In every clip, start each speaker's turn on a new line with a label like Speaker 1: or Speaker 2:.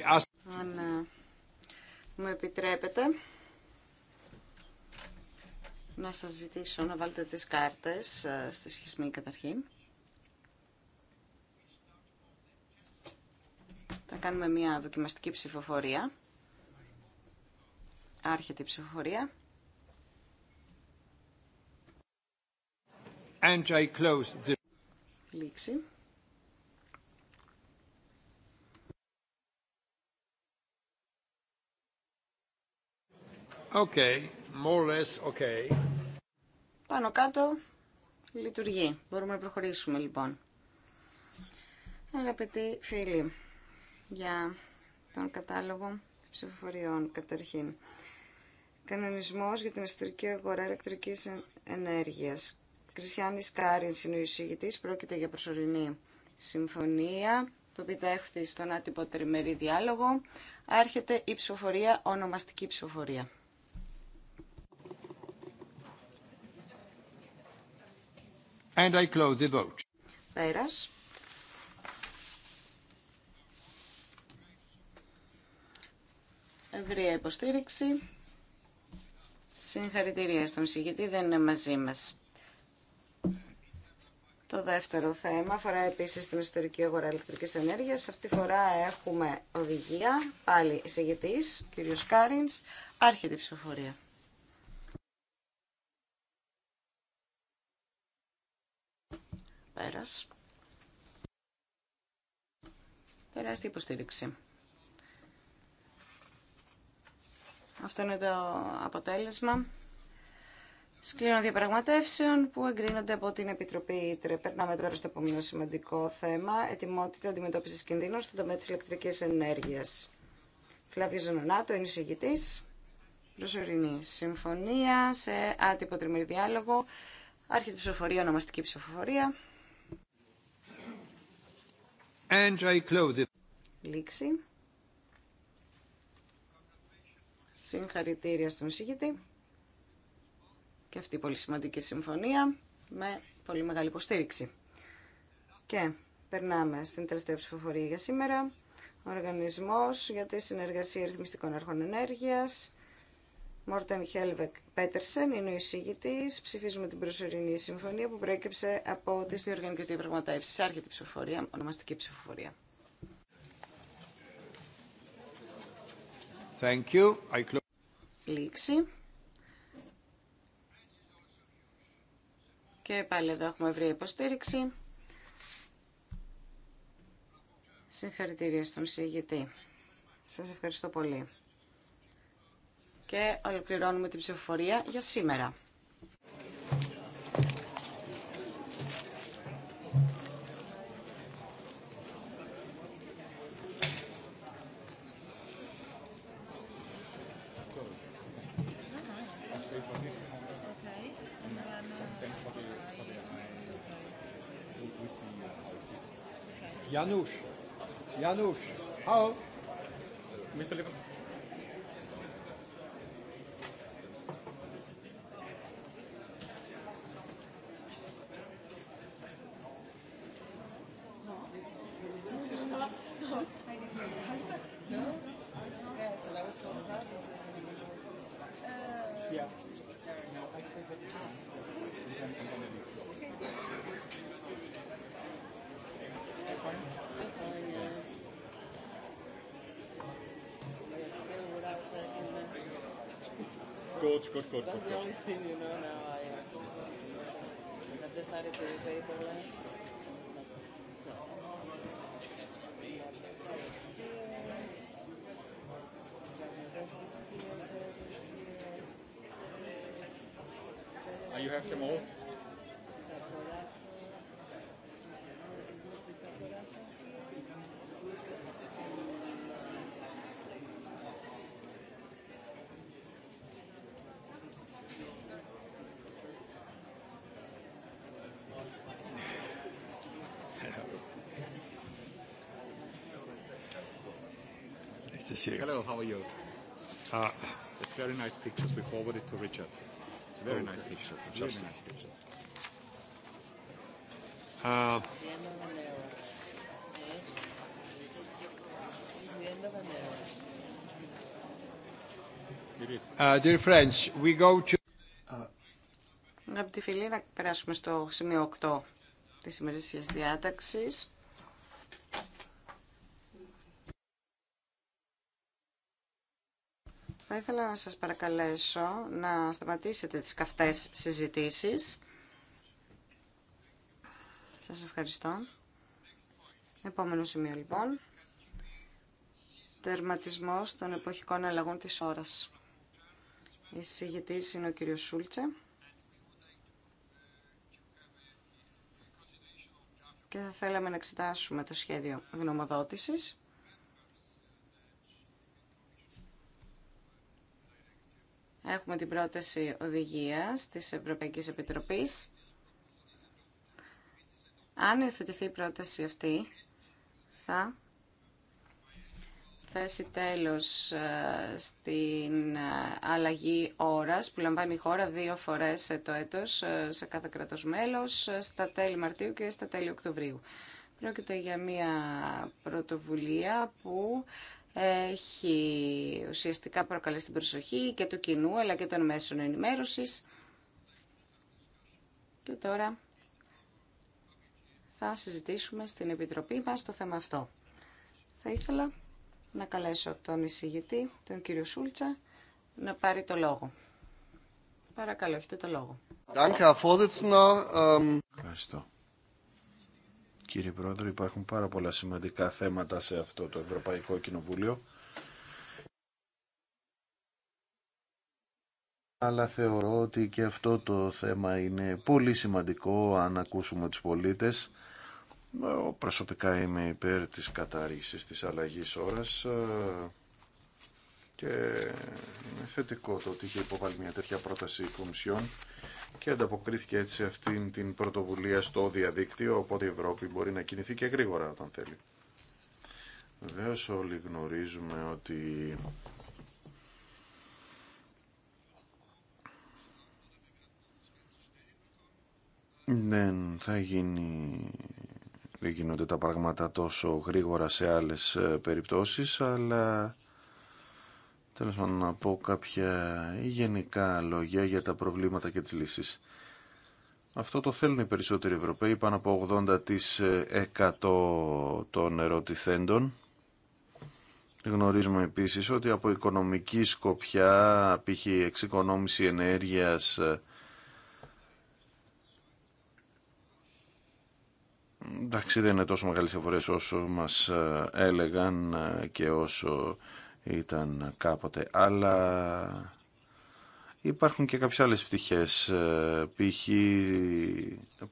Speaker 1: Αν ε, μου επιτρέπετε να σας ζητήσω να βάλετε τις κάρτες ε, στη σχισμή καταρχήν. Θα κάνουμε μια δοκιμαστική ψηφοφορία. Άρχεται η ψηφοφορία. And I close the... Λήξη.
Speaker 2: more
Speaker 1: less Πάνω κάτω λειτουργεί. Μπορούμε να προχωρήσουμε λοιπόν. Αγαπητοί φίλοι, για τον κατάλογο ψηφοφοριών καταρχήν. Κανονισμός για την ιστορική αγορά ηλεκτρικής ενέργειας. Κρισιάνης Κάριν είναι ο εισηγητής, πρόκειται για προσωρινή συμφωνία που επιτέχθη στον άτυπο τριμερή διάλογο. Άρχεται η ψηφοφορία, ονομαστική ψηφοφορία.
Speaker 2: And I close the vote.
Speaker 1: Ευρεία υποστήριξη. Συγχαρητήρια στον εισηγητή, δεν είναι μαζί μας. Το δεύτερο θέμα αφορά επίση την ιστορική αγορά ηλεκτρική ενέργεια. Αυτή τη φορά έχουμε οδηγία. Πάλι εισηγητή, κύριο Κάριν. Άρχεται η ψηφοφορία. Πέρας. Τεράστια υποστήριξη. Αυτό είναι το αποτέλεσμα σκληρών διαπραγματεύσεων που εγκρίνονται από την Επιτροπή ΙΤΡΕ. Περνάμε τώρα στο επόμενο σημαντικό θέμα, ετοιμότητα αντιμετώπιση κινδύνων στον τομέα τη ηλεκτρική ενέργεια. Φλάβιο Ζωνονάτο είναι εισηγητή. Προσωρινή συμφωνία σε άτυπο τριμήρι διάλογο. Άρχεται ψηφοφορία, ονομαστική ψηφοφορία. Λήξη. Συγχαρητήρια στον και αυτή η πολύ σημαντική συμφωνία με πολύ μεγάλη υποστήριξη. Και περνάμε στην τελευταία ψηφοφορία για σήμερα. Οργανισμός για τη Συνεργασία Ρυθμιστικών Αρχών Ενέργειας Μόρτεν Χέλβεκ Πέτερσεν είναι ο εισηγητή. Ψηφίζουμε την προσωρινή συμφωνία που προέκυψε από τι διοργανικέ διαπραγματεύσει. Άρχεται η ψηφοφορία, ονομαστική ψηφοφορία. Λήξη. Και πάλι εδώ έχουμε ευρία υποστήριξη. Συγχαρητήρια στον εισηγητή. Σας ευχαριστώ πολύ και ολοκληρώνουμε την ψηφοφορία για σήμερα.
Speaker 3: Janusz. Janusz. How? Mr.
Speaker 1: good. That's the only
Speaker 3: thing you know now. I, uh I've decided to use Vaporland. So. you have some more?
Speaker 2: Nice to see you. Hello, how are you? Uh, it's very nice pictures. We forwarded to Richard.
Speaker 1: It's very nice pictures. Just very nice pictures. Uh,
Speaker 2: uh, dear friends, we go to...
Speaker 1: τη φιλή να περάσουμε στο σημείο 8 της ημερήσιας διάταξης Θα ήθελα να σας παρακαλέσω να σταματήσετε τις καυτές συζητήσεις. Σας ευχαριστώ. Επόμενο σημείο λοιπόν. Τερματισμός των εποχικών αλλαγών της ώρας. Η συζητής είναι ο κύριος Σούλτσε. Και θα θέλαμε να εξετάσουμε το σχέδιο γνωμοδότησης Έχουμε την πρόταση οδηγίας της Ευρωπαϊκής Επιτροπής. Αν υιοθετηθεί η πρόταση αυτή, θα θέσει τέλος ε, στην ε, αλλαγή ώρας που λαμβάνει η χώρα δύο φορές το έτος ε, σε κάθε κρατος μέλος, στα τέλη Μαρτίου και στα τέλη Οκτωβρίου. Πρόκειται για μια πρωτοβουλία που έχει ουσιαστικά προκαλέσει την προσοχή και του κοινού αλλά και των μέσων ενημέρωσης. Και τώρα θα συζητήσουμε στην Επιτροπή μας το θέμα αυτό. Θα ήθελα να καλέσω τον εισηγητή, τον κύριο Σούλτσα, να πάρει το λόγο. Παρακαλώ, έχετε το λόγο.
Speaker 2: Ähm, Ευχαριστώ κύριε Πρόεδρε. Υπάρχουν πάρα πολλά σημαντικά θέματα σε αυτό το Ευρωπαϊκό Κοινοβούλιο. Αλλά θεωρώ ότι και αυτό το θέμα είναι πολύ σημαντικό αν ακούσουμε τους πολίτες. Προσωπικά είμαι υπέρ της κατάργηση της αλλαγής ώρας ε, και είναι θετικό το ότι είχε υποβάλει μια τέτοια πρόταση η Κομισιόν και ανταποκρίθηκε έτσι αυτήν την πρωτοβουλία στο διαδίκτυο, οπότε η Ευρώπη μπορεί να κινηθεί και γρήγορα όταν θέλει. Βεβαίω όλοι γνωρίζουμε ότι δεν θα γίνει δεν γίνονται τα πράγματα τόσο γρήγορα σε άλλες ε, περιπτώσεις, αλλά Τέλος να πω κάποια γενικά λόγια για τα προβλήματα και τις λύσεις. Αυτό το θέλουν οι περισσότεροι Ευρωπαίοι, πάνω από 80% των ερωτηθέντων. Γνωρίζουμε επίσης ότι από οικονομική σκοπιά, π.χ. εξοικονόμηση ενέργειας, εντάξει δεν είναι τόσο μεγάλες εφορέ όσο μας έλεγαν και όσο ήταν κάποτε. Αλλά υπάρχουν και κάποιες άλλες πτυχές. Ε, π.χ.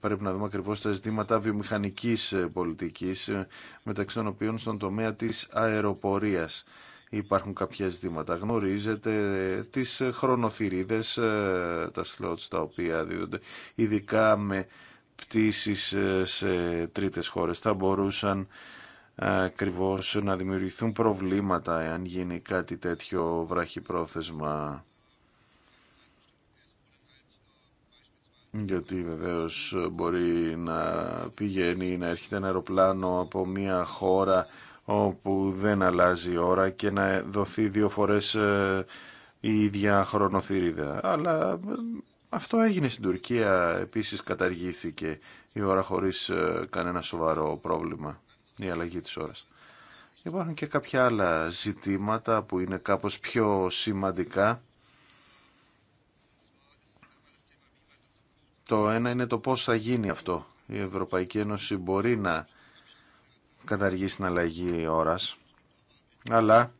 Speaker 2: πρέπει να δούμε ακριβώς τα ζητήματα βιομηχανικής ε, πολιτικής, ε, μεταξύ των οποίων στον τομέα της αεροπορίας υπάρχουν κάποια ζητήματα. Γνωρίζετε τις χρονοθυρίδες, τα σλότς τα οποία δίδονται, ειδικά με πτήσεις σε τρίτες χώρες. Θα μπορούσαν Ακριβώ να δημιουργηθούν προβλήματα εάν γίνει κάτι τέτοιο βραχυπρόθεσμα. Γιατί βεβαίω μπορεί να πηγαίνει ή να έρχεται ένα αεροπλάνο από μια χώρα όπου δεν αλλάζει η ώρα και να δοθεί δύο φορές ε, η ίδια χρονοθυρίδα. Αλλά ε, αυτό έγινε στην Τουρκία, επίσης καταργήθηκε η ώρα χωρίς ε, κανένα σοβαρό πρόβλημα η αλλαγή της ώρας. Υπάρχουν και κάποια άλλα ζητήματα που είναι κάπως πιο σημαντικά. Το ένα είναι το πώς θα γίνει αυτό. Η Ευρωπαϊκή Ένωση μπορεί να καταργήσει την αλλαγή ώρας, αλλά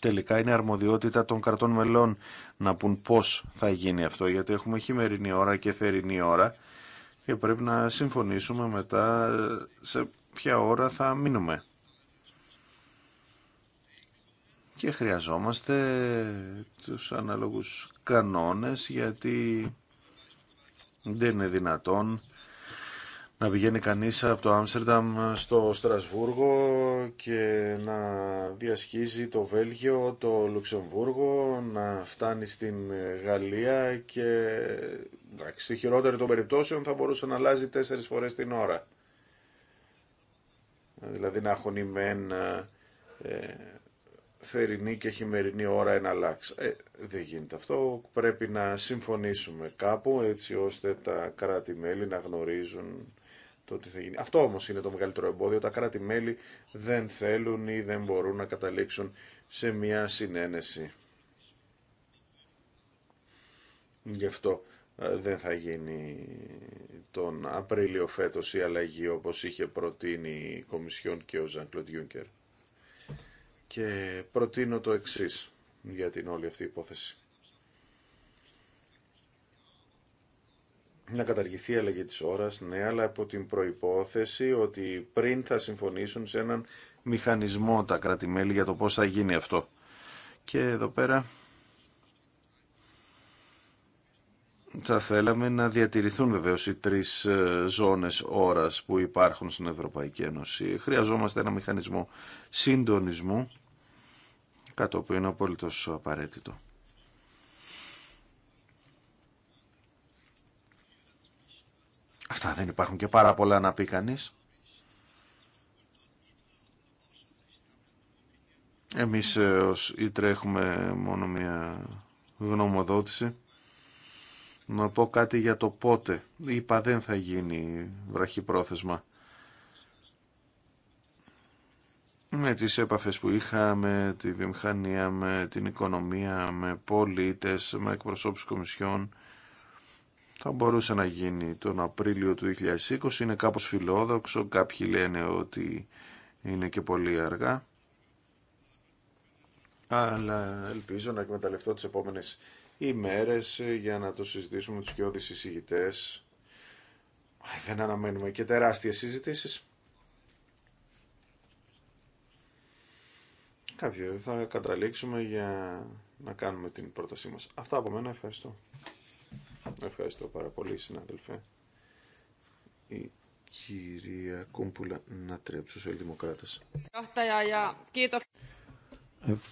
Speaker 2: τελικά είναι αρμοδιότητα των κρατών μελών να πούν πώς θα γίνει αυτό, γιατί έχουμε χειμερινή ώρα και θερινή ώρα και πρέπει να συμφωνήσουμε μετά σε ποια ώρα θα μείνουμε. Και χρειαζόμαστε τους αναλόγους κανόνες γιατί δεν είναι δυνατόν να πηγαίνει κανείς από το Άμστερνταμ στο Στρασβούργο και να διασχίζει το Βέλγιο, το Λουξεμβούργο, να φτάνει στην Γαλλία και στη χειρότερη των περιπτώσεων θα μπορούσε να αλλάζει τέσσερις φορές την ώρα. Δηλαδή να έχουν ημέν ε, θερινή και χειμερινή ώρα εναλλάξ. Ε, δεν γίνεται αυτό. Πρέπει να συμφωνήσουμε κάπου έτσι ώστε τα κράτη-μέλη να γνωρίζουν το τι θα γίνει. Αυτό όμως είναι το μεγαλύτερο εμπόδιο. Τα κράτη-μέλη δεν θέλουν ή δεν μπορούν να καταλήξουν σε μια συνένεση. Γι' αυτό ε, δεν θα γίνει τον Απρίλιο φέτος η αλλαγή όπως είχε προτείνει η Κομισιόν και ο Ζαν Κλοντ Και προτείνω το εξής για την όλη αυτή υπόθεση. να καταργηθεί η αλλαγή της ώρας, ναι, αλλά από την προϋπόθεση ότι πριν θα συμφωνήσουν σε έναν μηχανισμό τα κράτη-μέλη για το πώς θα γίνει αυτό. Και εδώ πέρα θα θέλαμε να διατηρηθούν βεβαίως οι τρεις ε, ζώνες ώρας που υπάρχουν στην Ευρωπαϊκή Ένωση. Χρειαζόμαστε ένα μηχανισμό συντονισμού, κάτι που είναι απόλυτος απαραίτητο. Αυτά δεν υπάρχουν και πάρα πολλά να πει κανείς. Εμείς ε, ως ιτρέ έχουμε μόνο μια γνωμοδότηση. Να πω κάτι για το πότε. Είπα δεν θα γίνει πρόθεσμα. Με τις έπαφες που είχα, με τη βιομηχανία, με την οικονομία, με πολίτες, με εκπροσώπους κομισιών, θα μπορούσε να γίνει τον Απρίλιο του 2020. Είναι κάπως φιλόδοξο, κάποιοι λένε ότι είναι και πολύ αργά. Αλλά ελπίζω να εκμεταλλευτώ τις επόμενες ημέρες για να το συζητήσουμε με τους κοιόδης εισηγητές. Δεν αναμένουμε και τεράστιες συζητήσεις. Κάποιοι θα καταλήξουμε για να κάνουμε την πρότασή μας. Αυτά από μένα, ευχαριστώ. Ευχαριστώ πάρα πολύ συνάδελφε. Η κυρία Κούμπουλα τρέψω τους Σοσιαλδημοκράτες.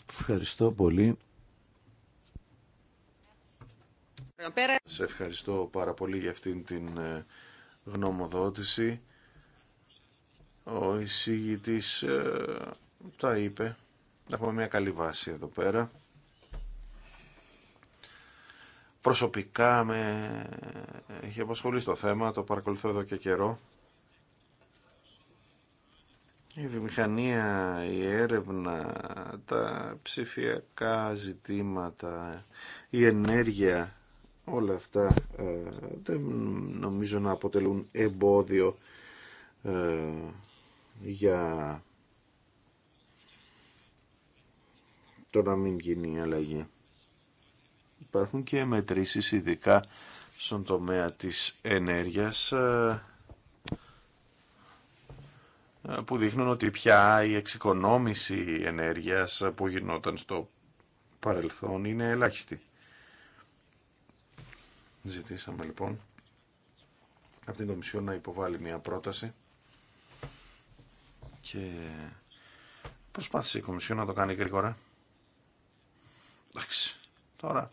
Speaker 4: Ευχαριστώ πολύ.
Speaker 2: Σε ευχαριστώ πάρα πολύ για αυτήν την ε, γνωμοδότηση. Ο εισηγητής ε, τα είπε. Έχουμε μια καλή βάση εδώ πέρα προσωπικά με έχει απασχολεί το θέμα, το παρακολουθώ εδώ και καιρό. Η βιομηχανία, η έρευνα, τα ψηφιακά ζητήματα, η ενέργεια, όλα αυτά ε, δεν νομίζω να αποτελούν εμπόδιο ε, για το να μην γίνει η αλλαγή υπάρχουν και μετρήσεις ειδικά στον τομέα της ενέργειας ε, που δείχνουν ότι πια η εξοικονόμηση ενέργειας που γινόταν στο παρελθόν είναι ελάχιστη. Ζητήσαμε λοιπόν από την Κομισιόν να υποβάλει μια πρόταση και προσπάθησε η Κομισιόν να το κάνει γρήγορα. Εντάξει, τώρα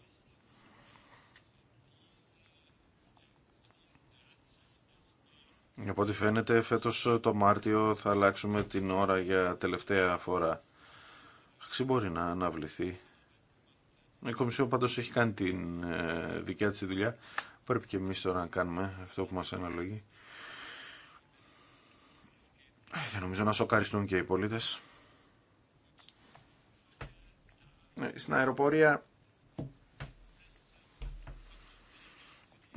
Speaker 2: Από ό,τι φαίνεται φέτος ε, το Μάρτιο θα αλλάξουμε την ώρα για τελευταία φορά. Αξί μπορεί να αναβληθεί. Η Κομισιόν πάντως έχει κάνει την ε, δικιά της δουλειά. Πρέπει και εμείς τώρα να κάνουμε αυτό που μας αναλογεί. Ε, δεν νομίζω να σοκαριστούν και οι πολίτες. Στην αεροπορία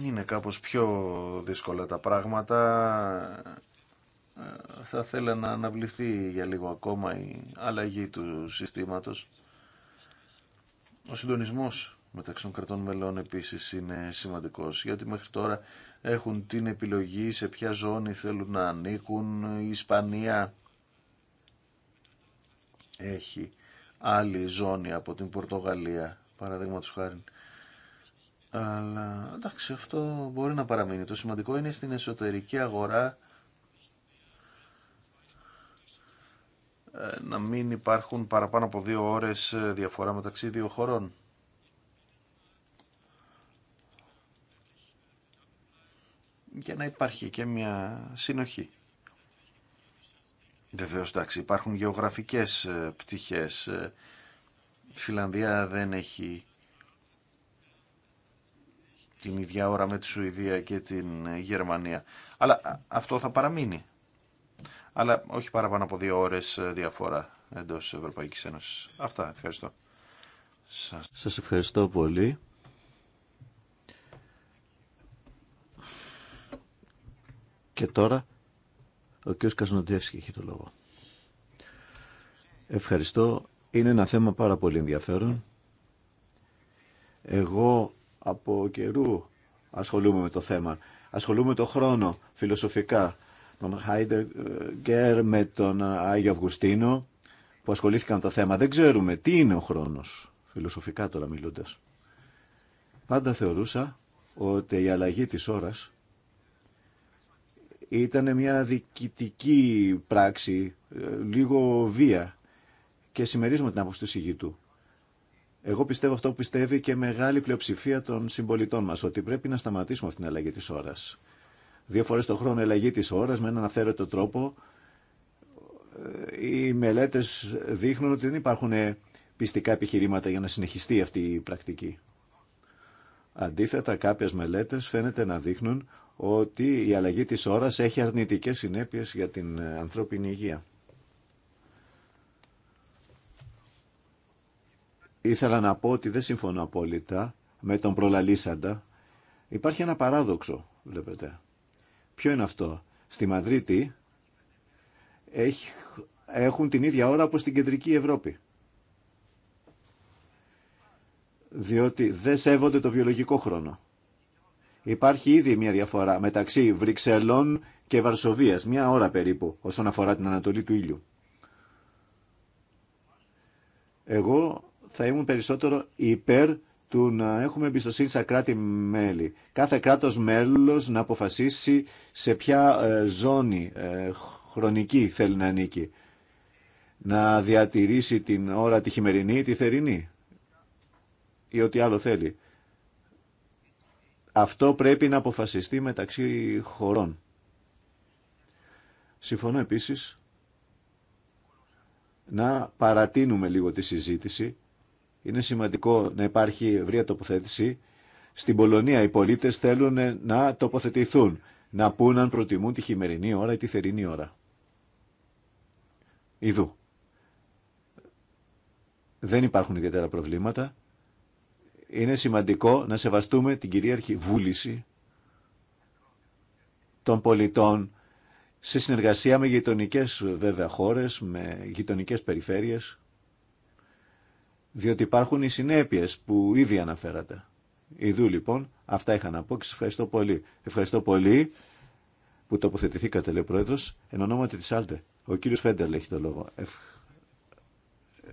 Speaker 2: είναι κάπως πιο δύσκολα τα πράγματα. Θα θέλα να αναβληθεί για λίγο ακόμα η αλλαγή του συστήματος. Ο συντονισμός μεταξύ των κρατών μελών επίσης είναι σημαντικός, γιατί μέχρι τώρα έχουν την επιλογή σε ποια ζώνη θέλουν να ανήκουν. Η Ισπανία έχει άλλη ζώνη από την Πορτογαλία, παραδείγματος χάρη. Αλλά εντάξει, αυτό μπορεί να παραμείνει. Το σημαντικό είναι στην εσωτερική αγορά ε, να μην υπάρχουν παραπάνω από δύο ώρες ε, διαφορά μεταξύ δύο χωρών. Για να υπάρχει και μια συνοχή. Βεβαίω, εντάξει, υπάρχουν γεωγραφικές ε, πτυχές. Η Φιλανδία δεν έχει την ίδια ώρα με τη Σουηδία και την Γερμανία. Αλλά αυτό θα παραμείνει. Αλλά όχι παραπάνω από δύο ώρες διαφορά εντός Ευρωπαϊκής Ένωσης. Αυτά. Ευχαριστώ.
Speaker 4: Σας, ευχαριστώ πολύ. Και τώρα ο κ. Καζνοντεύσκη έχει το λόγο. Ευχαριστώ. Είναι ένα θέμα πάρα πολύ ενδιαφέρον. Εγώ από καιρού ασχολούμαι με το θέμα. Ασχολούμαι με το χρόνο φιλοσοφικά. Τον Χάιντεγκερ με τον Άγιο Αυγουστίνο που ασχολήθηκαν με το θέμα. Δεν ξέρουμε τι είναι ο χρόνος, φιλοσοφικά τώρα μιλώντας. Πάντα θεωρούσα ότι η αλλαγή της ώρας ήταν μια διοικητική πράξη, ε, λίγο βία και συμμερίζουμε την άποψη του εγώ πιστεύω αυτό που πιστεύει και μεγάλη πλειοψηφία των συμπολιτών μα, ότι πρέπει να σταματήσουμε αυτή την αλλαγή τη ώρα. Δύο φορέ το χρόνο η αλλαγή τη ώρα με έναν αυθαίρετο τρόπο. Ε, οι μελέτε δείχνουν ότι δεν υπάρχουν πιστικά επιχειρήματα για να συνεχιστεί αυτή η πρακτική. Αντίθετα, κάποιες μελέτες φαίνεται να δείχνουν ότι η αλλαγή της ώρας έχει αρνητικές συνέπειες για την ανθρώπινη υγεία. ήθελα να πω ότι δεν συμφωνώ απόλυτα με τον προλαλήσαντα. Υπάρχει ένα παράδοξο, βλέπετε. Ποιο είναι αυτό. Στη Μαδρίτη έχουν την ίδια ώρα όπως στην κεντρική Ευρώπη. Διότι δεν σέβονται το βιολογικό χρόνο. Υπάρχει ήδη μια διαφορά μεταξύ Βρυξελών και Βαρσοβίας, μια ώρα περίπου, όσον αφορά την ανατολή του ήλιου. Εγώ θα ήμουν περισσότερο υπέρ του να έχουμε εμπιστοσύνη στα κράτη-μέλη. Κάθε κράτος μέλος να αποφασίσει σε ποια ε, ζώνη ε, χρονική θέλει να ανήκει. Να διατηρήσει την ώρα τη χειμερινή ή τη θερινή ή ό,τι άλλο θέλει. Αυτό πρέπει να αποφασιστεί μεταξύ χωρών. Συμφωνώ επίσης να παρατείνουμε λίγο τη συζήτηση είναι σημαντικό να υπάρχει ευρεία τοποθέτηση. Στην Πολωνία οι πολίτες θέλουν να τοποθετηθούν, να πούν αν προτιμούν τη χειμερινή ώρα ή τη θερινή ώρα. Ιδού. Δεν υπάρχουν ιδιαίτερα προβλήματα. Είναι σημαντικό να σεβαστούμε την κυρίαρχη βούληση των πολιτών σε συνεργασία με γειτονικές βέβαια χώρες, με γειτονικές περιφέρειες διότι υπάρχουν οι συνέπειε που ήδη αναφέρατε. Ιδού λοιπόν, αυτά είχα να πω και σα ευχαριστώ πολύ. Ευχαριστώ πολύ που τοποθετηθήκατε, λέει ο Πρόεδρο, εν ονόματι της Άλτε. Ο κύριο Φέντερλ έχει το λόγο. Ευχ...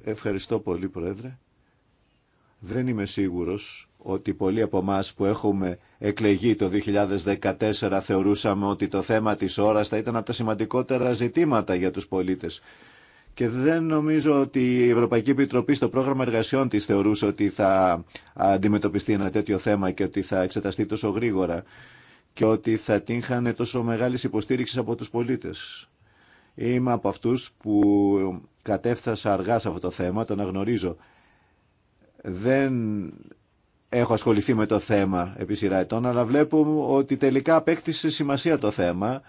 Speaker 4: Ευχαριστώ πολύ, Πρόεδρε. Δεν είμαι σίγουρο ότι πολλοί από εμά που έχουμε εκλεγεί το 2014 θεωρούσαμε ότι το θέμα τη ώρα θα ήταν από τα σημαντικότερα ζητήματα για του πολίτε και δεν νομίζω ότι η Ευρωπαϊκή Επιτροπή στο πρόγραμμα εργασιών της θεωρούσε ότι θα αντιμετωπιστεί ένα τέτοιο θέμα και ότι θα εξεταστεί τόσο γρήγορα και ότι θα τύχανε τόσο μεγάλη υποστήριξη από τους πολίτες. Είμαι από αυτούς που κατέφθασα αργά σε αυτό το θέμα, το αναγνωρίζω. Δεν έχω ασχοληθεί με το θέμα επί σειρά ετών, αλλά βλέπω ότι τελικά απέκτησε σημασία το θέμα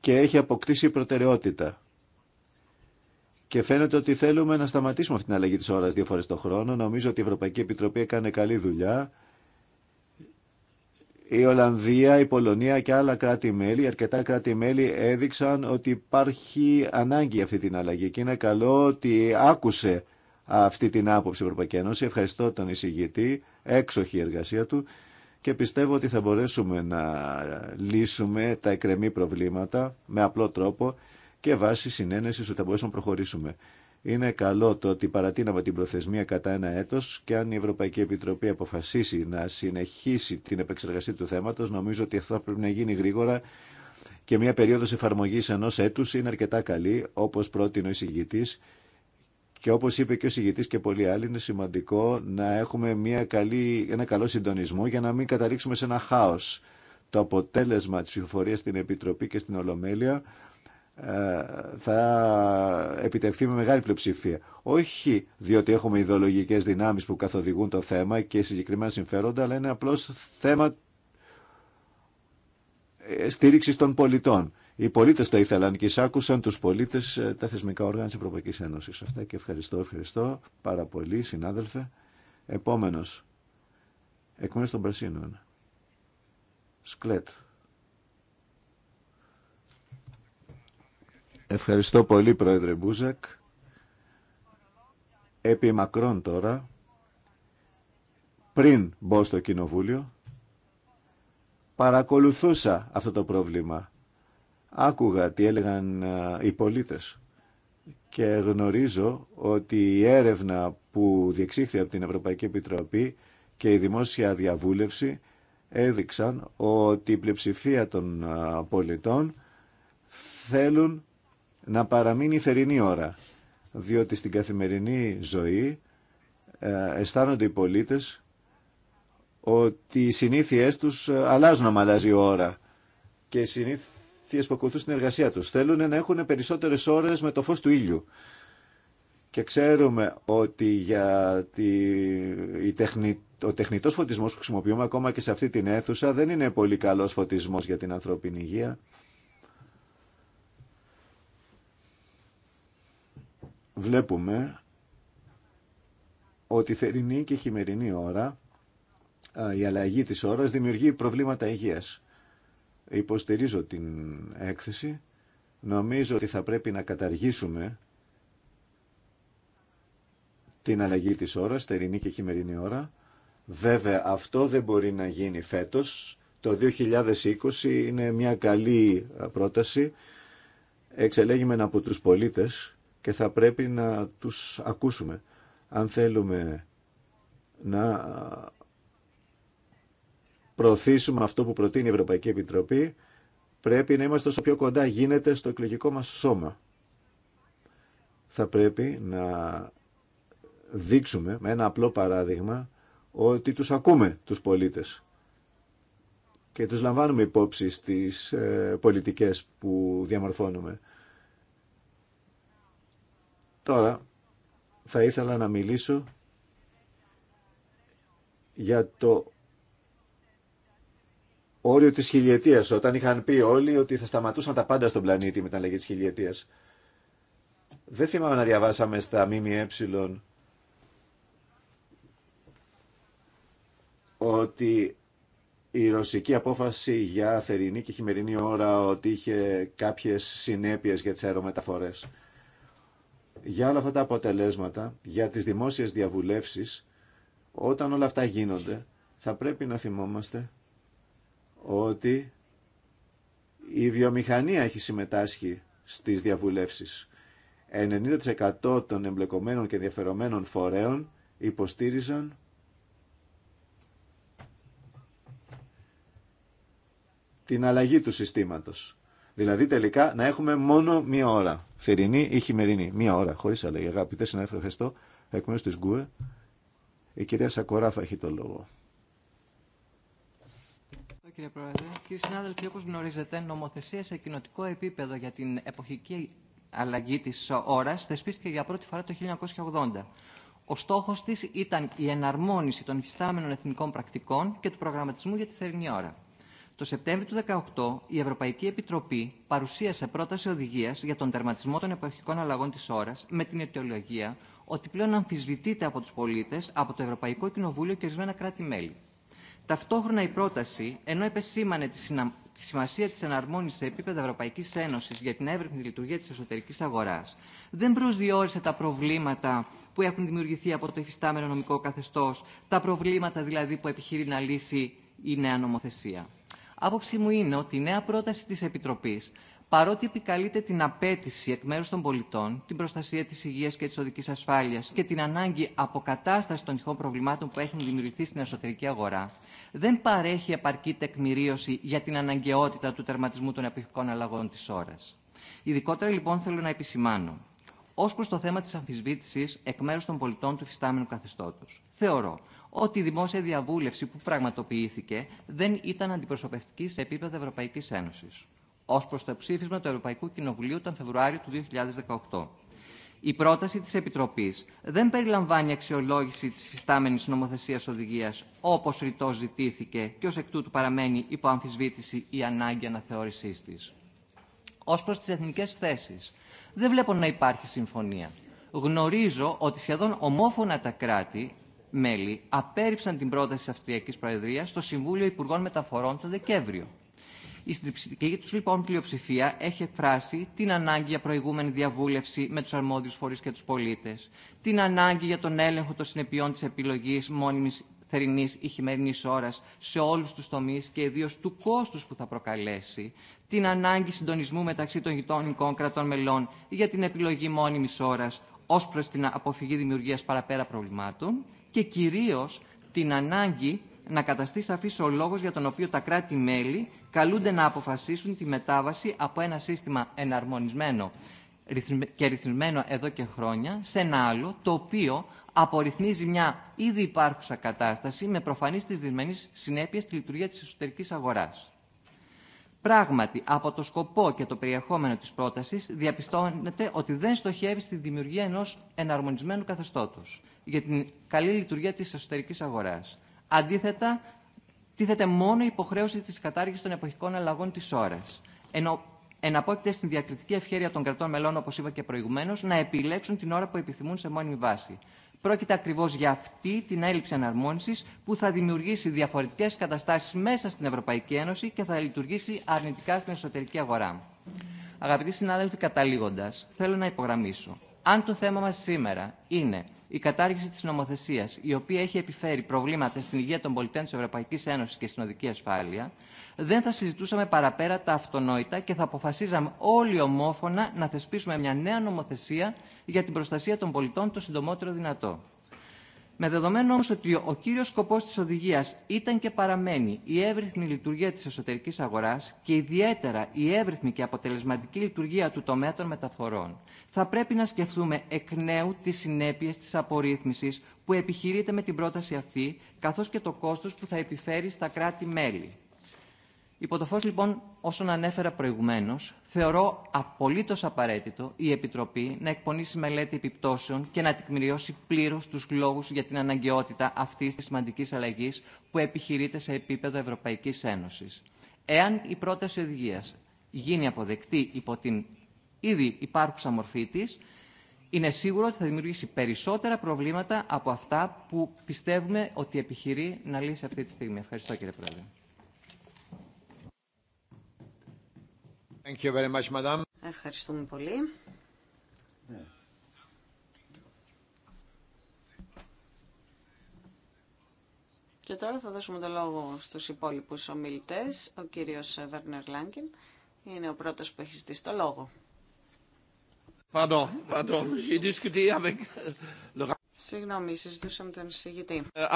Speaker 4: και έχει αποκτήσει προτεραιότητα. Και φαίνεται ότι θέλουμε να σταματήσουμε αυτή την αλλαγή τη ώρα δύο φορέ το χρόνο. Νομίζω ότι η Ευρωπαϊκή Επιτροπή έκανε καλή δουλειά. Η Ολλανδία, η Πολωνία και άλλα κράτη-μέλη, αρκετά κράτη-μέλη έδειξαν ότι υπάρχει ανάγκη αυτή την αλλαγή και είναι καλό ότι άκουσε αυτή την άποψη η Ευρωπαϊκή Ένωση. Ευχαριστώ τον εισηγητή, έξοχη η εργασία του και πιστεύω ότι θα μπορέσουμε να λύσουμε τα εκρεμή προβλήματα με απλό τρόπο και βάσει συνένεση ότι θα μπορέσουμε να προχωρήσουμε. Είναι καλό το ότι παρατείναμε την προθεσμία κατά ένα έτος και αν η Ευρωπαϊκή Επιτροπή αποφασίσει να συνεχίσει την επεξεργασία του θέματος, νομίζω ότι αυτό πρέπει να γίνει γρήγορα και μια περίοδο εφαρμογή ενό έτου είναι αρκετά καλή, όπω πρότεινε ο εισηγητή. Και όπως είπε και ο συγητής και πολλοί άλλοι, είναι σημαντικό να έχουμε μια καλή, ένα καλό συντονισμό για να μην καταλήξουμε σε ένα χάος. Το αποτέλεσμα της ψηφοφορίας στην Επιτροπή και στην Ολομέλεια ε, θα επιτευχθεί με μεγάλη πλειοψηφία. Όχι διότι έχουμε ιδεολογικέ δυνάμεις που καθοδηγούν το θέμα και συγκεκριμένα συμφέροντα, αλλά είναι απλώς θέμα ε, στήριξης των πολιτών. Οι πολίτε το ήθελαν και εισάκουσαν του πολίτε ε, τα θεσμικά όργανα τη Ευρωπαϊκή Ένωση. Αυτά και ευχαριστώ, ευχαριστώ πάρα πολύ, συνάδελφε. Επόμενο. Εκ μέρου των Πρασίνων. Σκλέτ. Ευχαριστώ πολύ, Πρόεδρε Μπούζακ. Επί μακρόν τώρα, πριν μπω στο Κοινοβούλιο, παρακολουθούσα αυτό το πρόβλημα Άκουγα τι έλεγαν οι πολίτες και γνωρίζω ότι η έρευνα που διεξήχθη από την Ευρωπαϊκή Επιτροπή και η δημόσια διαβούλευση έδειξαν ότι η πλειοψηφία των πολιτών θέλουν να παραμείνει η θερινή ώρα, διότι στην καθημερινή ζωή ε, αισθάνονται οι πολίτες ότι οι συνήθειές τους αλλάζουν να αλλάζει η ώρα και οι που ακολουθούν στην εργασία τους. Θέλουν να έχουν περισσότερες ώρες με το φως του ήλιου. Και ξέρουμε ότι για τη, η τεχνη, ο τεχνητό φωτισμός που χρησιμοποιούμε ακόμα και σε αυτή την αίθουσα δεν είναι πολύ καλός φωτισμός για την ανθρώπινη υγεία. Βλέπουμε ότι θερινή και χειμερινή ώρα, η αλλαγή της ώρας δημιουργεί προβλήματα υγείας. Υποστηρίζω την έκθεση. Νομίζω ότι θα πρέπει να καταργήσουμε την αλλαγή της ώρας, τερινή και χειμερινή ώρα. Βέβαια, αυτό δεν μπορεί να γίνει φέτος. Το 2020 είναι μια καλή πρόταση. Εξελέγημεν από τους πολίτες και θα πρέπει να τους ακούσουμε. Αν θέλουμε να προωθήσουμε αυτό που προτείνει η Ευρωπαϊκή Επιτροπή, πρέπει να είμαστε όσο πιο κοντά γίνεται στο εκλογικό μας σώμα. Θα πρέπει να δείξουμε με ένα απλό παράδειγμα ότι τους ακούμε τους πολίτες και τους λαμβάνουμε υπόψη στις ε, πολιτικές που διαμορφώνουμε. Τώρα θα ήθελα να μιλήσω για το όριο της χιλιετίας, όταν είχαν πει όλοι ότι θα σταματούσαν τα πάντα στον πλανήτη με την αλλαγή της χιλιετίας. Δεν θυμάμαι να διαβάσαμε στα ΜΜΕ ότι η ρωσική απόφαση για θερινή και χειμερινή ώρα ότι είχε κάποιες συνέπειες για τις αερομεταφορές. Για όλα αυτά τα αποτελέσματα, για τις δημόσιες διαβουλεύσεις, όταν όλα αυτά γίνονται, θα πρέπει να θυμόμαστε ότι η βιομηχανία έχει συμμετάσχει στις διαβουλεύσεις. 90% των εμπλεκομένων και ενδιαφερομένων φορέων υποστήριζαν την αλλαγή του συστήματος. Δηλαδή τελικά να έχουμε μόνο μία ώρα. Θερινή ή χειμερινή. Μία ώρα, χωρίς αλλαγή. Αγαπητέ συνάδελφοι, ευχαριστώ. Εκ μέρους της Γκουε, η κυρία Σακοράφα έχει το λόγο
Speaker 3: κύριε Πρόεδρε. Κύριοι συνάδελφοι, όπως γνωρίζετε, νομοθεσία σε κοινοτικό επίπεδο για την εποχική αλλαγή της ώρας θεσπίστηκε για πρώτη φορά το 1980. Ο στόχος της ήταν η εναρμόνιση των υφιστάμενων εθνικών πρακτικών και του προγραμματισμού για τη θερινή ώρα. Το Σεπτέμβριο του 2018 η Ευρωπαϊκή Επιτροπή παρουσίασε πρόταση οδηγία για τον τερματισμό των εποχικών αλλαγών τη ώρα με την αιτιολογία ότι πλέον αμφισβητείται από του πολίτε, από το Ευρωπαϊκό Κοινοβούλιο και ορισμένα κράτη-μέλη. Ταυτόχρονα η πρόταση, ενώ επεσήμανε τη, συνα... τη σημασία της εναρμόνισης σε επίπεδο Ευρωπαϊκής Ένωσης για την εύρυπνη λειτουργία της εσωτερικής αγοράς, δεν προσδιορίσε τα προβλήματα που έχουν δημιουργηθεί από το εφιστάμενο νομικό καθεστώς, τα προβλήματα δηλαδή που επιχείρει να λύσει η νέα νομοθεσία. Άποψή μου είναι ότι η νέα πρόταση της Επιτροπής παρότι επικαλείται την απέτηση εκ μέρου των πολιτών, την προστασία τη υγεία και τη οδική ασφάλεια και την ανάγκη αποκατάσταση των τυχών προβλημάτων που έχουν δημιουργηθεί στην εσωτερική αγορά, δεν παρέχει επαρκή τεκμηρίωση για την αναγκαιότητα του τερματισμού των εποχικών αλλαγών τη ώρα. Ειδικότερα λοιπόν θέλω να επισημάνω ω προ το θέμα τη αμφισβήτηση εκ μέρου των πολιτών του φυστάμενου καθεστώτο. Θεωρώ ότι η δημόσια διαβούλευση που πραγματοποιήθηκε δεν ήταν αντιπροσωπευτική σε επίπεδο Ευρωπαϊκή Ένωση. Ω προ το ψήφισμα του Ευρωπαϊκού Κοινοβουλίου τον Φεβρουάριο του 2018. Η πρόταση τη Επιτροπής δεν περιλαμβάνει αξιολόγηση τη φυστάμενη νομοθεσία οδηγία, όπω ρητό ζητήθηκε και ω εκ τούτου παραμένει υπό αμφισβήτηση η ανάγκη αναθεώρησή τη. Ω προ τι εθνικέ θέσει. δεν βλέπω να υπάρχει συμφωνία. Γνωρίζω ότι σχεδόν ομόφωνα τα κράτη μέλη απέρριψαν την πρόταση της Αυστριακής Προεδρίας στο Συμβούλιο Υπουργών Μεταφορών το Δεκέμβριο. Η συντριπτική του λοιπόν πλειοψηφία έχει εκφράσει την ανάγκη για προηγούμενη διαβούλευση με του αρμόδιου φορεί και του πολίτε, την ανάγκη για τον έλεγχο των συνεπειών τη επιλογή μόνιμη θερινή ή χειμερινή ώρα σε όλου του τομεί και ιδίω του κόστου που θα προκαλέσει, την ανάγκη συντονισμού μεταξύ των γειτονικών κρατών μελών για την επιλογή μόνιμη ώρα ω προ την αποφυγή δημιουργία παραπέρα προβλημάτων και κυρίω την ανάγκη να καταστεί σαφή ο λόγο για τον οποίο τα κράτη-μέλη καλούνται να αποφασίσουν τη μετάβαση από ένα σύστημα εναρμονισμένο και ρυθμισμένο εδώ και χρόνια σε ένα άλλο, το οποίο απορριθμίζει μια ήδη υπάρχουσα κατάσταση με προφανείς τις δυσμενείς συνέπειες στη λειτουργία της εσωτερικής αγοράς. Πράγματι, από το σκοπό και το περιεχόμενο της πρότασης διαπιστώνεται ότι δεν στοχεύει στη δημιουργία ενός εναρμονισμένου καθεστώτος για την καλή λειτουργία της εσωτερικής αγοράς. Αντίθετα, τίθεται μόνο η υποχρέωση τη κατάργηση των εποχικών αλλαγών τη ώρα. Ενώ εναπόκειται στην διακριτική ευχέρεια των κρατών μελών, όπω είπα και προηγουμένω, να επιλέξουν την ώρα που επιθυμούν σε μόνιμη βάση. Πρόκειται ακριβώ για αυτή την έλλειψη εναρμόνιση που θα δημιουργήσει διαφορετικέ καταστάσει μέσα στην Ευρωπαϊκή Ένωση και θα λειτουργήσει αρνητικά στην εσωτερική αγορά. Αγαπητοί συνάδελφοι, καταλήγοντα, θέλω να υπογραμμίσω. Αν το θέμα μα σήμερα είναι η κατάργηση τη νομοθεσία, η οποία έχει επιφέρει προβλήματα στην υγεία των πολιτών τη Ευρωπαϊκή Ένωση και στην οδική ασφάλεια, δεν θα συζητούσαμε παραπέρα τα αυτονόητα και θα αποφασίζαμε όλοι ομόφωνα να θεσπίσουμε μια νέα νομοθεσία για την προστασία των πολιτών το συντομότερο δυνατό. Με δεδομένο όμω ότι ο κύριο σκοπό τη οδηγία ήταν και παραμένει η εύρυθμη λειτουργία τη εσωτερική αγορά και ιδιαίτερα η εύρυθμη και αποτελεσματική λειτουργία του τομέα των μεταφορών, θα πρέπει να σκεφτούμε εκ νέου τις συνέπειες της απορρίθμιση που επιχειρείται με την πρόταση αυτή, καθώς και το κόστος που θα επιφέρει στα κράτη-μέλη. Υπό το φως λοιπόν όσον ανέφερα προηγουμένως, θεωρώ απολύτως απαραίτητο η Επιτροπή να εκπονήσει μελέτη επιπτώσεων και να τεκμηριώσει πλήρως τους λόγους για την αναγκαιότητα αυτής της σημαντικής αλλαγής που επιχειρείται σε επίπεδο Ευρωπαϊκής Ένωσης. Εάν η πρόταση οδηγίας γίνει αποδεκτή υπό την ήδη υπάρχουσα μορφή τη. είναι σίγουρο ότι θα δημιουργήσει περισσότερα προβλήματα από αυτά που πιστεύουμε ότι επιχειρεί να λύσει αυτή τη στιγμή. Ευχαριστώ κύριε Πρόεδρε.
Speaker 1: Ευχαριστούμε πολύ. Και τώρα θα δώσουμε το λόγο στους υπόλοιπους ομιλητές. Ο κύριος Βέρνερ Λάγκεν είναι ο πρώτος που έχει ζητήσει το λόγο. Pardon, pardon. Συγγνώμη, συζητούσα με τον εισηγητή. Ε,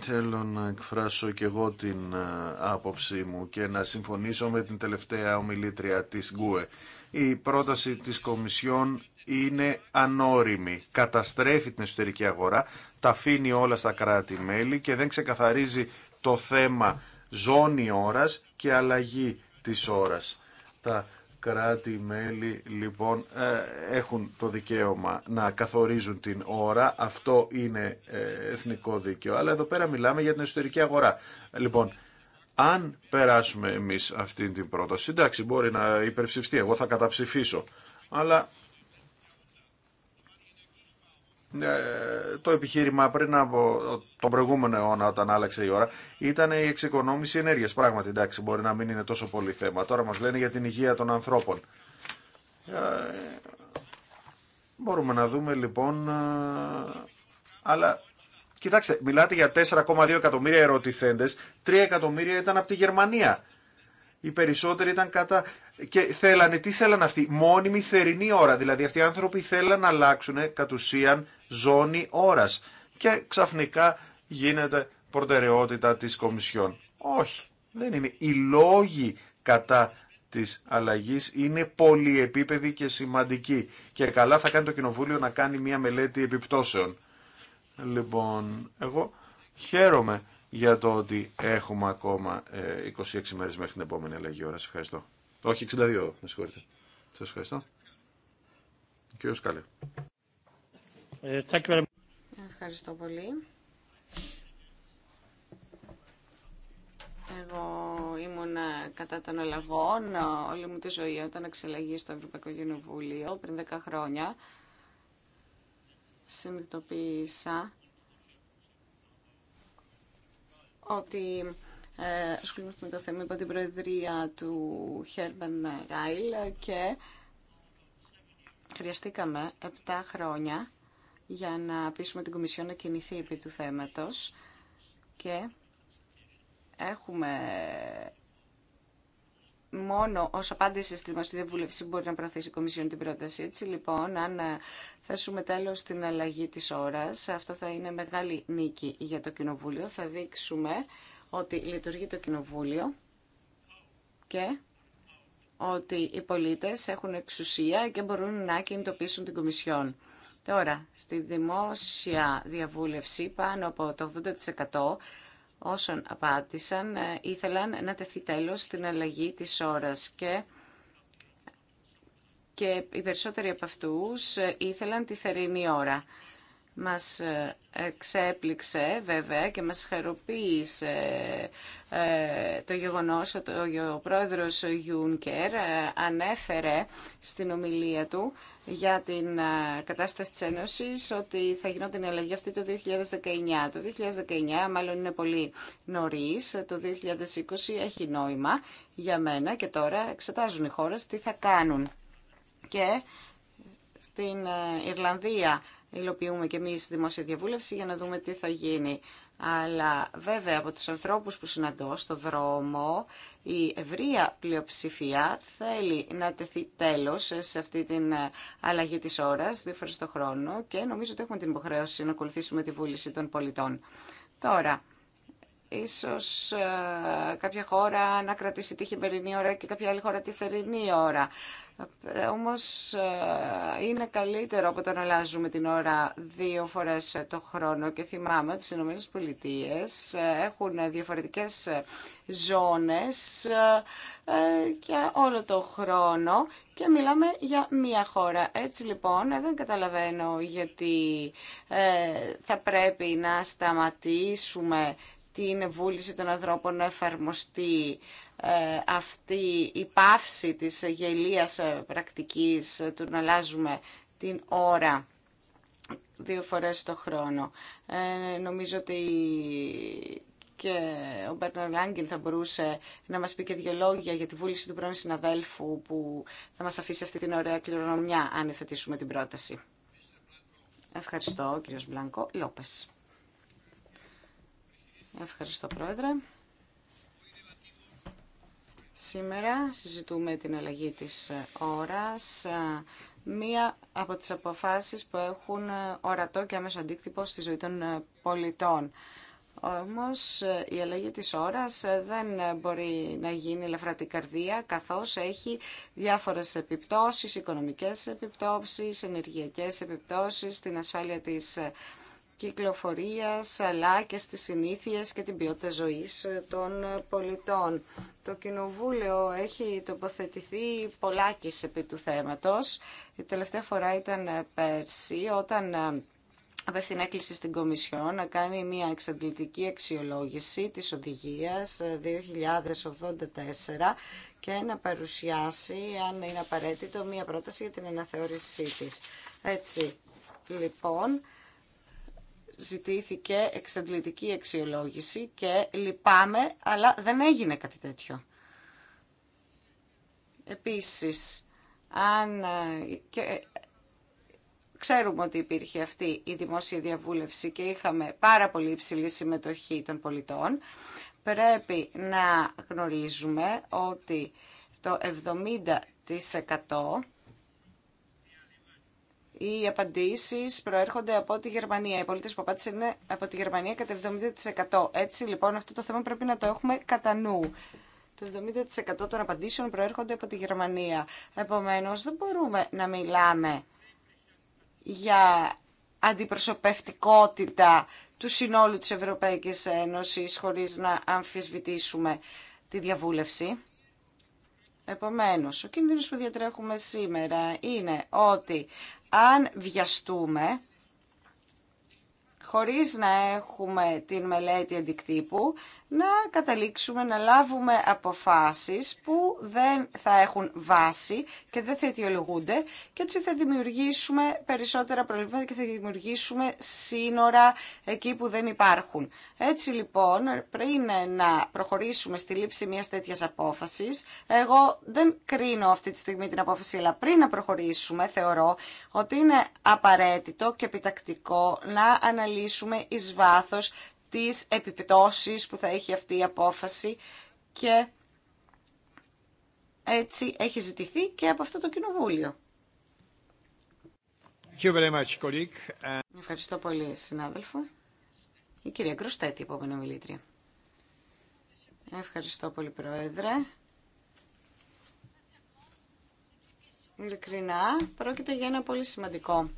Speaker 2: Θέλω να εκφράσω και εγώ την ε, άποψή μου και να συμφωνήσω με την τελευταία ομιλήτρια της ΓΚΟΕ. Η πρόταση της Κομισιόν είναι ανώριμη. Καταστρέφει την εσωτερική αγορά, τα αφήνει όλα στα κράτη-μέλη και δεν ξεκαθαρίζει το θέμα ζώνη ώρας και αλλαγή της ώρας. Τα κράτη-μέλη λοιπόν ε, έχουν το δικαίωμα να καθορίζουν την ώρα. Αυτό είναι ε, εθνικό δίκαιο. Αλλά εδώ πέρα μιλάμε για την εσωτερική αγορά. Λοιπόν, αν περάσουμε εμείς αυτή την πρόταση, εντάξει μπορεί να υπερψηφιστεί, εγώ θα καταψηφίσω. Αλλά ε, το επιχείρημα πριν από τον προηγούμενο αιώνα όταν άλλαξε η ώρα ήταν η εξοικονόμηση ενέργειας. Πράγματι εντάξει μπορεί να μην είναι τόσο πολύ θέμα. Τώρα μας λένε για την υγεία των ανθρώπων. Ε, μπορούμε να δούμε λοιπόν, ε, αλλά κοιτάξτε, μιλάτε για 4,2 εκατομμύρια ερωτηθέντες, 3 εκατομμύρια ήταν από τη Γερμανία οι περισσότεροι ήταν κατά. Και θέλανε, τι θέλανε αυτοί, μόνιμη θερινή ώρα. Δηλαδή αυτοί οι άνθρωποι θέλαν να αλλάξουν κατ' ουσίαν ζώνη ώρα. Και ξαφνικά γίνεται προτεραιότητα τη Κομισιόν. Όχι, δεν είναι. Οι λόγοι κατά της αλλαγή είναι πολυεπίπεδοι και σημαντική. Και καλά θα κάνει το Κοινοβούλιο να κάνει μια μελέτη επιπτώσεων. Λοιπόν, εγώ χαίρομαι για το ότι έχουμε ακόμα 26 ε, μέρες μέχρι την επόμενη αλλαγή ώρα. Σας ευχαριστώ. Όχι, 62, με συγχωρείτε. Σας ευχαριστώ. Ο κύριος Κάλε.
Speaker 3: Ε,
Speaker 1: ευχαριστώ πολύ. Εγώ ήμουν ε, κατά των αλλαγών όλη μου τη ζωή όταν εξελαγή στο Ευρωπαϊκό Γενοβουλίο πριν 10 χρόνια. Συνειδητοποίησα ότι ε, ασχολούμαστε με το θέμα υπό την προεδρία του Χέρμπεν Γάιλ και χρειαστήκαμε 7 χρόνια για να πείσουμε την Κομισιό να κινηθεί επί του θέματος και έχουμε μόνο ω απάντηση στη δημοσιογραφική βούλευση μπορεί να προωθήσει η Κομισιόν την πρόταση. Έτσι λοιπόν, αν ε, θέσουμε τέλο στην αλλαγή τη ώρα, αυτό θα είναι μεγάλη νίκη για το Κοινοβούλιο. Θα δείξουμε ότι λειτουργεί το Κοινοβούλιο και ότι οι πολίτες έχουν εξουσία και μπορούν να κινητοποιήσουν την Κομισιόν. Τώρα, στη δημόσια διαβούλευση πάνω από το 80% όσων απάντησαν ε, ήθελαν να τεθεί τέλος στην αλλαγή της ώρας και και οι περισσότεροι από αυτούς ε, ήθελαν τη θερινή ώρα μας ε, ξέπληξε βέβαια και μας χαροποίησε ε, το γεγονός ότι ο πρόεδρος Γιούνκερ ε, ανέφερε στην ομιλία του για την κατάσταση της Ένωσης ότι θα γινόταν η αλλαγή αυτή το 2019. Το 2019 μάλλον είναι πολύ νωρίς, το 2020 έχει νόημα για μένα και τώρα εξετάζουν οι χώρες τι θα κάνουν. Και στην Ιρλανδία υλοποιούμε και εμείς δημόσια διαβούλευση για να δούμε τι θα γίνει. Αλλά βέβαια από τους ανθρώπους που συναντώ στο δρόμο η ευρεία πλειοψηφία θέλει να τεθεί τέλος σε αυτή την ε, αλλαγή της ώρας δύο φορές το χρόνο και νομίζω ότι έχουμε την υποχρέωση να ακολουθήσουμε τη βούληση των πολιτών. Τώρα, ίσως ε, κάποια χώρα να κρατήσει τη χειμερινή ώρα και κάποια άλλη χώρα τη θερινή ώρα. Ε, όμως ε, είναι καλύτερο από το να αλλάζουμε την ώρα δύο φορές το χρόνο και θυμάμαι ότι οι ΗΠΑ ε, έχουν διαφορετικές ζώνες και όλο το χρόνο και μιλάμε για μία χώρα. Έτσι λοιπόν δεν καταλαβαίνω γιατί θα πρέπει να σταματήσουμε την βούληση των ανθρώπων να εφαρμοστεί ε, αυτή η πάυση της γελίας ε, πρακτικής ε, του να αλλάζουμε την ώρα δύο φορές το χρόνο. Ε, νομίζω ότι και ο Μπέρναρ Λάγκιν θα μπορούσε να μας πει και δύο λόγια για τη βούληση του πρώην συναδέλφου που θα μας αφήσει αυτή την ωραία κληρονομιά αν εθετήσουμε την πρόταση. Ευχαριστώ, κύριος Μπλάνκο. Λόπες. Ευχαριστώ Πρόεδρε. Σήμερα συζητούμε την αλλαγή της ώρας, μία από τις αποφάσεις που έχουν ορατό και άμεσο αντίκτυπο στη ζωή των πολιτών. Όμως η αλλαγή της ώρας δεν μπορεί να γίνει ελαφρά την καρδία καθώς έχει διάφορες επιπτώσεις, οικονομικές επιπτώσεις, ενεργειακές επιπτώσεις, την ασφάλεια της κυκλοφορίας αλλά και στις συνήθειες και την ποιότητα ζωής των πολιτών. Το Κοινοβούλιο έχει τοποθετηθεί πολλάκις επί του θέματος. Η τελευταία φορά ήταν πέρσι όταν ε, απευθυνά έκκληση στην Κομισιόν να κάνει μια εξαντλητική αξιολόγηση της οδηγίας 2084 ε, και να παρουσιάσει, αν είναι απαραίτητο, μια πρόταση για την αναθεώρησή της. Έτσι, λοιπόν, ζητήθηκε εξαντλητική αξιολόγηση και λυπάμαι, αλλά δεν έγινε κάτι τέτοιο. Επίσης, αν και ξέρουμε ότι υπήρχε αυτή η δημόσια διαβούλευση και είχαμε πάρα πολύ υψηλή συμμετοχή των πολιτών, πρέπει να γνωρίζουμε ότι το 70% οι απαντήσει προέρχονται από τη Γερμανία. Οι πολίτε που απάντησαν είναι από τη Γερμανία κατά 70%. Έτσι λοιπόν αυτό το θέμα πρέπει να το έχουμε κατά νου. Το 70% των απαντήσεων προέρχονται από τη Γερμανία. Επομένω, δεν μπορούμε να μιλάμε για αντιπροσωπευτικότητα του συνόλου της Ευρωπαϊκής Ένωσης χωρίς να αμφισβητήσουμε τη διαβούλευση. Επομένως, ο κίνδυνος που διατρέχουμε σήμερα είναι ότι αν βιαστούμε, χωρίς να έχουμε την μελέτη αντικτύπου, να καταλήξουμε να λάβουμε αποφάσεις που δεν θα έχουν βάση και δεν θα αιτιολογούνται και έτσι θα δημιουργήσουμε περισσότερα προβλήματα και θα δημιουργήσουμε σύνορα εκεί που δεν υπάρχουν. Έτσι λοιπόν, πριν να προχωρήσουμε στη λήψη μιας τέτοιας απόφασης, εγώ δεν κρίνω αυτή τη στιγμή την απόφαση, αλλά πριν να προχωρήσουμε θεωρώ ότι είναι απαραίτητο και επιτακτικό να αναλύσουμε εις βάθος τις επιπτώσεις που θα έχει αυτή η απόφαση και έτσι έχει ζητηθεί και από αυτό το Κοινοβούλιο. Ευχαριστώ πολύ, συνάδελφο. Η κυρία Γκροστέτη, επόμενη μιλήτρια. Ευχαριστώ πολύ, Πρόεδρε. Ειλικρινά, πρόκειται για ένα πολύ σημαντικό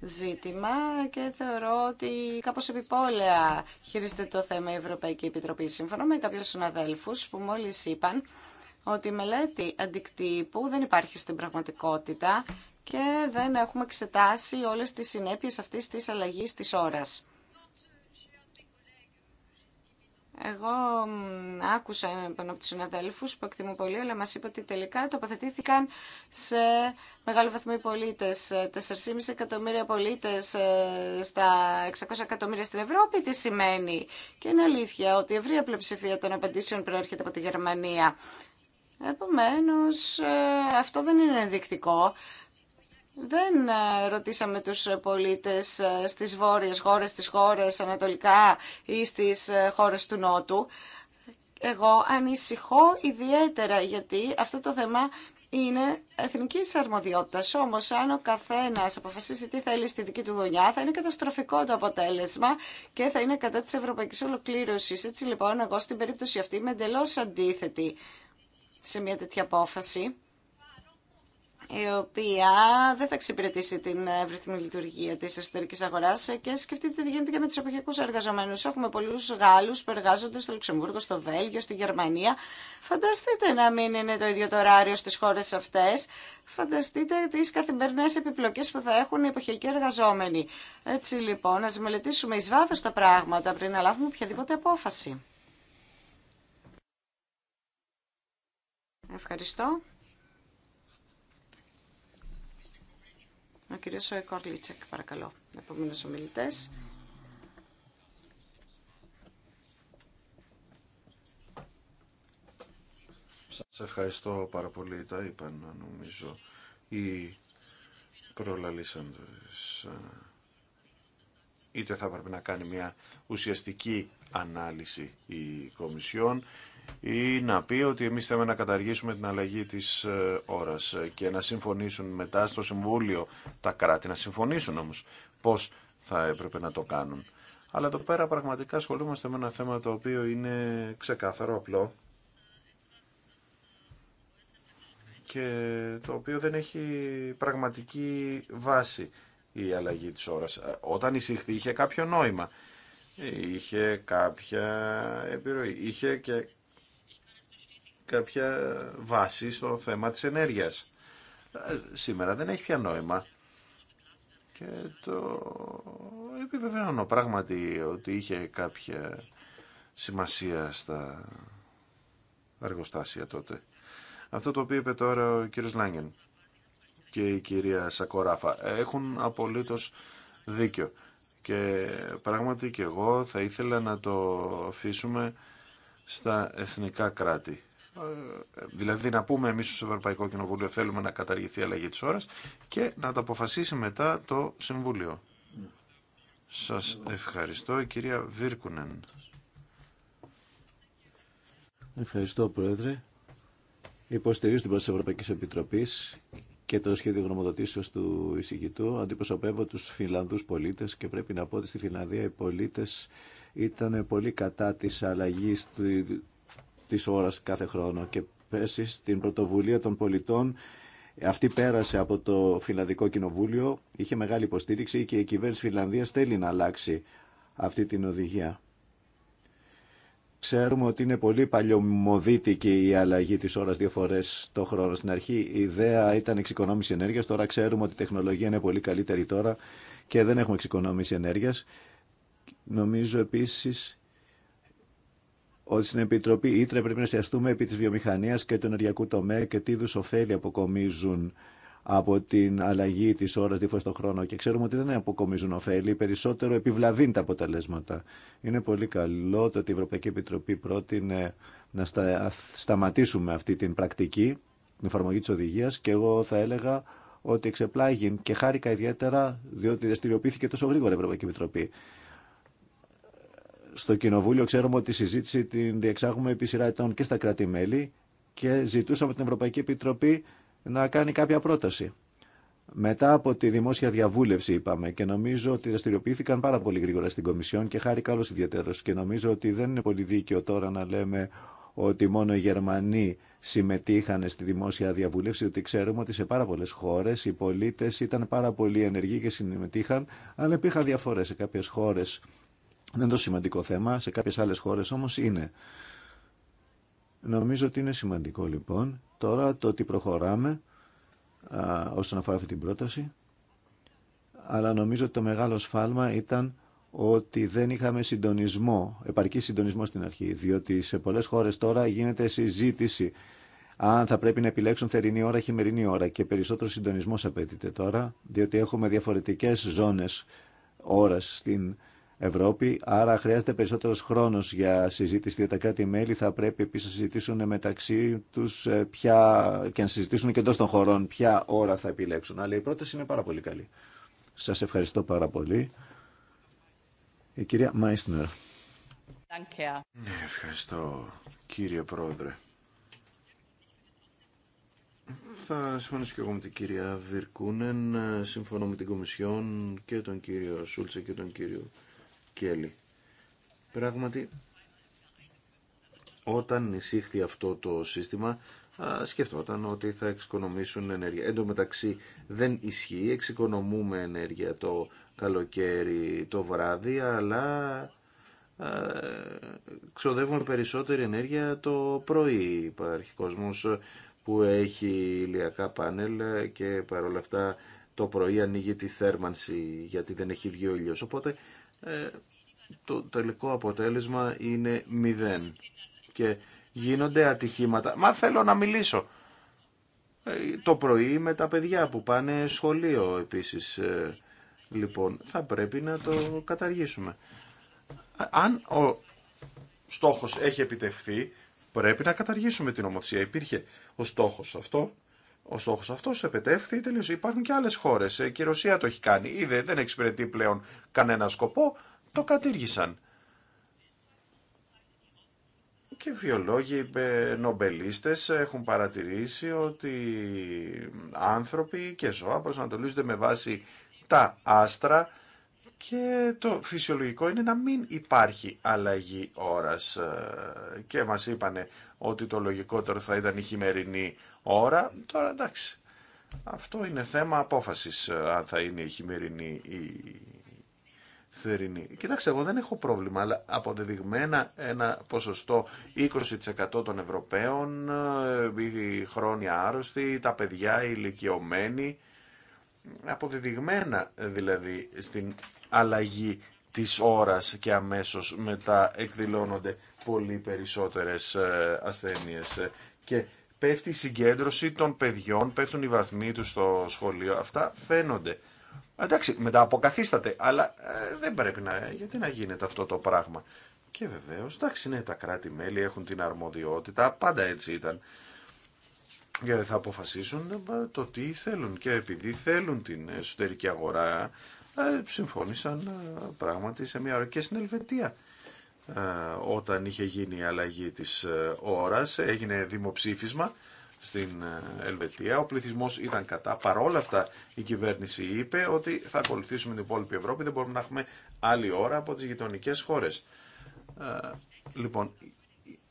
Speaker 1: ζήτημα και θεωρώ ότι κάπως επιπόλαια χειρίζεται το θέμα η Ευρωπαϊκή Επιτροπή. Σύμφωνα με κάποιους συναδέλφους που μόλις είπαν ότι η μελέτη αντικτύπου δεν υπάρχει στην πραγματικότητα και δεν έχουμε εξετάσει όλες τις συνέπειες αυτής της αλλαγής της ώρας. Εγώ άκουσα έναν από του συναδέλφου που εκτιμώ πολύ, αλλά μα είπε ότι τελικά τοποθετήθηκαν σε μεγάλο βαθμό οι πολίτε. 4,5 ε, εκατομμύρια πολίτε ε, στα 600 εκατομμύρια στην Ευρώπη, τι σημαίνει. Και είναι αλήθεια ότι η ευρία πλειοψηφία των απαντήσεων προέρχεται από τη Γερμανία. Επομένω, ε, αυτό δεν είναι ενδεικτικό δεν ε, ρωτήσαμε τους ε, πολίτες ε, στις βόρειες χώρες, στις χώρες ανατολικά ή στις χώρες του Νότου. Εγώ ανησυχώ ιδιαίτερα γιατί αυτό το θέμα είναι εθνική αρμοδιότητα. Όμω, αν ο καθένα αποφασίσει τι θέλει στη δική του γωνιά, θα είναι καταστροφικό το αποτέλεσμα και θα είναι κατά τη ευρωπαϊκή ολοκλήρωση. Έτσι, λοιπόν, εγώ στην περίπτωση αυτή είμαι εντελώ αντίθετη σε μια τέτοια απόφαση η οποία δεν θα εξυπηρετήσει την εύρυθμη λειτουργία τη εσωτερική αγορά και σκεφτείτε τι γίνεται και με του εποχικού εργαζομένου. Έχουμε πολλού Γάλλους που εργάζονται στο Λουξεμβούργο, στο Βέλγιο, στη Γερμανία. Φανταστείτε να μην είναι το ίδιο το ωράριο στις χώρες αυτές. Φανταστείτε τι καθημερινέ επιπλοκές που θα έχουν οι εποχικοί εργαζόμενοι. Έτσι λοιπόν, α μελετήσουμε ει βάθο τα πράγματα πριν να λάβουμε οποιαδήποτε απόφαση. Ευχαριστώ. Ο κύριος Κορλίτσεκ, παρακαλώ. Επόμενος ομιλητές.
Speaker 2: Σας ευχαριστώ πάρα πολύ. Τα είπαν, νομίζω, οι προλαλήσαντες. Είτε θα έπρεπε να κάνει μια ουσιαστική ανάλυση η Κομισιόν, ή να πει ότι εμείς θέλουμε να καταργήσουμε την αλλαγή της ε, ώρας και να συμφωνήσουν μετά στο Συμβούλιο τα κράτη, να συμφωνήσουν όμως πώς θα έπρεπε να το κάνουν. Αλλά εδώ πέρα πραγματικά ασχολούμαστε με ένα θέμα το οποίο είναι ξεκάθαρο απλό και το οποίο δεν έχει πραγματική βάση η αλλαγή της ώρας. Ε, όταν εισήχθη είχε κάποιο νόημα, είχε κάποια επιρροή, είχε και κάποια βάση στο θέμα της ενέργειας. Ε, σήμερα δεν έχει πια νόημα. Και το επιβεβαιώνω πράγματι ότι είχε κάποια σημασία στα αργοστάσια τότε. Αυτό το οποίο είπε τώρα ο κύριος Λάγκεν και η κυρία Σακοράφα έχουν απολύτως δίκιο. Και πράγματι και εγώ θα ήθελα να το αφήσουμε στα εθνικά κράτη. Ε, δηλαδή να πούμε εμείς στο Ευρωπαϊκό Κοινοβούλιο θέλουμε να καταργηθεί η αλλαγή της ώρας και να το αποφασίσει μετά το Συμβούλιο. Σας ευχαριστώ, κυρία Βίρκουνεν.
Speaker 4: Ευχαριστώ, Πρόεδρε. Υποστηρίζω την πρόταση Ευρωπαϊκή Επιτροπή και το σχέδιο γνωμοδοτήσεω του εισηγητού. Αντιπροσωπεύω του Φιλανδού πολίτε και πρέπει να πω ότι στη Φιλανδία οι πολίτε ήταν πολύ κατά τη αλλαγή της ώρας κάθε χρόνο και πέρσι στην πρωτοβουλία των πολιτών αυτή πέρασε από το Φιλανδικό Κοινοβούλιο, είχε μεγάλη υποστήριξη και η κυβέρνηση Φιλανδίας θέλει να αλλάξει αυτή την οδηγία. Ξέρουμε ότι είναι πολύ παλιωμοδίτικη η αλλαγή της ώρας δύο φορές το χρόνο. Στην αρχή η ιδέα ήταν εξοικονόμηση ενέργειας, τώρα ξέρουμε ότι η τεχνολογία είναι πολύ καλύτερη τώρα και δεν έχουμε εξοικονόμηση ενέργειας. Νομίζω επίσης ότι στην Επιτροπή Ήτρε πρέπει να εστιαστούμε επί της βιομηχανίας και του ενεργειακού τομέα και τι είδου ωφέλη αποκομίζουν από την αλλαγή της ώρας φορέ στον χρόνο και ξέρουμε ότι δεν αποκομίζουν ωφέλη, περισσότερο επιβλαβήν τα αποτελέσματα. Είναι πολύ καλό το ότι η Ευρωπαϊκή Επιτροπή πρότεινε να σταματήσουμε αυτή την πρακτική, την εφαρμογή τη οδηγία και εγώ θα έλεγα ότι εξεπλάγει και χάρηκα ιδιαίτερα διότι δραστηριοποιήθηκε τόσο γρήγορα η Ευρωπαϊκή Επιτροπή στο Κοινοβούλιο ξέρουμε ότι η συζήτηση την διεξάγουμε επί σειρά ετών και στα κράτη-μέλη και ζητούσαμε την Ευρωπαϊκή Επιτροπή να κάνει κάποια πρόταση. Μετά από τη δημόσια διαβούλευση, είπαμε, και νομίζω ότι δραστηριοποιήθηκαν πάρα πολύ γρήγορα στην Κομισιόν και χάρη καλώ ιδιαίτερω. Και νομίζω ότι δεν είναι πολύ δίκαιο τώρα να λέμε ότι μόνο οι Γερμανοί συμμετείχαν στη δημόσια διαβούλευση, ότι ξέρουμε ότι σε πάρα πολλέ χώρε οι πολίτε ήταν πάρα πολύ ενεργοί και συμμετείχαν, αλλά υπήρχαν διαφορέ σε κάποιε χώρε δεν είναι το σημαντικό θέμα, σε κάποιες άλλες χώρες όμως είναι. Νομίζω ότι είναι σημαντικό λοιπόν τώρα το ότι προχωράμε α, όσον αφορά αυτή την πρόταση, αλλά νομίζω ότι το μεγάλο σφάλμα ήταν ότι δεν είχαμε συντονισμό, επαρκή συντονισμό στην αρχή, διότι σε πολλές χώρες τώρα γίνεται συζήτηση αν θα πρέπει να επιλέξουν θερινή ώρα, χειμερινή ώρα και περισσότερο συντονισμό απαιτείται τώρα, διότι έχουμε διαφορετικές ζώνες ώρας στην Ευρώπη, άρα χρειάζεται περισσότερο χρόνο για συζήτηση, διότι τα κράτη-μέλη θα πρέπει επίση να συζητήσουν μεταξύ του ε, ποια... και να συζητήσουν και εντό των χωρών ποια ώρα θα επιλέξουν. Αλλά η πρόταση είναι πάρα πολύ καλή. Σα ευχαριστώ πάρα πολύ. Η κυρία Μάισνερ.
Speaker 3: Ναι,
Speaker 2: ευχαριστώ κύριε Πρόεδρε. Θα συμφωνήσω και εγώ με την κυρία Βιρκούνεν, ε, συμφωνώ με την Κομισιόν και τον κύριο Σούλτσε και τον κύριο Πράγματι, όταν εισήχθη αυτό το σύστημα, σκεφτόταν ότι θα εξοικονομήσουν ενέργεια. Εν τω μεταξύ δεν ισχύει, εξοικονομούμε ενέργεια το καλοκαίρι, το βράδυ, αλλά ξοδεύουμε περισσότερη ενέργεια το πρωί. Υπάρχει κόσμος που έχει ηλιακά πάνελ και παρόλα αυτά το πρωί ανοίγει τη θέρμανση γιατί δεν έχει βγει ο ήλιος. Οπότε ε, το τελικό αποτέλεσμα είναι μηδέν. Και γίνονται ατυχήματα. Μα θέλω να μιλήσω. Ε, το πρωί με τα παιδιά που πάνε σχολείο επίσης. Ε, λοιπόν, θα πρέπει να το καταργήσουμε. Ε, αν ο στόχος έχει επιτευχθεί, πρέπει να καταργήσουμε την ομοθεσία. Υπήρχε ο στόχος αυτό, ο στόχο αυτό επετεύχθη, Τελείως, Υπάρχουν και άλλε χώρε. Και η Ρωσία το έχει κάνει. Είδε, δεν εξυπηρετεί πλέον κανένα σκοπό το κατήργησαν. Και βιολόγοι, ε, νομπελίστες έχουν παρατηρήσει ότι άνθρωποι και ζώα προσανατολίζονται με βάση τα άστρα και το φυσιολογικό είναι να μην υπάρχει αλλαγή ώρας. Ε, και μας είπανε ότι το λογικότερο θα ήταν η χειμερινή ώρα. Τώρα εντάξει, αυτό είναι θέμα απόφασης ε, αν θα είναι η χειμερινή ή θερινή. Κοιτάξτε, εγώ δεν έχω πρόβλημα, αλλά αποδεδειγμένα ένα ποσοστό 20% των Ευρωπαίων, η ε, χρόνια άρρωστοι, τα παιδιά οι ηλικιωμένοι, αποδεδειγμένα δηλαδή στην αλλαγή της ώρας και αμέσως μετά εκδηλώνονται πολύ περισσότερες ε, ασθένειες και πέφτει η συγκέντρωση των παιδιών, πέφτουν οι βαθμοί τους στο σχολείο. Αυτά φαίνονται. Εντάξει, μετά αποκαθίσταται, αλλά ε, δεν πρέπει να. Γιατί να γίνεται αυτό το πράγμα. Και βεβαίω, εντάξει, ναι, τα κράτη-μέλη έχουν την αρμοδιότητα, πάντα έτσι ήταν. Γιατί θα αποφασίσουν ε, το τι θέλουν. Και επειδή θέλουν την εσωτερική αγορά, ε, συμφώνησαν πράγματι σε μια ώρα και στην Ελβετία. όταν είχε γίνει η αλλαγή της ώρας έγινε δημοψήφισμα στην ε, Ελβετία. Ο πληθυσμό ήταν κατά. Παρόλα αυτά η κυβέρνηση είπε ότι θα ακολουθήσουμε την υπόλοιπη Ευρώπη, δεν μπορούμε να έχουμε άλλη ώρα από τι γειτονικέ χώρε. Ε, λοιπόν,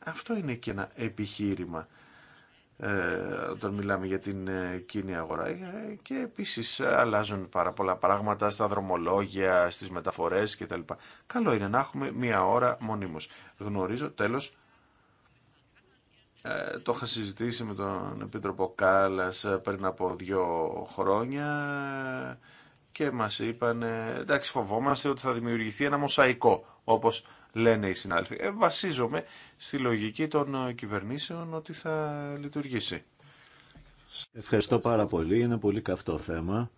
Speaker 2: αυτό είναι και ένα επιχείρημα ε, όταν μιλάμε για την κοινή αγορά και επίσης αλλάζουν πάρα πολλά πράγματα στα δρομολόγια, στις μεταφορές κτλ. Καλό είναι να έχουμε μία ώρα μονίμως. Γνωρίζω τέλος ε, το είχα συζητήσει με τον Επίτροπο Κάλλας ε, πριν από δύο χρόνια και μας είπαν εντάξει φοβόμαστε ότι θα δημιουργηθεί ένα μοσαϊκό όπως λένε οι συνάδελφοι. Ε, βασίζομαι στη λογική των κυβερνήσεων ότι θα λειτουργήσει.
Speaker 4: Ευχαριστώ πάρα πολύ. Είναι πολύ καυτό θέμα.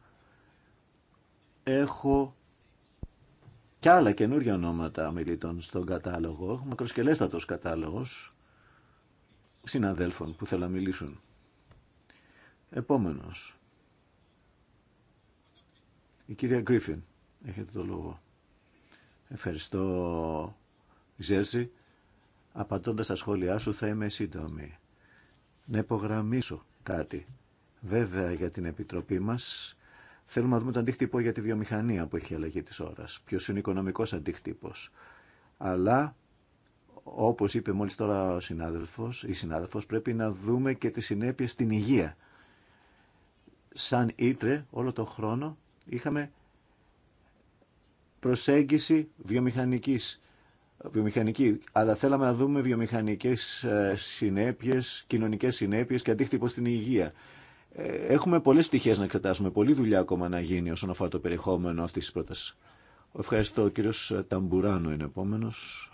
Speaker 4: Έχω και άλλα καινούργια ονόματα μιλήτων στον κατάλογο, μακροσκελέστατος κατάλογος συναδέλφων που θέλουν να μιλήσουν. Επόμενος. Η κυρία Γκρίφιν. Έχετε το λόγο. Ευχαριστώ, Ζέρζη. Απαντώντας στα σχόλιά σου θα είμαι σύντομη. Να υπογραμμίσω κάτι. Βέβαια για την Επιτροπή μας θέλουμε να δούμε τον αντίκτυπο για τη βιομηχανία που έχει αλλαγή της ώρας. Ποιος είναι ο οικονομικός αντίκτυπος. Αλλά όπως είπε μόλις τώρα ο συνάδελφος, η συνάδελφος πρέπει να δούμε και τις συνέπειες στην υγεία. Σαν Ήτρε όλο το χρόνο είχαμε προσέγγιση βιομηχανικής. Βιομηχανική, αλλά θέλαμε να δούμε βιομηχανικές ε, συνέπειες, κοινωνικές συνέπειες και αντίκτυπο στην υγεία. Ε, έχουμε πολλές στοιχείες να εξετάσουμε, πολλή δουλειά ακόμα να γίνει όσον αφορά το περιεχόμενο αυτής της πρότασης. Ευχαριστώ. Ο κύριος Ταμπουράνο είναι επόμενος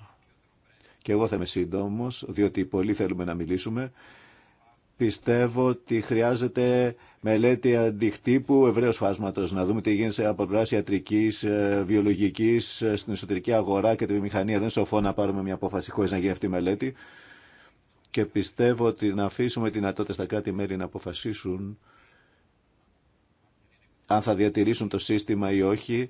Speaker 4: και εγώ θα είμαι σύντομο, διότι πολλοί θέλουμε να μιλήσουμε. Πιστεύω ότι χρειάζεται μελέτη αντιχτύπου ευρέω φάσματο, να δούμε τι γίνεται από πλευρά ιατρική, ε, βιολογική, ε, στην εσωτερική αγορά και τη βιομηχανία. Δεν σοφό να πάρουμε μια απόφαση χωρί να γίνει αυτή η μελέτη. Και πιστεύω ότι να αφήσουμε τη δυνατότητα στα κράτη-μέλη να αποφασίσουν αν θα διατηρήσουν το σύστημα ή όχι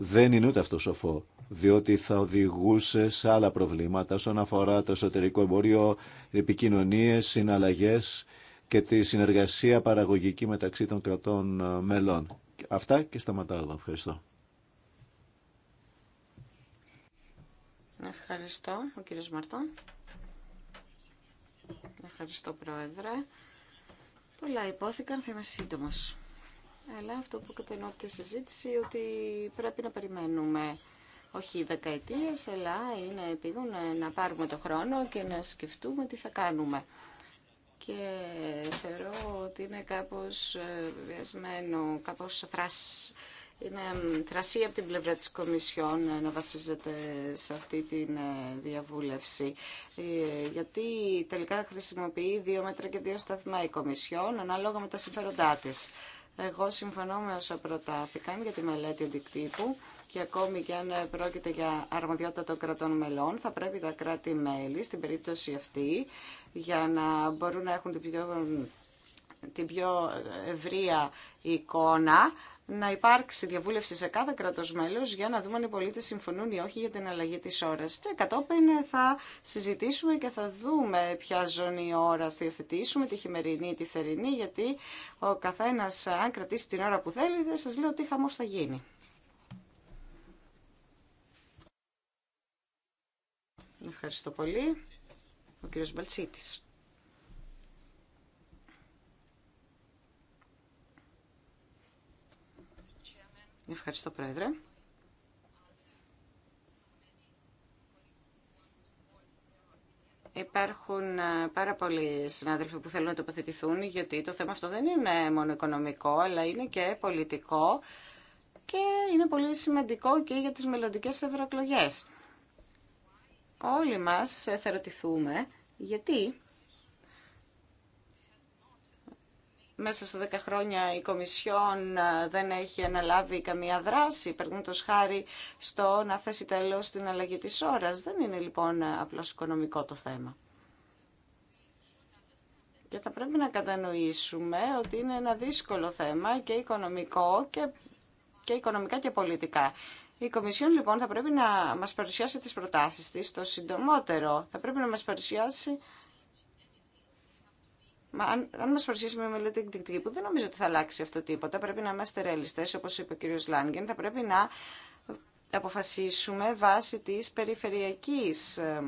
Speaker 4: δεν είναι ούτε αυτό σοφό, διότι θα οδηγούσε σε άλλα προβλήματα όσον αφορά το εσωτερικό εμπόριο, επικοινωνίες, συναλλαγές και τη συνεργασία παραγωγική μεταξύ των κρατών ε, μελών. Αυτά και σταματάω εδώ. Ευχαριστώ.
Speaker 1: Ευχαριστώ, ο κύριος Μαρτών. Ευχαριστώ, Πρόεδρε. Πολλά υπόθηκαν, θα είμαι σύντομος. Αλλά αυτό που κατανοώ από τη συζήτηση ότι πρέπει να περιμένουμε όχι δεκαετίες, αλλά είναι επίγον να πάρουμε το χρόνο και να σκεφτούμε τι θα κάνουμε. Και θεωρώ ότι είναι κάπως ε, βιασμένο, κάπως είναι θρασί από την πλευρά της Κομισιόν ε, να βασίζεται σε αυτή τη ε, διαβούλευση. Γιατί τελικά χρησιμοποιεί δύο μέτρα και δύο σταθμά η Κομισιόν, ανάλογα με τα συμφέροντά της. Εγώ συμφωνώ με όσα προτάθηκαν για τη μελέτη αντικτύπου και ακόμη και αν πρόκειται για αρμοδιότητα των κρατών μελών, θα πρέπει τα κράτη-μέλη στην περίπτωση αυτή για να μπορούν να έχουν την πιο την πιο ευρεία εικόνα, να υπάρξει διαβούλευση σε κάθε κράτο μέλο για να δούμε αν οι πολίτε συμφωνούν ή όχι για την αλλαγή τη ώρα. Και κατόπιν θα συζητήσουμε και θα δούμε ποια ζώνη ώρα θα υιοθετήσουμε, τη χειμερινή ή τη θερινή, γιατί ο καθένα, αν κρατήσει την ώρα που θέλει, δεν σα λέω τι χαμό θα γίνει. Ευχαριστώ πολύ. Ο κύριος Μπαλτσίτης. Ευχαριστώ, Πρόεδρε. Υπάρχουν ε, πάρα πολλοί συνάδελφοι που θέλουν να τοποθετηθούν, γιατί το θέμα αυτό δεν είναι μόνο οικονομικό, αλλά είναι και πολιτικό και είναι πολύ σημαντικό και για τις μελλοντικέ ευρωεκλογέ. Όλοι μας θα ρωτηθούμε γιατί μέσα σε δέκα χρόνια η Κομισιόν ε, δεν έχει αναλάβει καμία δράση, το χάρη στο να θέσει τέλος την αλλαγή της ώρας. Δεν είναι λοιπόν απλώς οικονομικό το θέμα. Και θα πρέπει να κατανοήσουμε ότι είναι ένα δύσκολο θέμα και οικονομικό και, και οικονομικά και πολιτικά. Η Κομισιόν λοιπόν θα πρέπει να μας παρουσιάσει τις προτάσεις της το συντομότερο. Θα πρέπει να μας παρουσιάσει Μα αν, αν μα παρουσιάσει μια μελέτη εκδικτική, που δεν νομίζω ότι θα αλλάξει αυτό τίποτα, πρέπει να είμαστε ρεαλιστέ, όπω είπε ο κ. Λάνγκεν, θα πρέπει να αποφασίσουμε βάσει τη περιφερειακή ε,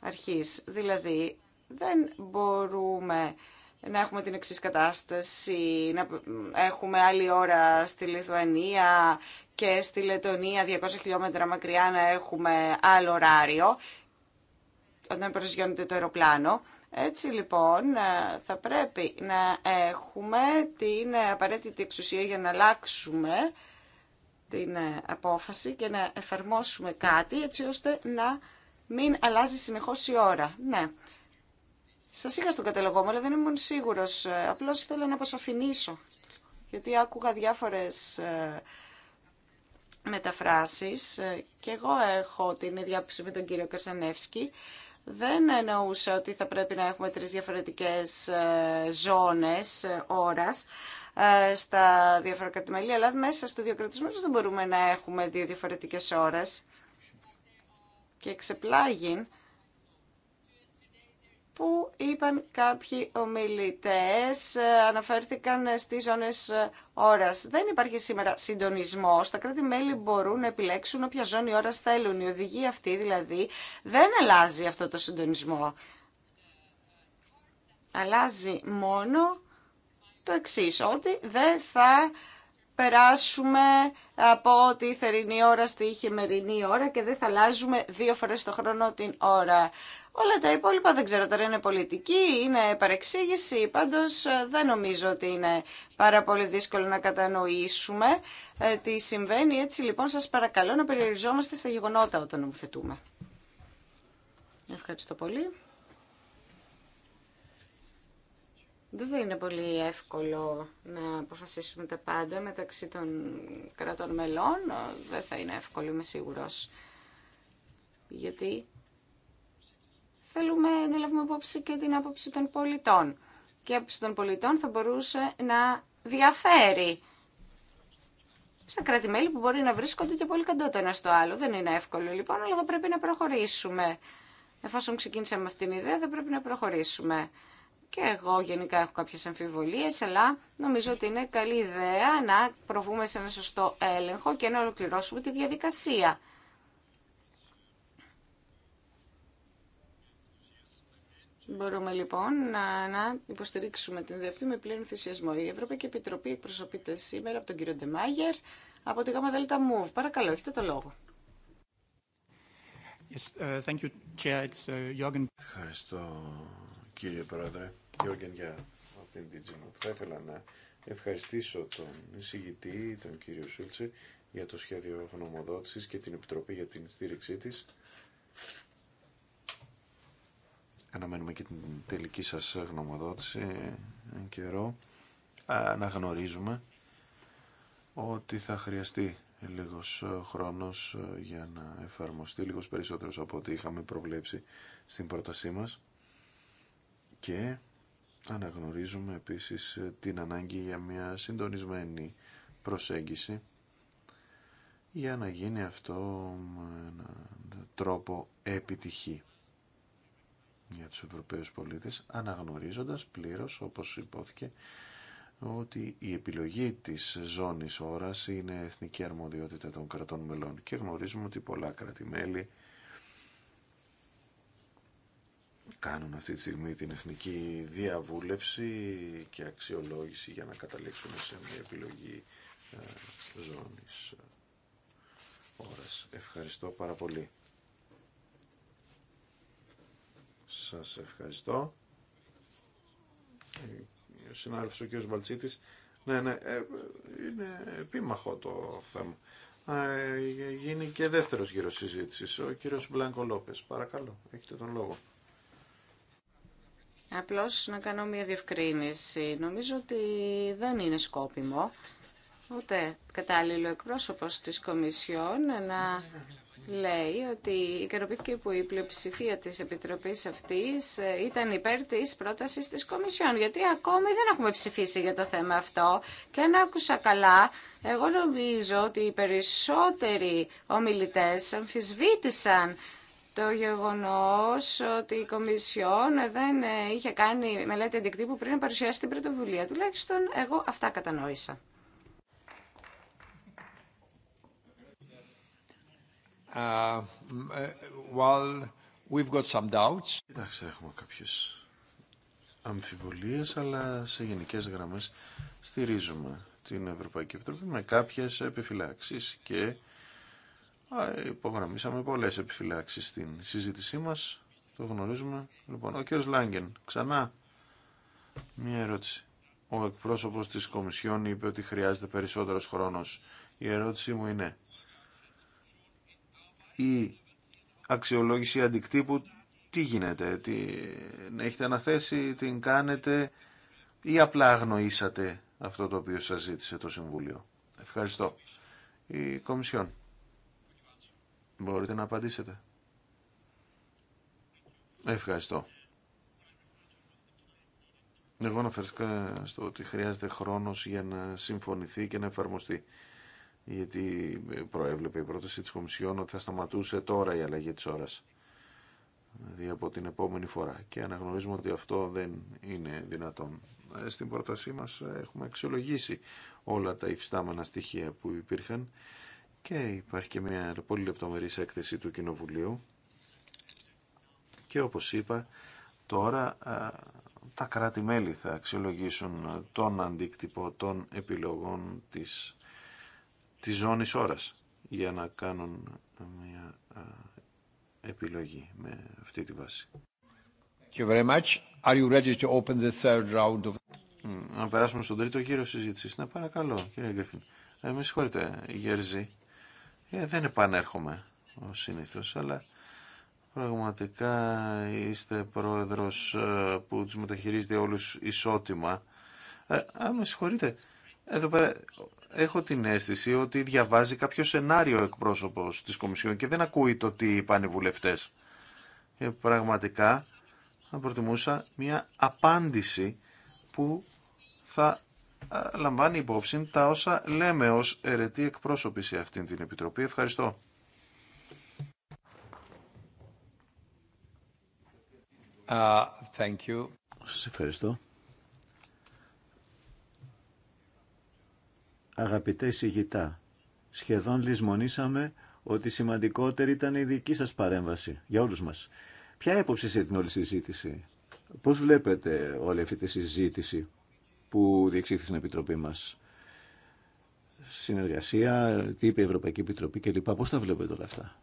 Speaker 1: αρχή. Δηλαδή, δεν μπορούμε να έχουμε την εξή κατάσταση, να έχουμε άλλη ώρα στη Λιθουανία και στη Λετωνία 200 χιλιόμετρα μακριά να έχουμε άλλο ωράριο όταν προσγειώνεται το αεροπλάνο. Έτσι λοιπόν ε, θα πρέπει να έχουμε την ε, απαραίτητη εξουσία για να αλλάξουμε την ε, απόφαση και να εφαρμόσουμε κάτι έτσι ώστε να μην αλλάζει συνεχώς η ώρα. Ναι. Σας είχα στον καταλογό μου, αλλά δεν ήμουν σίγουρος. Απλώς ήθελα να αποσαφηνίσω, γιατί άκουγα διάφορες μεταφράσεις και εγώ έχω την ίδια με τον κύριο Καρσανεύσκη δεν εννοούσα ότι θα πρέπει να έχουμε τρεις διαφορετικές ε, ζώνες ε, ώρας ε, στα διάφορα κρατημέλια, αλλά μέσα στο διακρατισμό δεν μπορούμε να έχουμε δύο διαφορετικές ώρες. Και εξεπλάγει που είπαν κάποιοι ομιλητές, ε, αναφέρθηκαν στις ζώνες ε, ώρας. Δεν υπάρχει σήμερα συντονισμός. Τα κράτη-μέλη μπορούν να επιλέξουν όποια ζώνη ώρας θέλουν. Η οδηγία αυτή δηλαδή δεν αλλάζει αυτό το συντονισμό. Αλλάζει μόνο το εξής, ότι δεν θα περάσουμε από τη θερινή ώρα στη χειμερινή ώρα και δεν θα αλλάζουμε δύο φορές το χρόνο την ώρα. Όλα τα υπόλοιπα δεν ξέρω τώρα είναι πολιτική, είναι παρεξήγηση, πάντως ε, δεν νομίζω ότι είναι πάρα πολύ δύσκολο να κατανοήσουμε ε, τι συμβαίνει. Έτσι λοιπόν σας παρακαλώ να περιοριζόμαστε στα γεγονότα όταν νομοθετούμε. Ευχαριστώ πολύ. Δεν θα είναι πολύ εύκολο να αποφασίσουμε τα πάντα μεταξύ των κρατών μελών. Ε, δεν θα είναι εύκολο, είμαι σίγουρος. Γιατί θέλουμε να λάβουμε υπόψη και την άποψη των πολιτών. Και η άποψη των πολιτών θα μπορούσε να διαφέρει στα κράτη-μέλη που μπορεί να βρίσκονται και πολύ κοντά το στο άλλο. Δεν είναι εύκολο λοιπόν, αλλά θα πρέπει να προχωρήσουμε. Εφόσον ξεκίνησαμε αυτήν την ιδέα, θα πρέπει να προχωρήσουμε. Και εγώ γενικά έχω κάποιε αμφιβολίε, αλλά νομίζω ότι είναι καλή ιδέα να προβούμε σε ένα σωστό έλεγχο και να ολοκληρώσουμε τη διαδικασία. Μπορούμε λοιπόν να, υποστηρίξουμε την δεύτερη με πλήρη ενθουσιασμό. Η Ευρωπαϊκή Επιτροπή εκπροσωπείται σήμερα από τον κύριο Ντεμάγερ από τη ΓΑΜΑ ΔΕΛΤΑ ΜΟΥΒ. Παρακαλώ, έχετε το λόγο.
Speaker 2: Uh, uh, Ευχαριστώ κύριε Πρόεδρε, Γιώργεν για αυτήν την τζιμο. Θα ήθελα να ευχαριστήσω τον εισηγητή, τον κύριο Σούλτσε, για το σχέδιο γνωμοδότηση και την Επιτροπή για την στήριξή τη αναμένουμε και την τελική σας γνωμοδότηση εν καιρό αναγνωρίζουμε ότι θα χρειαστεί λίγος ε, χρόνος ε, για να εφαρμοστεί λίγος περισσότερος από ό,τι είχαμε προβλέψει στην πρότασή μας και αναγνωρίζουμε επίσης ε, την ανάγκη για μια συντονισμένη προσέγγιση για να γίνει αυτό με έναν τρόπο επιτυχή για τους Ευρωπαίους πολίτες αναγνωρίζοντας πλήρως όπως υπόθηκε ότι η επιλογή της ζώνης ώρας είναι εθνική αρμοδιότητα των κρατών μελών και γνωρίζουμε ότι πολλά κράτη-μέλη κάνουν αυτή τη στιγμή την εθνική διαβούλευση και αξιολόγηση για να καταλήξουν σε μια επιλογή ε, ζώνης ώρας. Ευχαριστώ πάρα πολύ. Σας ευχαριστώ. Ε, ο συνάδελφος ο κ. Μπαλτσίτης. Ναι, ναι, ε, είναι επίμαχο το θέμα. Ε, γίνει και δεύτερος γύρος συζήτησης. Ο κ. Μπλάνκο Λόπες. Παρακαλώ, έχετε τον λόγο.
Speaker 1: Απλώς να κάνω μια διευκρίνηση. Νομίζω ότι δεν είναι σκόπιμο ούτε κατάλληλο εκπρόσωπος της Κομισιόν να λέει ότι ικανοποιήθηκε που η πλειοψηφία της Επιτροπής αυτής ε, ήταν υπέρ της πρότασης της Κομισιόν, γιατί ακόμη δεν έχουμε ψηφίσει για το θέμα αυτό και αν άκουσα καλά, εγώ νομίζω ότι οι περισσότεροι ομιλητές αμφισβήτησαν το γεγονός ότι η Κομισιόν δεν ε, είχε κάνει μελέτη αντικτύπου πριν να παρουσιάσει την πρωτοβουλία. Τουλάχιστον εγώ αυτά κατανόησα.
Speaker 2: Uh, uh, well, we've got some doubts. Κοιτάξτε, έχουμε κάποιες αμφιβολίες, αλλά σε γενικές γραμμές στηρίζουμε την Ευρωπαϊκή Επιτροπή με κάποιες επιφυλάξεις και υπογραμμίσαμε πολλές επιφυλάξεις στην συζήτησή μας. Το γνωρίζουμε. Λοιπόν, ο κ. Λάγκεν, ξανά μια ερώτηση. Ο εκπρόσωπος της Κομισιόν είπε ότι χρειάζεται περισσότερος χρόνος. Η ερώτησή μου είναι, η αξιολόγηση αντικτύπου τι γίνεται, την έχετε αναθέσει, την κάνετε ή απλά αγνοήσατε αυτό το οποίο σας ζήτησε το Συμβούλιο. Ευχαριστώ. Η Κομισιόν. Μπορείτε να απαντήσετε. Ευχαριστώ. Εγώ αναφέρθηκα στο ότι χρειάζεται χρόνος για να συμφωνηθεί και να εφαρμοστεί γιατί προέβλεπε η πρόταση της Κομισιόν ότι θα σταματούσε τώρα η αλλαγή της ώρας δηλαδή από την επόμενη φορά και αναγνωρίζουμε ότι αυτό δεν είναι δυνατόν. Ε, στην πρότασή μας έχουμε αξιολογήσει όλα τα υφιστάμενα στοιχεία που υπήρχαν και υπάρχει και μια πολύ λεπτομερής έκθεση του Κοινοβουλίου και όπως είπα τώρα ε, τα κράτη-μέλη θα αξιολογήσουν τον αντίκτυπο των επιλογών της Τη ζώνη ώρα για να κάνουν μια επιλογή με αυτή τη βάση. Να περάσουμε στον τρίτο γύρο συζήτηση. Ναι, παρακαλώ, κύριε Γκρίφιν. Ε, με συγχωρείτε, Γερζή. Ε, δεν επανέρχομαι ο συνήθω, αλλά πραγματικά είστε πρόεδρος ε, που του μεταχειρίζεται όλου ισότιμα. Ε, α, με συγχωρείτε, εδώ πέρα έχω την αίσθηση ότι διαβάζει κάποιο σενάριο εκπρόσωπος της Κομισιόν και δεν ακούει το τι είπαν οι βουλευτές. Και ε, πραγματικά θα προτιμούσα μια απάντηση που θα λαμβάνει υπόψη τα όσα λέμε ως αιρετή εκπρόσωπη σε αυτήν την Επιτροπή. Ευχαριστώ.
Speaker 4: Uh, thank you. Σας ευχαριστώ. Αγαπητέ ηγητά, σχεδόν λησμονήσαμε ότι σημαντικότερη ήταν η δική σας παρέμβαση για όλους μας. Ποια έποψη σε την όλη συζήτηση, πώς βλέπετε όλη αυτή τη συζήτηση που διεξήχθη στην Επιτροπή μας, συνεργασία, τι είπε η Ευρωπαϊκή Επιτροπή κλπ. Πώς τα βλέπετε όλα αυτά.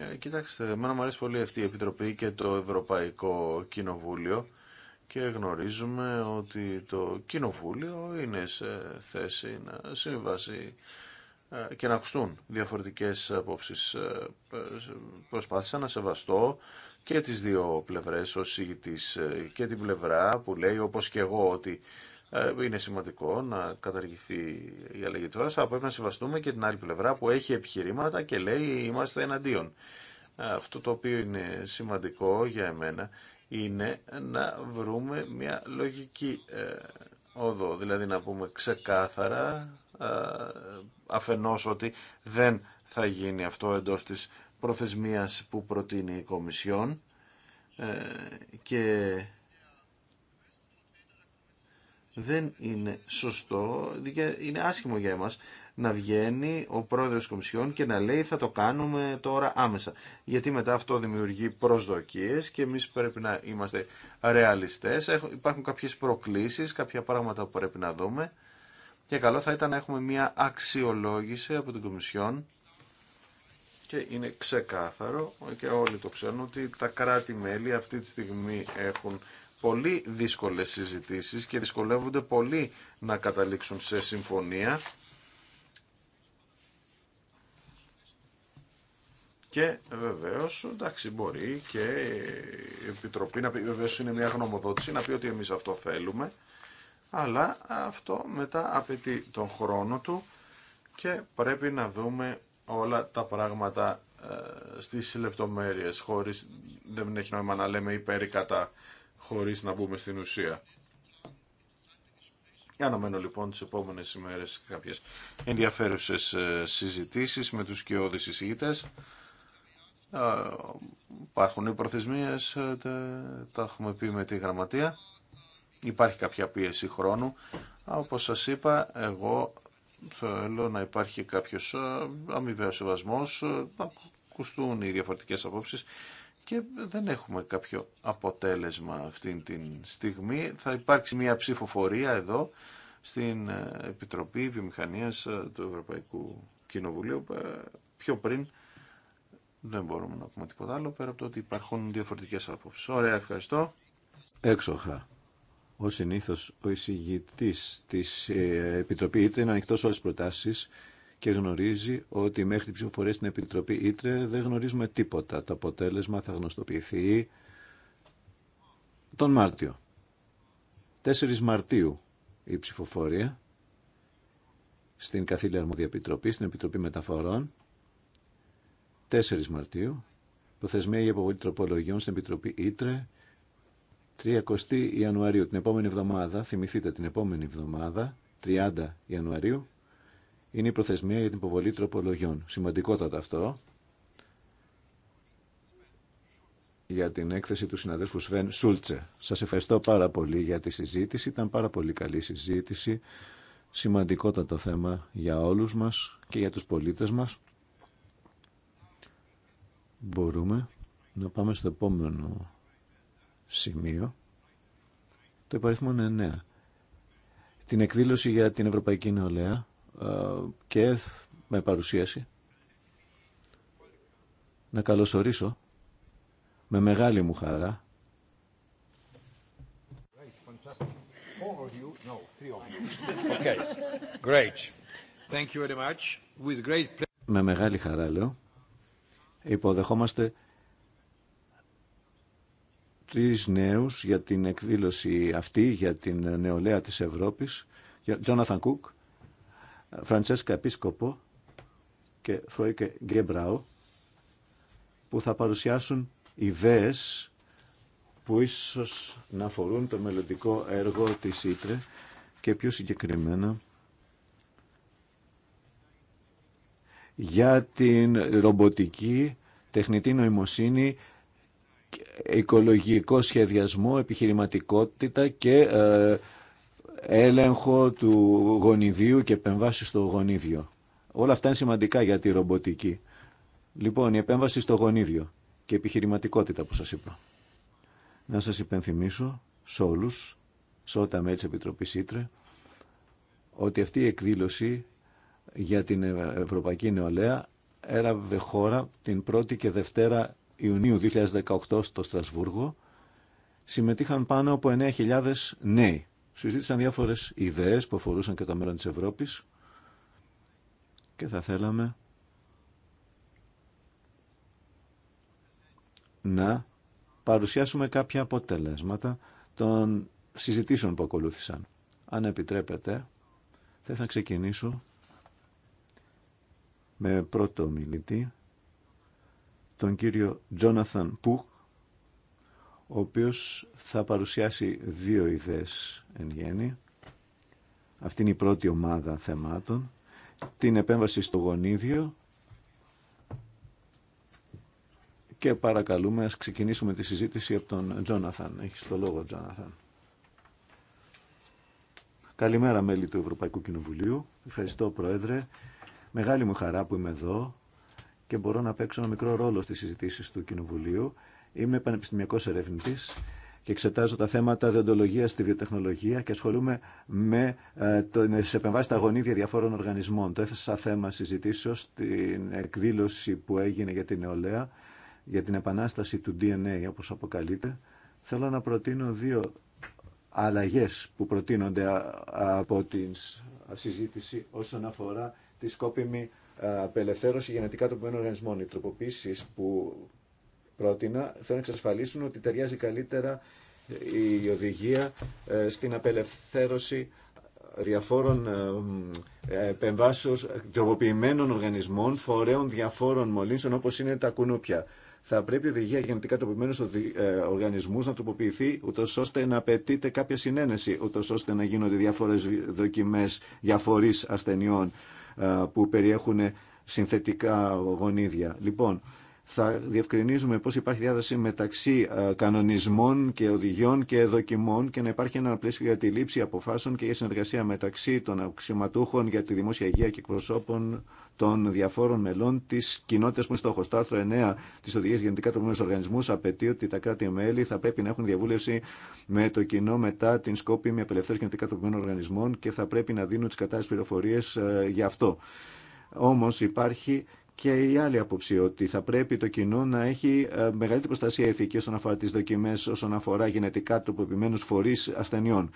Speaker 2: Ε, κοιτάξτε, εμένα μου αρέσει πολύ αυτή η Επιτροπή και το Ευρωπαϊκό Κοινοβούλιο και γνωρίζουμε ότι το Κοινοβούλιο είναι σε θέση να συμβάσει ε, και να ακουστούν διαφορετικές απόψεις. Ε, προσπάθησα να σεβαστώ και τις δύο πλευρές ως ηγητής ε, και την πλευρά που λέει όπως και εγώ ότι είναι σημαντικό να καταργηθεί η αλλαγή της αλλά πρέπει να σεβαστούμε και την άλλη πλευρά που έχει επιχειρήματα και λέει είμαστε εναντίον. Αυτό το οποίο είναι σημαντικό για εμένα είναι να βρούμε μια λογική ε, οδό. Δηλαδή να πούμε ξεκάθαρα ε, αφενός ότι δεν θα γίνει αυτό εντός της προθεσμίας που προτείνει η Κομισιόν ε, και δεν είναι σωστό, είναι άσχημο για εμάς να βγαίνει ο πρόεδρος της Κομισιόν και να λέει θα το κάνουμε τώρα άμεσα. Γιατί μετά αυτό δημιουργεί προσδοκίες και εμείς πρέπει να είμαστε ρεαλιστές. Υπάρχουν κάποιες προκλήσεις, κάποια πράγματα που πρέπει να δούμε και καλό θα ήταν να έχουμε μια αξιολόγηση από την Κομισιόν και είναι ξεκάθαρο και όλοι το ξέρουν ότι τα κράτη-μέλη αυτή τη στιγμή έχουν πολύ δύσκολες συζητήσεις και δυσκολεύονται πολύ να καταλήξουν σε συμφωνία Και βεβαίω, εντάξει, μπορεί και η Επιτροπή να πει, βεβαίω είναι μια γνωμοδότηση, να πει ότι εμεί αυτό θέλουμε, αλλά αυτό μετά απαιτεί τον χρόνο του και πρέπει να δούμε όλα τα πράγματα ε, στις λεπτομέρειες χωρίς, δεν έχει νόημα να λέμε υπέρ ή κατά χωρίς να μπούμε στην ουσία. Αναμένω λοιπόν τις επόμενες ημέρες κάποιες ενδιαφέρουσες ε, συζητήσεις με τους κοιόδης εισηγητές Υπάρχουν οι προθεσμίες, ε, τα έχουμε πει με τη γραμματεία. Υπάρχει κάποια πίεση χρόνου. Όπως σας είπα, εγώ θέλω να υπάρχει κάποιος ε, αμοιβαίος σεβασμός, ε, να ακουστούν οι διαφορετικές απόψεις και δεν έχουμε κάποιο αποτέλεσμα αυτή τη στιγμή. Θα υπάρξει μια ψηφοφορία εδώ στην Επιτροπή Βιομηχανίας του Ευρωπαϊκού Κοινοβουλίου πιο πριν δεν μπορούμε να πούμε τίποτα άλλο πέρα από το ότι υπάρχουν διαφορετικέ απόψει. Ωραία, ευχαριστώ. Έξοχα.
Speaker 4: Ο συνήθω ο εισηγητή τη ε, Επιτροπή ΙΤΡΕ είναι ανοιχτό σε όλε τι προτάσει και γνωρίζει ότι μέχρι την ψηφοφορία στην Επιτροπή ΙΤΡΕ δεν γνωρίζουμε τίποτα. Το αποτέλεσμα θα γνωστοποιηθεί τον Μάρτιο. 4 Μαρτίου η ψηφοφορία στην Καθήλια Αρμόδια στην Επιτροπή Μεταφορών 4 Μαρτίου, προθεσμία για υποβολή τροπολογιών στην Επιτροπή Ήτρε, 30 Ιανουαρίου, την επόμενη εβδομάδα, θυμηθείτε την επόμενη εβδομάδα, 30 Ιανουαρίου, είναι η προθεσμία για την υποβολή τροπολογιών. Σημαντικότατα αυτό για την έκθεση του συναδέλφου Σβέν Σούλτσε. Σας ευχαριστώ πάρα πολύ για τη συζήτηση. Ήταν πάρα πολύ καλή συζήτηση. Σημαντικότατο θέμα για όλους μας και για τους πολίτες μας μπορούμε να πάμε στο επόμενο σημείο, το υπαριθμό 9. Την εκδήλωση για την Ευρωπαϊκή Νεολαία και με παρουσίαση να καλωσορίσω με μεγάλη μου χαρά με μεγάλη χαρά λέω Υποδεχόμαστε τρεις νέους για την εκδήλωση αυτή, για την νεολαία της Ευρώπης, για Τζόναθαν Κουκ, Φραντσέσκα Επίσκοπο και Φρόικε Γκέμπραου, που θα παρουσιάσουν ιδέες που ίσως να αφορούν το μελλοντικό έργο της Ήτρε και πιο συγκεκριμένα για την ρομποτική, τεχνητή νοημοσύνη, οικολογικό σχεδιασμό, επιχειρηματικότητα και ε, έλεγχο του γονιδίου και επεμβάση στο γονίδιο. Όλα αυτά είναι σημαντικά για τη ρομποτική. Λοιπόν, η επέμβαση στο γονίδιο και επιχειρηματικότητα που σας είπα. Να σας υπενθυμίσω σε όλους, σε όλα τα μέλη της Επιτροπής ότι αυτή η εκδήλωση για την Ευρωπαϊκή Νεολαία έραβε χώρα την 1η και 2η Ιουνίου 2018 στο Στρασβούργο. Συμμετείχαν πάνω από 9.000 νέοι. Συζήτησαν διάφορες ιδέες που αφορούσαν και το μέλλον της Ευρώπης και θα θέλαμε να παρουσιάσουμε κάποια αποτελέσματα των συζητήσεων που ακολούθησαν. Αν επιτρέπετε, θα ξεκινήσω με πρώτο μιλητή τον κύριο Τζόναθαν Πουκ, ο οποίος θα παρουσιάσει δύο ιδέες εν γέννη. Αυτή είναι η πρώτη ομάδα θεμάτων. Την επέμβαση στο γονίδιο και παρακαλούμε να ξεκινήσουμε τη συζήτηση από τον Τζόναθαν. Έχεις το λόγο, Τζόναθαν. Καλημέρα μέλη του Ευρωπαϊκού Κοινοβουλίου. Ευχαριστώ, Πρόεδρε. Μεγάλη μου χαρά που είμαι εδώ και μπορώ να παίξω ένα μικρό ρόλο στις συζητήσεις του Κοινοβουλίου. Είμαι πανεπιστημιακός ερευνητής και εξετάζω τα θέματα διοντολογία στη βιοτεχνολογία και ασχολούμαι με ε, τι επεμβάσει στα γονίδια διαφόρων οργανισμών. Το έθεσα θέμα συζητήσεω στην εκδήλωση που έγινε για την νεολαία, για την επανάσταση του DNA, όπω αποκαλείται. Θέλω να προτείνω δύο αλλαγέ που προτείνονται από την συζήτηση όσον αφορά τη σκόπιμη απελευθέρωση γενετικά τροποποιημένων οργανισμών. Οι τροποποίησει που πρότεινα θέλουν να εξασφαλίσουν ότι ταιριάζει καλύτερα ε, η οδηγία ε, στην απελευθέρωση διαφόρων ε, επεμβάσεων τροποποιημένων οργανισμών, φορέων διαφόρων μολύνσεων όπως είναι τα κουνούπια. Θα πρέπει η οδηγία γενετικά τροποποιημένου οργανισμού να τροποποιηθεί, ούτω ώστε να απαιτείται κάποια συνένεση, ούτω ώστε να γίνονται διάφορε δοκιμέ διαφορή ασθενειών που περιέχουν συνθετικά γονίδια. Λοιπόν, θα διευκρινίζουμε πώς υπάρχει διάδραση μεταξύ ε, κανονισμών και οδηγιών και δοκιμών και να υπάρχει ένα πλαίσιο για τη λήψη αποφάσεων και για συνεργασία μεταξύ των αξιωματούχων για τη δημόσια υγεία και εκπροσώπων των διαφόρων μελών τη κοινότητα που είναι στόχο. Το άρθρο 9 τη Οδηγία Γενετικά Τροπημένου Οργανισμού απαιτεί ότι τα κράτη-μέλη θα πρέπει να έχουν διαβούλευση με το κοινό μετά την με απελευθέρωση γενετικά τροπημένων οργανισμών και θα πρέπει να δίνουν τι κατάλληλε πληροφορίε ε, γι' αυτό. Όμω υπάρχει και η άλλη άποψη ότι θα πρέπει το κοινό να έχει ε, μεγαλύτερη προστασία ηθική όσον αφορά τι δοκιμέ, όσον αφορά γενετικά τροποποιημένους φορεί ασθενειών.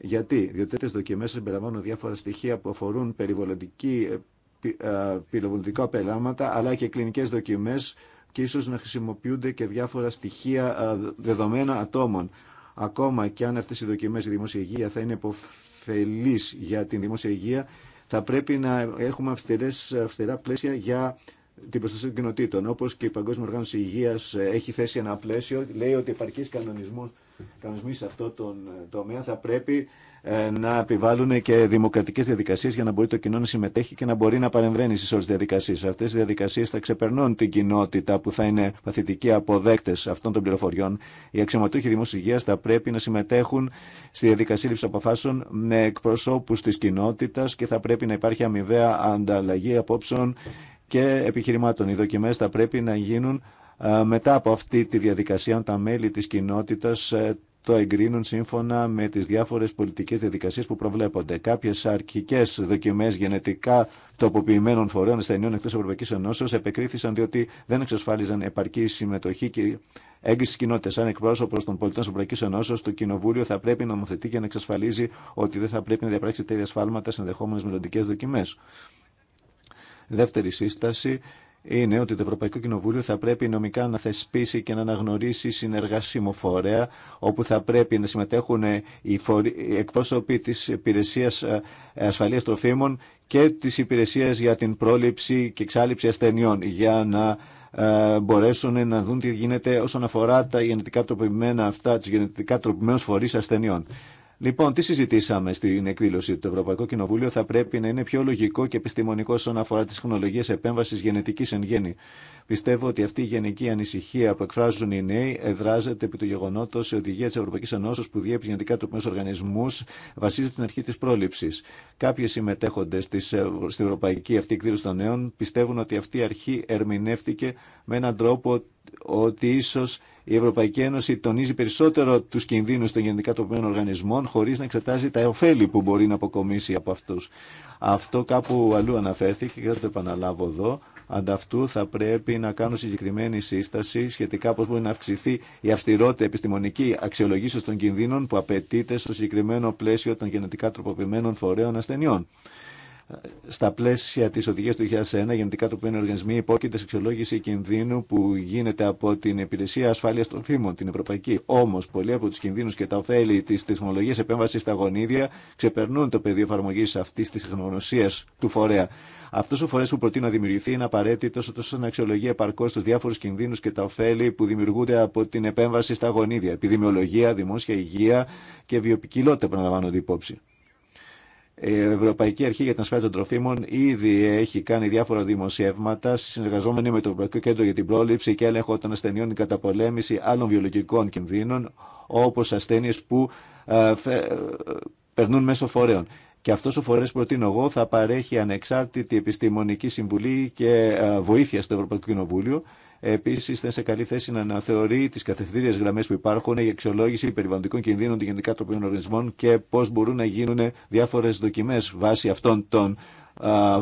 Speaker 4: Γιατί, διότι τέτοιε δοκιμέ συμπεριλαμβάνουν διάφορα στοιχεία που αφορούν περιβαλλοντική ε, ε, πυροβολητικά πελάματα, αλλά και κλινικές δοκιμές και ίσως να χρησιμοποιούνται και διάφορα στοιχεία δεδομένα ατόμων. Ακόμα και αν αυτές οι δοκιμές η δημόσια υγεία θα είναι υποφελής για την δημόσια θα πρέπει να έχουμε αυστηρές, αυστηρά πλαίσια για την προστασία των κοινοτήτων. Όπω και η Παγκόσμια Οργάνωση Υγεία έχει θέσει ένα πλαίσιο, λέει ότι επαρκή κανονισμοί σε αυτό το τομέα θα πρέπει ε, να επιβάλλουν και δημοκρατικέ διαδικασίε για να μπορεί το κοινό να συμμετέχει και να μπορεί να παρεμβαίνει στι όλε τι διαδικασίε. Αυτέ οι διαδικασίε θα ξεπερνούν την κοινότητα που θα είναι παθητικοί αποδέκτε αυτών των πληροφοριών. Οι αξιωματούχοι δημόσια υγεία θα πρέπει να συμμετέχουν στη διαδικασία λήψη αποφάσεων με εκπροσώπου τη κοινότητα και θα πρέπει να υπάρχει αμοιβαία ανταλλαγή απόψεων και επιχειρημάτων. Οι δοκιμέ θα πρέπει να γίνουν ε, μετά από αυτή τη διαδικασία, αν τα μέλη της κοινότητας ε, το εγκρίνουν σύμφωνα με τις διάφορες πολιτικές διαδικασίες που προβλέπονται. Κάποιες αρχικές δοκιμές γενετικά τοποποιημένων φορέων ασθενειών εκτός Ευρωπαϊκής Ενώσεως επεκρίθησαν διότι δεν εξασφάλιζαν επαρκή συμμετοχή και έγκριση κοινότητα. Σαν εκπρόσωπο των πολιτών τη Ευρωπαϊκή Ενώσεω, το Κοινοβούλιο θα πρέπει να νομοθετεί και να εξασφαλίζει ότι δεν θα πρέπει να διαπράξει τέτοια σφάλματα σε ενδεχόμενε μελλοντικέ δοκιμέ. Δεύτερη σύσταση, είναι ότι το Ευρωπαϊκό Κοινοβούλιο θα πρέπει νομικά να θεσπίσει και να αναγνωρίσει συνεργάσιμο φορέα, όπου θα πρέπει να συμμετέχουν οι εκπρόσωποι της Υπηρεσίας ε, Ασφαλείας Τροφίμων και της Υπηρεσίας για την πρόληψη και εξάλληψη ασθενειών, για να ε, μπορέσουν να δουν τι γίνεται όσον αφορά τα γενετικά τροποποιημένα αυτά, του γενετικά τροποποιημένους φορείς ασθενειών. Λοιπόν, τι συζητήσαμε στην εκδήλωση. του Ευρωπαϊκού Κοινοβούλιο θα πρέπει να είναι πιο λογικό και επιστημονικό όσον αφορά τι τεχνολογίε επέμβαση γενετική εν γέννη. Πιστεύω ότι αυτή η γενική ανησυχία που εκφράζουν οι νέοι εδράζεται επί του γεγονότο σε οδηγία τη Ευρωπαϊκή Ενώσεω που διέπει γενετικά τροπημένου οργανισμού βασίζεται στην αρχή τη πρόληψη. Κάποιοι συμμετέχοντε ε, στην Ευρωπαϊκή αυτή εκδήλωση των νέων πιστεύουν ότι αυτή η αρχή ερμηνεύτηκε με έναν τρόπο ότι ίσω. Η Ευρωπαϊκή Ένωση τονίζει περισσότερο του κινδύνου των γενετικά τροποποιημένων οργανισμών χωρί να εξετάζει τα ωφέλη που μπορεί να αποκομίσει από αυτού. Αυτό κάπου αλλού αναφέρθηκε και θα το επαναλάβω εδώ. Ανταυτού θα πρέπει να κάνω συγκεκριμένη σύσταση σχετικά πώ μπορεί να αυξηθεί η αυστηρότητα επιστημονική αξιολογήσεω των κινδύνων που απαιτείται στο συγκεκριμένο πλαίσιο των γενετικά τροποποιημένων φορέων ασθενειών στα πλαίσια τη οδηγία του 2001, γενετικά είναι οργανισμοί υπόκειται σε αξιολόγηση κινδύνου που γίνεται από την Υπηρεσία Ασφάλεια των Φήμων, την Ευρωπαϊκή. Όμω, πολλοί από του κινδύνου και τα ωφέλη τη τεχνολογία επέμβαση στα γονίδια ξεπερνούν το πεδίο εφαρμογή αυτή τη τεχνογνωσία του φορέα. Αυτό ο φορέα που προτείνει να δημιουργηθεί είναι απαραίτητο ώστε να αξιολογεί επαρκώ του διάφορου κινδύνου και τα ωφέλη που δημιουργούνται από την επέμβαση στα γονίδια. Επιδημιολογία, δημόσια υγεία και βιοπικιλότητα που λαμβάνονται υπόψη. Η Ευρωπαϊκή Αρχή για την Ασφάλεια των Τροφίμων ήδη έχει κάνει διάφορα δημοσιεύματα συνεργαζόμενοι με το Ευρωπαϊκό Κέντρο για την Πρόληψη και Έλεγχο των Ασθενειών κατά Καταπολέμηση άλλων βιολογικών κινδύνων, όπω ασθένειε που ε, ε, περνούν μέσω φορέων. Και αυτό ο φορέα προτείνω εγώ θα παρέχει ανεξάρτητη επιστημονική συμβουλή και ε, βοήθεια στο Ευρωπαϊκό Κοινοβούλιο Επίση, θα σε καλή θέση να αναθεωρεί τι κατευθύνε γραμμέ που υπάρχουν για αξιολόγηση περιβαλλοντικών κινδύνων των γενικά τροπικών οργανισμών και πώ μπορούν να γίνουν διάφορε δοκιμέ βάσει αυτών των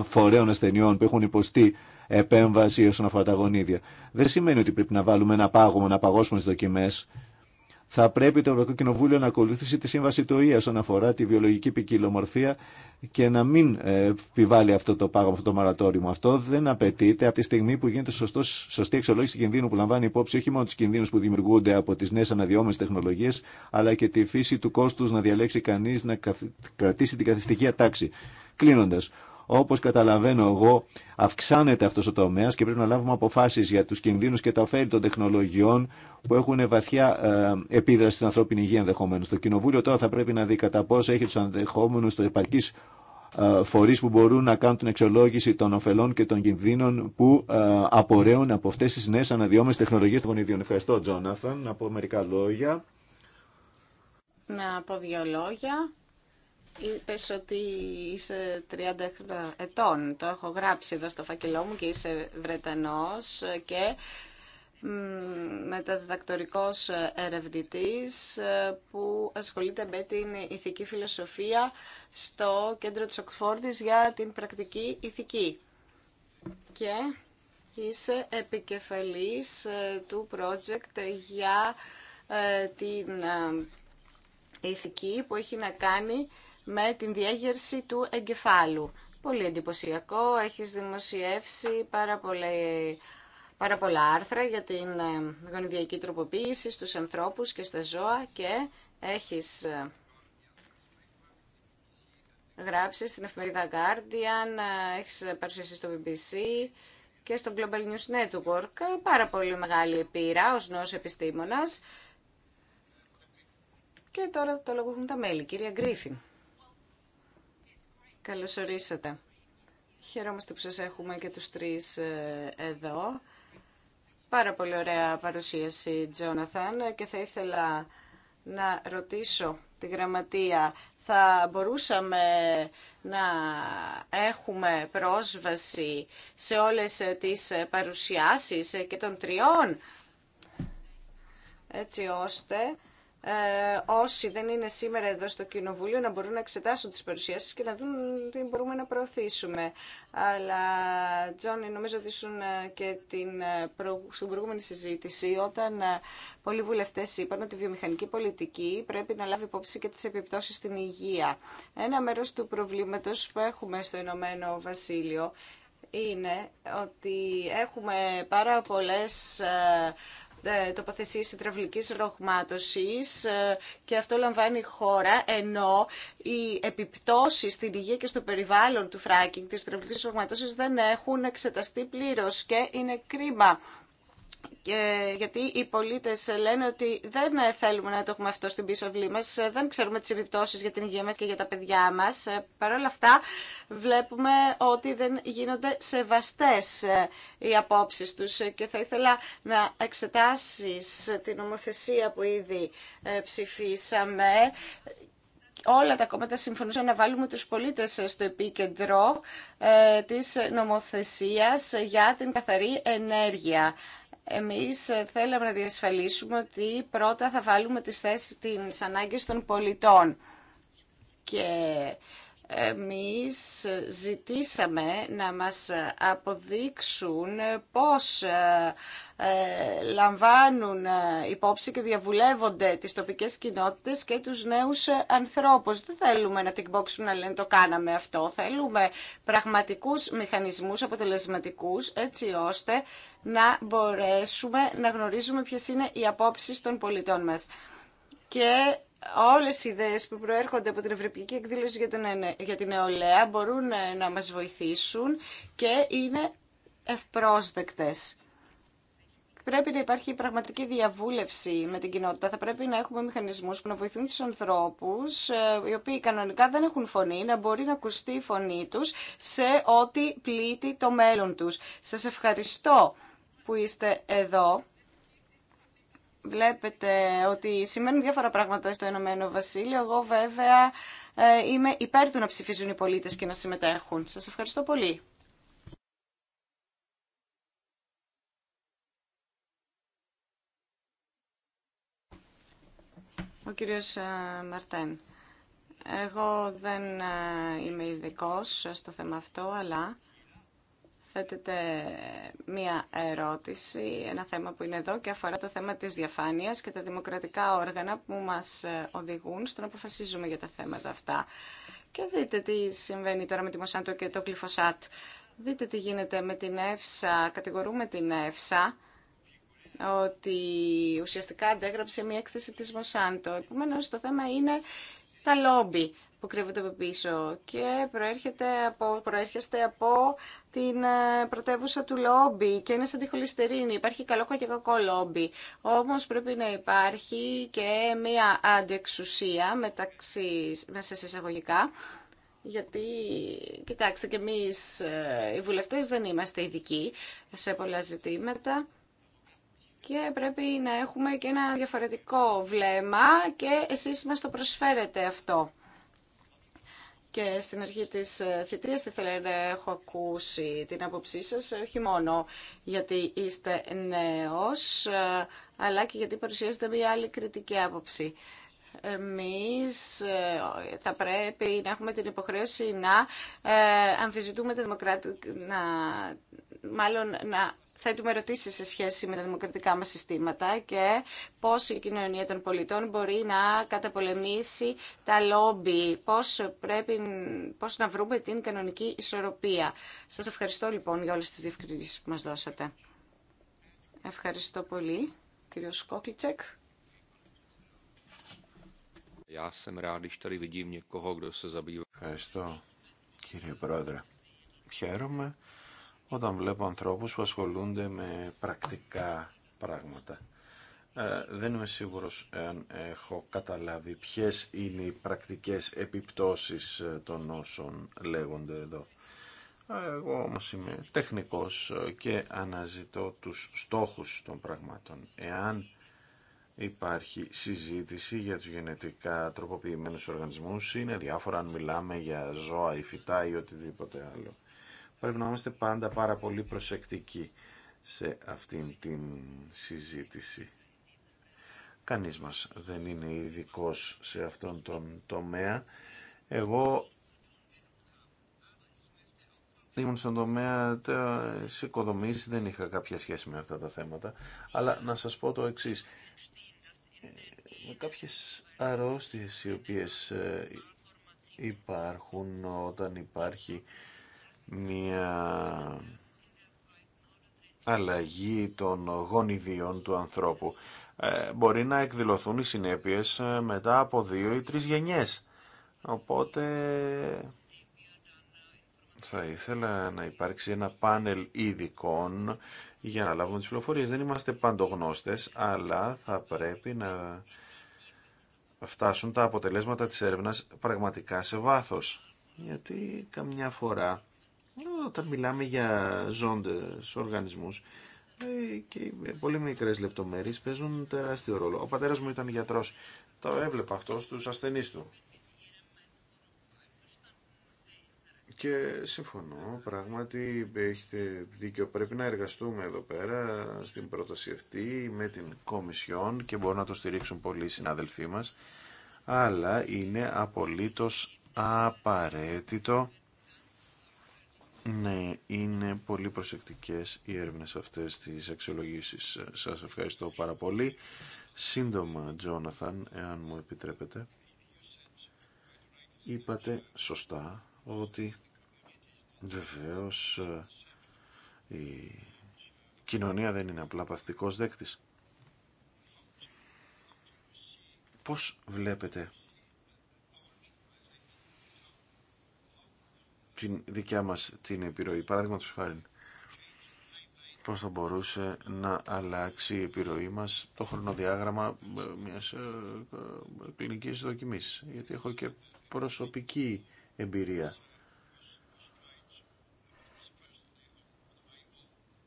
Speaker 4: φορέων ασθενειών που έχουν υποστεί επέμβαση όσον αφορά τα γονίδια. Δεν σημαίνει ότι πρέπει να βάλουμε ένα πάγωμα, να παγώσουμε τι δοκιμέ. Θα πρέπει το Ευρωπαϊκό Κοινοβούλιο να ακολουθήσει τη σύμβαση του ΟΗΕ όσον αφορά τη βιολογική ποικιλομορφία και να μην ε, επιβάλλει αυτό το πάγο, αυτό το μαρατόριμο. Αυτό δεν απαιτείται από τη στιγμή που γίνεται σωστός, σωστή εξολόγηση κινδύνου που λαμβάνει υπόψη όχι μόνο του κινδύνου που δημιουργούνται από τι νέε αναδυόμενε τεχνολογίε, αλλά και τη φύση του κόστου να διαλέξει κανεί να κρατήσει την καθιστική ατάξη. Κλείνοντα, όπως καταλαβαίνω εγώ, αυξάνεται αυτός ο τομέας και πρέπει να λάβουμε αποφάσεις για τους κινδύνους και τα ωφέλη των τεχνολογιών που έχουν βαθιά ε, επίδραση στην ανθρώπινη υγεία ενδεχομένω. Το Κοινοβούλιο τώρα θα πρέπει να δει κατά πόσο έχει τους ανδεχόμενους το επαρκής ε, φορεί που μπορούν να κάνουν την εξολόγηση των ωφελών και των κινδύνων που ε, απορρέουν από αυτέ τι νέε αναδυόμενε τεχνολογίε των γονιδίων. Ευχαριστώ, Τζόναθαν. Να πω μερικά λόγια.
Speaker 1: Να πω δύο λόγια. Είπε ότι είσαι 30 ετών, το έχω γράψει εδώ στο φακελό μου και είσαι Βρετανός και μεταδιδακτορικός ερευνητής που ασχολείται με την ηθική φιλοσοφία στο κέντρο της Οκφόρδης για την πρακτική ηθική. Και είσαι επικεφαλής ε, του project για ε, την ε, ηθική που έχει να κάνει με την διέγερση του εγκεφάλου. Πολύ εντυπωσιακό, έχεις δημοσιεύσει πάρα, πολλά άρθρα για την ε, γονιδιακή τροποποίηση στους ανθρώπους και στα ζώα και έχεις ε, γράψει στην εφημερίδα Guardian, ε, έχεις παρουσιαστεί στο BBC και στο Global News Network. Πάρα πολύ μεγάλη πείρα ως νέος επιστήμονας. Και τώρα το λόγο έχουν τα μέλη. Κυρία Γκρίφιν. Καλώς ορίσατε. Χαιρόμαστε που σας έχουμε και τους τρεις ε, εδώ. Πάρα πολύ ωραία παρουσίαση, Τζόναθαν, και θα ήθελα να ρωτήσω τη γραμματεία. Θα μπορούσαμε να έχουμε πρόσβαση σε όλες ε, τις ε, παρουσιάσεις και των τριών, έτσι ώστε ε, όσοι δεν είναι σήμερα εδώ στο Κοινοβούλιο να μπορούν να εξετάσουν τις παρουσιάσεις και να δουν τι μπορούμε να προωθήσουμε. Αλλά, Τζόνι, νομίζω ότι ήσουν ε, και την ε, προ... στην προηγούμενη συζήτηση όταν πολλοί βουλευτές είπαν ότι η βιομηχανική πολιτική πρέπει να λάβει υπόψη και τις επιπτώσεις στην υγεία. Ένα μέρος του προβλήματος που έχουμε στο Ηνωμένο Βασίλειο είναι ότι έχουμε πάρα πολλές ε, τοποθεσίε υδραυλική ρογμάτωση ε, και αυτό λαμβάνει χώρα ενώ οι επιπτώσει στην υγεία και στο περιβάλλον του φράκινγκ της υδραυλική ροχμάτωσης δεν έχουν εξεταστεί πλήρω και είναι κρίμα γιατί οι πολίτε λένε ότι δεν θέλουμε να το έχουμε αυτό στην πίσω βλή μα, δεν ξέρουμε τι επιπτώσει για την υγεία μα και για τα παιδιά μα. Παρ' όλα αυτά, βλέπουμε ότι δεν γίνονται σεβαστέ ε, οι απόψει του και θα ήθελα να εξετάσει την νομοθεσία που ήδη ε, ψηφίσαμε. Όλα τα κόμματα συμφωνούσαν να βάλουμε τους πολίτες στο επίκεντρο ε, της νομοθεσίας για την καθαρή ενέργεια. Εμείς ε, θέλαμε να διασφαλίσουμε ότι πρώτα θα βάλουμε τις θέσεις της ανάγκης των πολιτών. Και εμείς ζητήσαμε να μας αποδείξουν πώς ε, ε, λαμβάνουν ε, υπόψη και διαβουλεύονται τις τοπικές κοινότητες και τους νέους ανθρώπους. Δεν θέλουμε να τυκμπόξουν να λένε το κάναμε αυτό. Θέλουμε πραγματικούς μηχανισμούς αποτελεσματικούς έτσι ώστε να μπορέσουμε να γνωρίζουμε ποιες είναι οι απόψεις των πολιτών μας. Και όλες οι ιδέες που προέρχονται από την Ευρωπαϊκή Εκδήλωση για, τον, για την νεολαία μπορούν ε, να μας βοηθήσουν και είναι ευπρόσδεκτες. Πρέπει να υπάρχει πραγματική διαβούλευση με την κοινότητα. Θα πρέπει να έχουμε μηχανισμού που να βοηθούν του ανθρώπου, ε, οι οποίοι κανονικά δεν έχουν φωνή, να μπορεί να ακουστεί η φωνή του σε ό,τι πλήττει το μέλλον του. Σα ευχαριστώ που είστε εδώ Βλέπετε ότι σημαίνουν διάφορα πράγματα στο Ηνωμένο Βασίλειο. Εγώ βέβαια ε, είμαι υπέρ του να ψηφίζουν οι πολίτες και να συμμετέχουν. Σας ευχαριστώ πολύ. Ο κύριος ε, Μαρτέν. Εγώ δεν ε, είμαι ειδικό στο θέμα αυτό, αλλά θέτεται μία ερώτηση, ένα θέμα που είναι εδώ και αφορά το θέμα της διαφάνειας και τα δημοκρατικά όργανα που μας ε, οδηγούν στο να αποφασίζουμε για τα θέματα αυτά. Και δείτε τι συμβαίνει τώρα με τη Μοσάντο και το Κλειφοσάτ. Δείτε τι γίνεται με την ΕΦΣΑ. Κατηγορούμε την ΕΦΣΑ ότι ουσιαστικά αντέγραψε μία έκθεση της Μοσάντο. Επομένως, το θέμα είναι τα λόμπι που κρύβεται από πίσω και προέρχεται από, προέρχεστε από την ε, πρωτεύουσα του λόμπι και είναι σαν τη χολυστερίνη. Υπάρχει καλό και κακό λόμπι. Όμως πρέπει να υπάρχει και μία αντιεξουσία μεταξύ, μέσα σε εισαγωγικά γιατί, κοιτάξτε, και εμείς ε, οι βουλευτές δεν είμαστε ειδικοί σε πολλά ζητήματα και πρέπει να έχουμε και ένα διαφορετικό βλέμμα και εσείς μας το προσφέρετε αυτό και στην αρχή της ε, θητείας θα ήθελα να έχω ακούσει την άποψή σας, ε, όχι μόνο γιατί είστε νέος, ε, αλλά και γιατί παρουσιάζετε μια άλλη κριτική άποψη. Εμείς θα πρέπει να έχουμε την υποχρέωση να αμφισβητούμε τη δημοκρατία, να, μάλλον να θέτουμε ερωτήσει σε σχέση με τα δημοκρατικά μα συστήματα και πώ η κοινωνία των πολιτών μπορεί να καταπολεμήσει τα λόμπι, Πώ πρέπει, πώς να βρούμε την κανονική ισορροπία. Σα ευχαριστώ λοιπόν για όλε τι διευκρινήσει που μα δώσατε. Ευχαριστώ πολύ, κύριο Σκόκλιτσεκ.
Speaker 2: Ευχαριστώ, κύριε Πρόεδρε. Χαίρομαι όταν βλέπω ανθρώπους που ασχολούνται με πρακτικά πράγματα. Ε, δεν είμαι σίγουρος εάν έχω καταλάβει ποιες είναι οι πρακτικές επιπτώσεις ε, των όσων λέγονται εδώ. Εγώ όμως είμαι τεχνικός ε, και αναζητώ τους στόχους των πραγμάτων. Εάν υπάρχει συζήτηση για τους γενετικά τροποποιημένους οργανισμούς, είναι διάφορα αν μιλάμε για ζώα ή φυτά ή οτιδήποτε άλλο πρέπει να είμαστε πάντα πάρα πολύ προσεκτικοί σε αυτήν την συζήτηση. Κανείς μας δεν είναι ειδικό σε αυτόν τον τομέα. Εγώ ήμουν στον τομέα της οικοδομής, δεν είχα κάποια σχέση με αυτά τα θέματα, αλλά να σας πω το εξής. Με κάποιες αρρώστιες οι οποίες ε, υπάρχουν όταν υπάρχει μια αλλαγή των γονιδίων του ανθρώπου. Ε, μπορεί να εκδηλωθούν οι συνέπειες ε, μετά από δύο ή τρεις γενιές. Οπότε θα ήθελα να υπάρξει ένα πάνελ ειδικών για να λάβουμε τις πληροφορίες. Δεν είμαστε παντογνώστες, αλλά θα πρέπει να φτάσουν τα αποτελέσματα της έρευνας πραγματικά σε βάθος. Γιατί καμιά φορά όταν μιλάμε για ζώντες οργανισμούς ε, και πολύ μικρές λεπτομέρειες παίζουν τεράστιο ρόλο. Ο πατέρας μου ήταν γιατρός. Το έβλεπα αυτό στους ασθενείς του. Και συμφωνώ, πράγματι έχετε δίκιο. Πρέπει να εργαστούμε εδώ πέρα στην πρόταση αυτή με την Κομισιόν και μπορούν να το στηρίξουν πολλοί συναδελφοί μας. Αλλά είναι απολύτως απαραίτητο ναι, είναι πολύ προσεκτικές οι έρευνες αυτές τις αξιολογήσεις. Σας ευχαριστώ πάρα πολύ. Σύντομα, Τζόναθαν, εάν μου επιτρέπετε, είπατε σωστά ότι βεβαίως ε, η κοινωνία δεν είναι απλά παθητικός δέκτης. Πώς βλέπετε την δικιά μας την επιρροή. Παράδειγμα του χάρη πώς θα μπορούσε να αλλάξει η επιρροή μας το χρονοδιάγραμμα ε, μιας ε, ε, κλινικής δοκιμής. Γιατί έχω και προσωπική εμπειρία.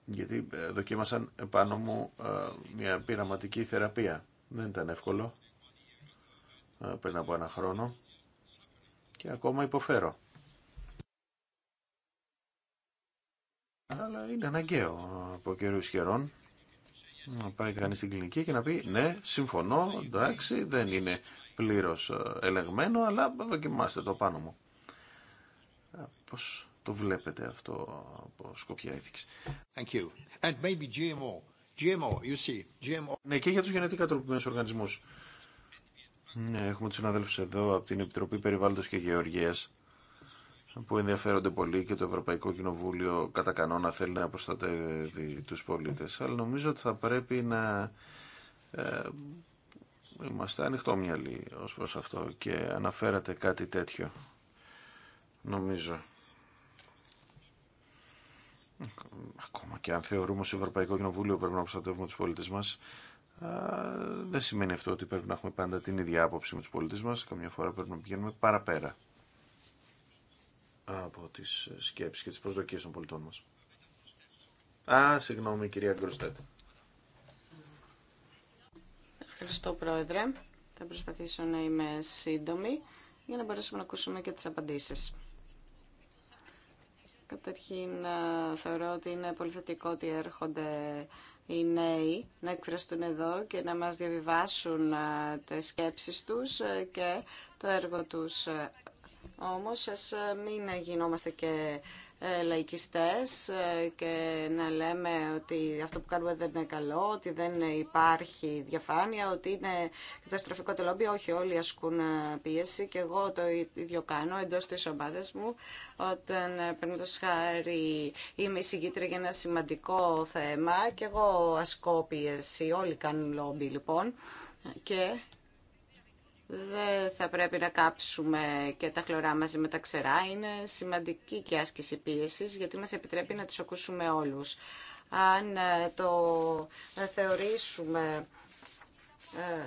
Speaker 2: Γιατί δοκίμασαν επάνω μου μια πειραματική θεραπεία. Δεν ήταν εύκολο πριν από ένα χρόνο και ακόμα υποφέρω. Αλλά είναι αναγκαίο από καιρού καιρών να πάει κανεί στην κλινική και να πει ναι, συμφωνώ, εντάξει, δεν είναι πλήρως ε, ελεγμένο, αλλά δοκιμάστε το πάνω μου. Ε, Πώ το βλέπετε αυτό από σκοπιά ήθικης. And maybe GMO. GMO, you see. GMO. Ναι, και για του γενετικά τροποποιημένους οργανισμούς. Ναι, έχουμε του συναδέλφου εδώ από την Επιτροπή Περιβάλλοντο και Γεωργία που ενδιαφέρονται πολύ και το Ευρωπαϊκό Κοινοβούλιο κατά κανόνα θέλει να προστατεύει τους πολίτες. Αλλά νομίζω ότι θα πρέπει να ε, είμαστε ανοιχτό μυαλί ως προς αυτό και αναφέρατε κάτι τέτοιο. Νομίζω. Ακόμα και αν θεωρούμε ως Ευρωπαϊκό Κοινοβούλιο πρέπει να προστατεύουμε τους πολίτες μας, δεν σημαίνει αυτό ότι πρέπει να έχουμε πάντα την ίδια άποψη με τους πολίτες μας. Καμιά φορά πρέπει να πηγαίνουμε παραπέρα από τις σκέψεις και τις προσδοκίες των πολιτών μας. Α, συγγνώμη κυρία Γκροστέτ.
Speaker 1: Ευχαριστώ Πρόεδρε. Θα προσπαθήσω να είμαι σύντομη για να μπορέσουμε να ακούσουμε και τις απαντήσεις. Καταρχήν θεωρώ ότι είναι πολύ θετικό ότι έρχονται οι νέοι να εκφραστούν εδώ και να μας διαβιβάσουν τις σκέψεις τους και το έργο τους. Όμως ας ε, μην γινόμαστε και ε, λαϊκιστές ε, και να λέμε ότι αυτό που κάνουμε δεν είναι καλό, ότι δεν υπάρχει διαφάνεια, ότι είναι καταστροφικό το λόμπι. Όχι, όλοι ασκούν πίεση και εγώ το ίδιο κάνω εντός της ομάδας μου. Όταν παίρνω το σχάρι είμαι εισηγήτρια για ένα σημαντικό θέμα και εγώ ασκώ πίεση, όλοι κάνουν λόμπι λοιπόν. Και δεν θα πρέπει να κάψουμε και τα χλωρά μαζί με τα ξερά. Είναι σημαντική και άσκηση πίεσης γιατί μας επιτρέπει να τις ακούσουμε όλους. Αν ε, το ε, θεωρήσουμε ε,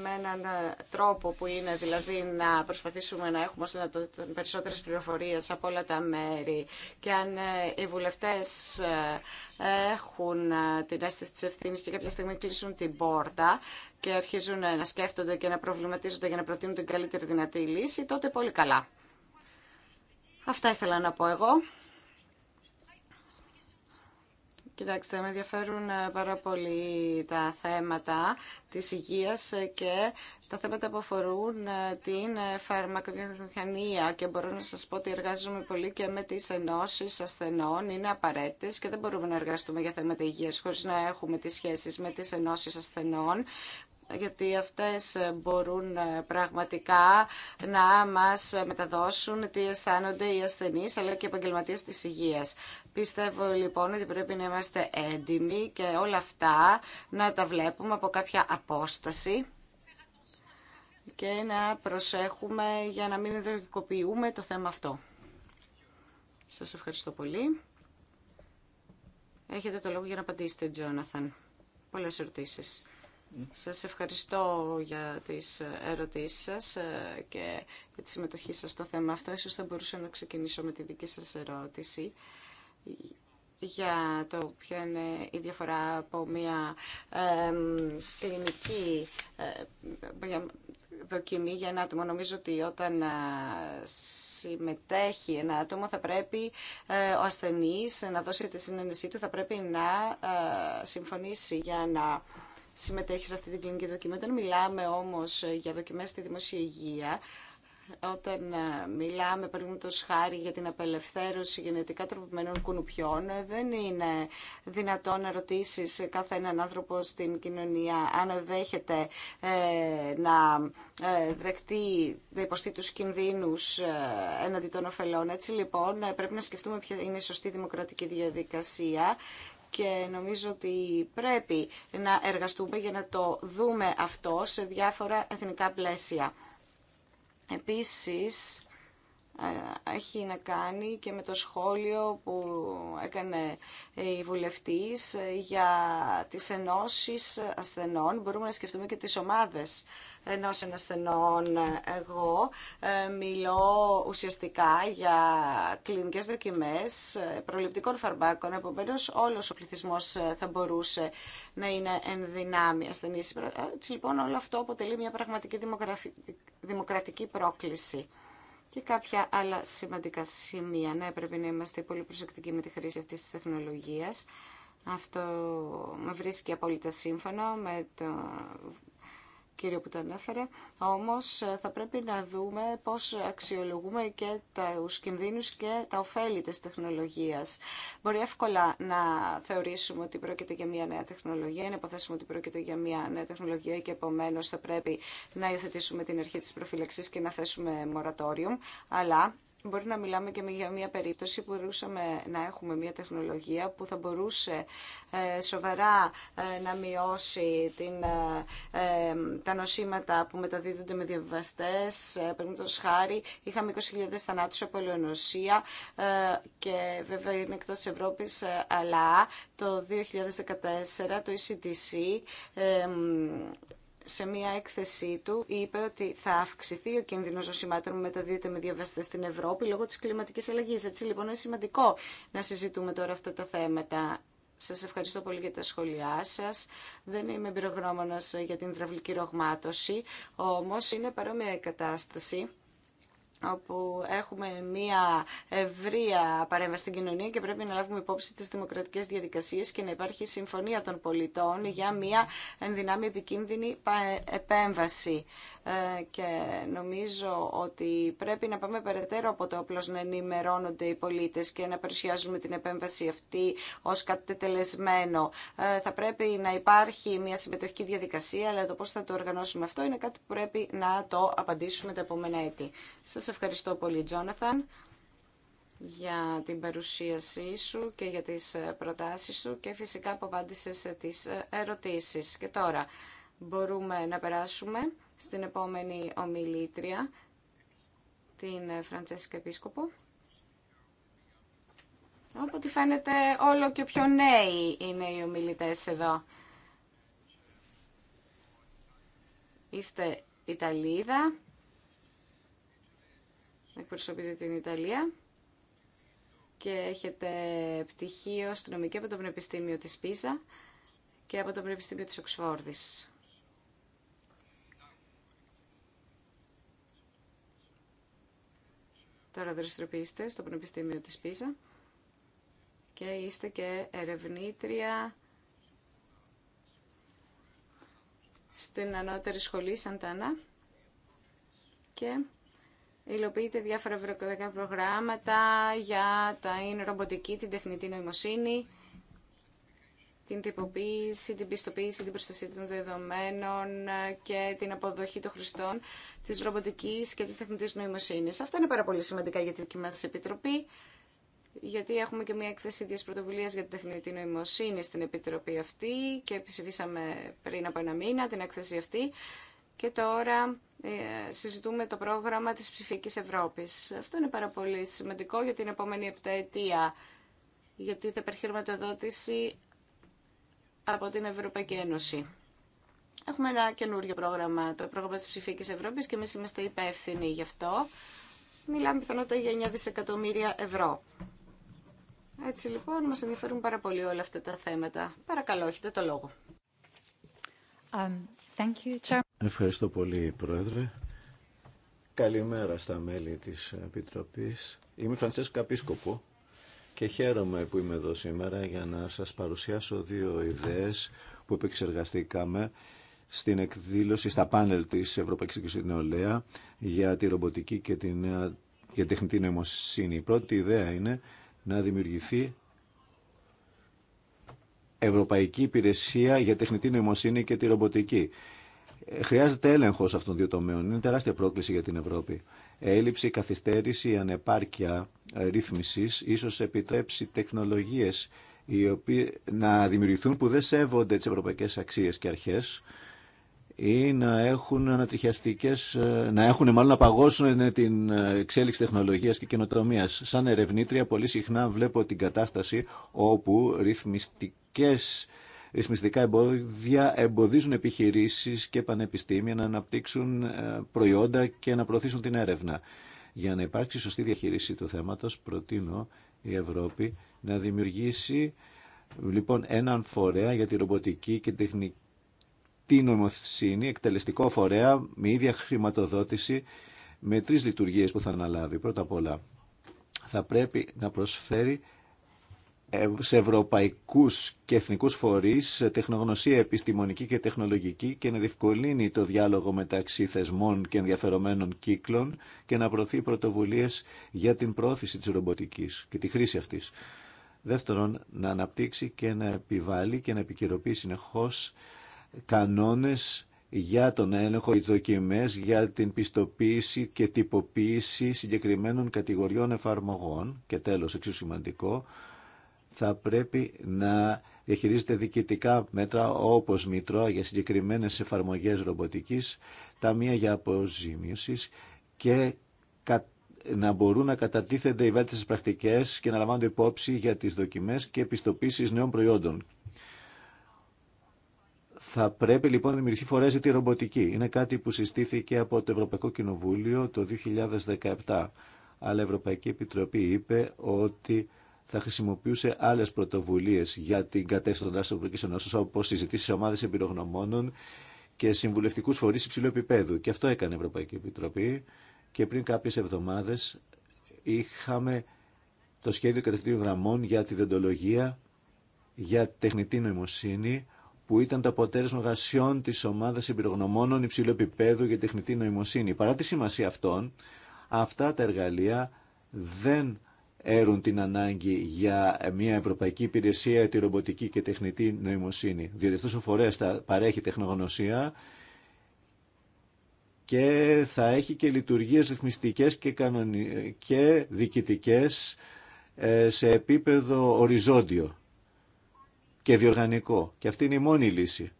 Speaker 1: με έναν ε, τρόπο που είναι δηλαδή να προσπαθήσουμε να έχουμε όσο να περισσότερες πληροφορίες από όλα τα μέρη και αν ε, οι βουλευτές έχουν την αίσθηση της ευθύνης και κάποια στιγμή κλείσουν την πόρτα και αρχίζουν να σκέφτονται και να προβληματίζονται για να προτείνουν την καλύτερη δυνατή λύση, τότε πολύ καλά. Αυτά ήθελα να πω εγώ. Κοιτάξτε, με ενδιαφέρουν ε, πάρα πολύ τα θέματα της υγείας ε, και τα θέματα που αφορούν ε, την φαρμακοβιομηχανία και μπορώ να σας πω ότι εργάζομαι πολύ και με τις ενώσεις ασθενών, είναι απαραίτητες και δεν μπορούμε να εργαστούμε για θέματα υγείας χωρίς να έχουμε τις σχέσεις με τις ενώσεις ασθενών γιατί αυτές ε, μπορούν ε, πραγματικά να μας μεταδώσουν τι αισθάνονται οι ασθενείς αλλά και οι επαγγελματίες της υγείας. Πιστεύω λοιπόν ότι πρέπει να είμαστε έντιμοι και όλα αυτά να τα βλέπουμε από κάποια απόσταση και να προσέχουμε για να μην δελικοποιούμε το θέμα αυτό. Σας ευχαριστώ πολύ. Έχετε το λόγο για να απαντήσετε, Τζόναθαν. Πολλές ερωτήσεις. Σας ευχαριστώ για τις ερωτήσεις σας ε, και για τη συμμετοχή σας στο θέμα αυτό. Ίσως θα μπορούσα να ξεκινήσω με τη δική σας ερώτηση για το ποια είναι η διαφορά από μια ε, κλινική ε, δοκιμή για ένα άτομο. Νομίζω ότι όταν ε, συμμετέχει ένα άτομο θα πρέπει ε, ο ασθενής να δώσει τη συνένεσή του, θα πρέπει να συμφωνήσει για να συμμετέχει σε αυτή την κλινική δοκιμή. Όταν μιλάμε όμως ε, για δοκιμές στη δημόσια υγεία, όταν ε, μιλάμε παραδείγματο χάρη για την απελευθέρωση γενετικά τροποποιημένων κουνουπιών, ε, δεν είναι δυνατόν να ρωτήσει κάθε έναν άνθρωπο στην κοινωνία αν δέχεται να δεχτεί, να υποστεί του κινδύνου έναντι των ωφελών. Έτσι λοιπόν, πρέπει να σκεφτούμε ποια είναι η σωστή δημοκρατική διαδικασία και νομίζω ότι πρέπει να εργαστούμε για να το δούμε αυτό σε διάφορα εθνικά πλαίσια. Επίσης, ε, έχει να κάνει και με το σχόλιο που έκανε η βουλευτής ε, για τις ενώσεις ασθενών. Μπορούμε να σκεφτούμε και τις ομάδες ενός ασθενών. Εγώ ε, μιλώ ουσιαστικά για κλινικέ δοκιμέ, ε, προληπτικών φαρμάκων, Επομένω, όλος ο πληθυσμό ε, θα μπορούσε να είναι εν δυνάμει ασθενή. Έτσι λοιπόν όλο αυτό αποτελεί μια πραγματική δημοκρατική πρόκληση. Και κάποια άλλα σημαντικά σημεία. Ναι, πρέπει να είμαστε πολύ προσεκτικοί με τη χρήση αυτή τη τεχνολογία. Αυτό με βρίσκει απόλυτα σύμφωνο με το κύριο που το ανέφερε, όμως ε, θα πρέπει να δούμε πώς αξιολογούμε και τους κινδύνους και τα ωφέλη της τεχνολογίας. Μπορεί εύκολα να θεωρήσουμε ότι πρόκειται για μια νέα τεχνολογία, να υποθέσουμε ότι πρόκειται για μια νέα τεχνολογία και επομένω θα πρέπει να υιοθετήσουμε την αρχή της προφύλαξης και να θέσουμε μορατόριου, αλλά Μπορεί να μιλάμε και για μια περίπτωση που μπορούσαμε να έχουμε μια τεχνολογία που θα μπορούσε ε, σοβαρά ε, να μειώσει την, ε, τα νοσήματα που μεταδίδονται με διαβαστές. Παραδείγματος χάρη, είχαμε 20.000 θανάτους από ελαιονοσία και βέβαια είναι εκτός της Ευρώπης, αλλά το 2014 το ECDC σε μία έκθεσή του είπε ότι θα αυξηθεί ο κίνδυνο ζωσιμάτων που μεταδίδεται με διαβαστέ στην Ευρώπη λόγω τη κλιματική αλλαγή. Έτσι λοιπόν είναι σημαντικό να συζητούμε τώρα αυτά τα θέματα. Σας ευχαριστώ πολύ για τα σχόλιά σας. Δεν είμαι εμπειρογνώμονας για την υδραυλική ρογμάτωση, όμως είναι παρόμοια η κατάσταση όπου έχουμε μία ευρεία παρέμβαση στην κοινωνία και πρέπει να λάβουμε υπόψη τις δημοκρατικές διαδικασίες και να υπάρχει συμφωνία των πολιτών για μία ενδυνάμει επικίνδυνη επέμβαση. Ε, και νομίζω ότι πρέπει να πάμε περαιτέρω από το απλώς να ενημερώνονται οι πολίτες και να παρουσιάζουμε την επέμβαση αυτή ως κάτι ε, Θα πρέπει να υπάρχει μία συμμετοχική διαδικασία, αλλά το πώς θα το οργανώσουμε αυτό είναι κάτι που πρέπει να το απαντήσουμε τα επόμενα έτη. Σας ευχαριστώ πολύ, Τζόναθαν, για την παρουσίασή σου και για τις ε, προτάσεις σου και φυσικά που σε τις ε, ερωτήσεις. Και τώρα μπορούμε να περάσουμε στην επόμενη ομιλήτρια, την ε, Φραντσέσικα Επίσκοπο. Όποτε φαίνεται όλο και πιο νέοι είναι οι ομιλητές εδώ. Είστε Ιταλίδα εκπροσωπείτε την Ιταλία και έχετε πτυχίο αστυνομική από το Πανεπιστήμιο της Πίσα και από το Πανεπιστήμιο της Οξφόρδης. Τώρα δραστηριοποιείστε στο Πανεπιστήμιο της Πίσα και είστε και ερευνήτρια στην ανώτερη σχολή Σαντάνα και υλοποιείται διάφορα ευρωπαϊκά προγράμματα για τα είναι ρομποτική, την τεχνητή νοημοσύνη, την τυποποίηση, την πιστοποίηση, την προστασία των δεδομένων και την αποδοχή των χρηστών της ρομποτικής και της τεχνητής νοημοσύνης. Αυτά είναι πάρα πολύ σημαντικά για τη δική μας Επιτροπή, γιατί έχουμε και μια έκθεση τη πρωτοβουλία για την τεχνητή νοημοσύνη στην Επιτροπή αυτή και ψηφίσαμε πριν από ένα μήνα την έκθεση αυτή και τώρα ε, συζητούμε το πρόγραμμα της ψηφιακής Ευρώπης. Αυτό είναι πάρα πολύ σημαντικό για την επόμενη επταετία, γιατί θα χρηματοδότηση από την Ευρωπαϊκή Ένωση. Έχουμε ένα καινούριο πρόγραμμα, το πρόγραμμα της ψηφιακής Ευρώπης και εμείς είμαστε υπεύθυνοι γι' αυτό. Μιλάμε πιθανότητα για 9 δισεκατομμύρια ευρώ. Έτσι λοιπόν, μας ενδιαφέρουν πάρα πολύ όλα αυτά τα θέματα. Παρακαλώ, έχετε το λόγο. Um,
Speaker 4: Ευχαριστώ πολύ, Πρόεδρε. Καλημέρα στα μέλη της Επιτροπής. Είμαι Φρανσέσκα Πίσκοπο και χαίρομαι που είμαι εδώ σήμερα για να σας παρουσιάσω δύο ιδέες που επεξεργαστήκαμε στην εκδήλωση στα πάνελ της Ευρωπαϊκής Νεολαία για τη ρομποτική και την για τεχνητή νοημοσύνη. Η πρώτη ιδέα είναι να δημιουργηθεί Ευρωπαϊκή Υπηρεσία για Τεχνητή Νοημοσύνη και τη Ρομποτική. Ε, χρειάζεται έλεγχο αυτών των δύο τομέων. Είναι τεράστια πρόκληση για την Ευρώπη. Έλλειψη, καθυστέρηση, ανεπάρκεια ε, ρύθμιση ίσω επιτρέψει τεχνολογίε οι να δημιουργηθούν που δεν σέβονται τις ευρωπαϊκές αξίες και αρχέ ή να έχουν ανατριχιαστικές, ε, να έχουν μάλλον να παγώσουν την εξέλιξη τεχνολογία και καινοτομία. Σαν ερευνήτρια πολύ συχνά βλέπω την κατάσταση όπου ρυθμιστική και ρυθμιστικά εμπόδια εμποδίζουν επιχειρήσεις και πανεπιστήμια να αναπτύξουν ε, προϊόντα και να προωθήσουν την έρευνα. Για να υπάρξει σωστή διαχείριση του θέματος, προτείνω η Ευρώπη να δημιουργήσει λοιπόν έναν φορέα για τη ρομποτική και τεχνική νομοσύνη, εκτελεστικό φορέα με ίδια χρηματοδότηση με τρεις λειτουργίες που θα αναλάβει. Πρώτα απ' όλα θα πρέπει να προσφέρει ε, σε ευρωπαϊκού και εθνικού φορεί, τεχνογνωσία επιστημονική και τεχνολογική και να διευκολύνει το διάλογο μεταξύ θεσμών και ενδιαφερομένων κύκλων και να προωθεί πρωτοβουλίε για την πρόθεση της ρομποτική και τη χρήση αυτή. Δεύτερον, να αναπτύξει και να επιβάλλει και να επικαιροποιεί συνεχώ κανόνε για τον έλεγχο, οι δοκιμέ για την πιστοποίηση και τυποποίηση συγκεκριμένων κατηγοριών εφαρμογών και τέλο, εξίσου σημαντικό, θα πρέπει να διαχειρίζεται διοικητικά μέτρα όπως μητρό για συγκεκριμένες εφαρμογές ρομποτικής, ταμεία για αποζημίωση και να μπορούν να κατατίθενται οι βέλτιστες πρακτικές και να λαμβάνονται υπόψη για τις δοκιμές και επιστοπίσεις νέων προϊόντων. Θα πρέπει λοιπόν να δημιουργηθεί φορέζητη ρομποτική. Είναι κάτι που συστήθηκε από το Ευρωπαϊκό Κοινοβούλιο το 2017. Αλλά η Ευρωπαϊκή Επιτροπή είπε ότι θα χρησιμοποιούσε άλλε πρωτοβουλίε για την κατεύθυνση των δράσεων Ευρωπαϊκής Ενώσης, όπως συζητήσει σε ομάδες εμπειρογνωμόνων και συμβουλευτικού φορεί υψηλού επίπεδου. Και αυτό έκανε η Ευρωπαϊκή Επιτροπή και πριν κάποιε εβδομάδε είχαμε το σχέδιο κατευθυντήριων γραμμών για τη δεντολογία, για τεχνητή νοημοσύνη, που ήταν το αποτέλεσμα εργασιών τη ομάδα εμπειρογνωμόνων υψηλού επίπεδου για τεχνητή νοημοσύνη. Παρά τη σημασία αυτών, αυτά τα εργαλεία δεν έρουν την ανάγκη για μια ευρωπαϊκή υπηρεσία τη ρομποτική και τεχνητή νοημοσύνη. Διότι αυτός ο παρέχει τεχνογνωσία και θα έχει και λειτουργίες ρυθμιστικές και, κανονι... και διοικητικές ε, σε επίπεδο οριζόντιο και διοργανικό. Και αυτή είναι η μόνη λύση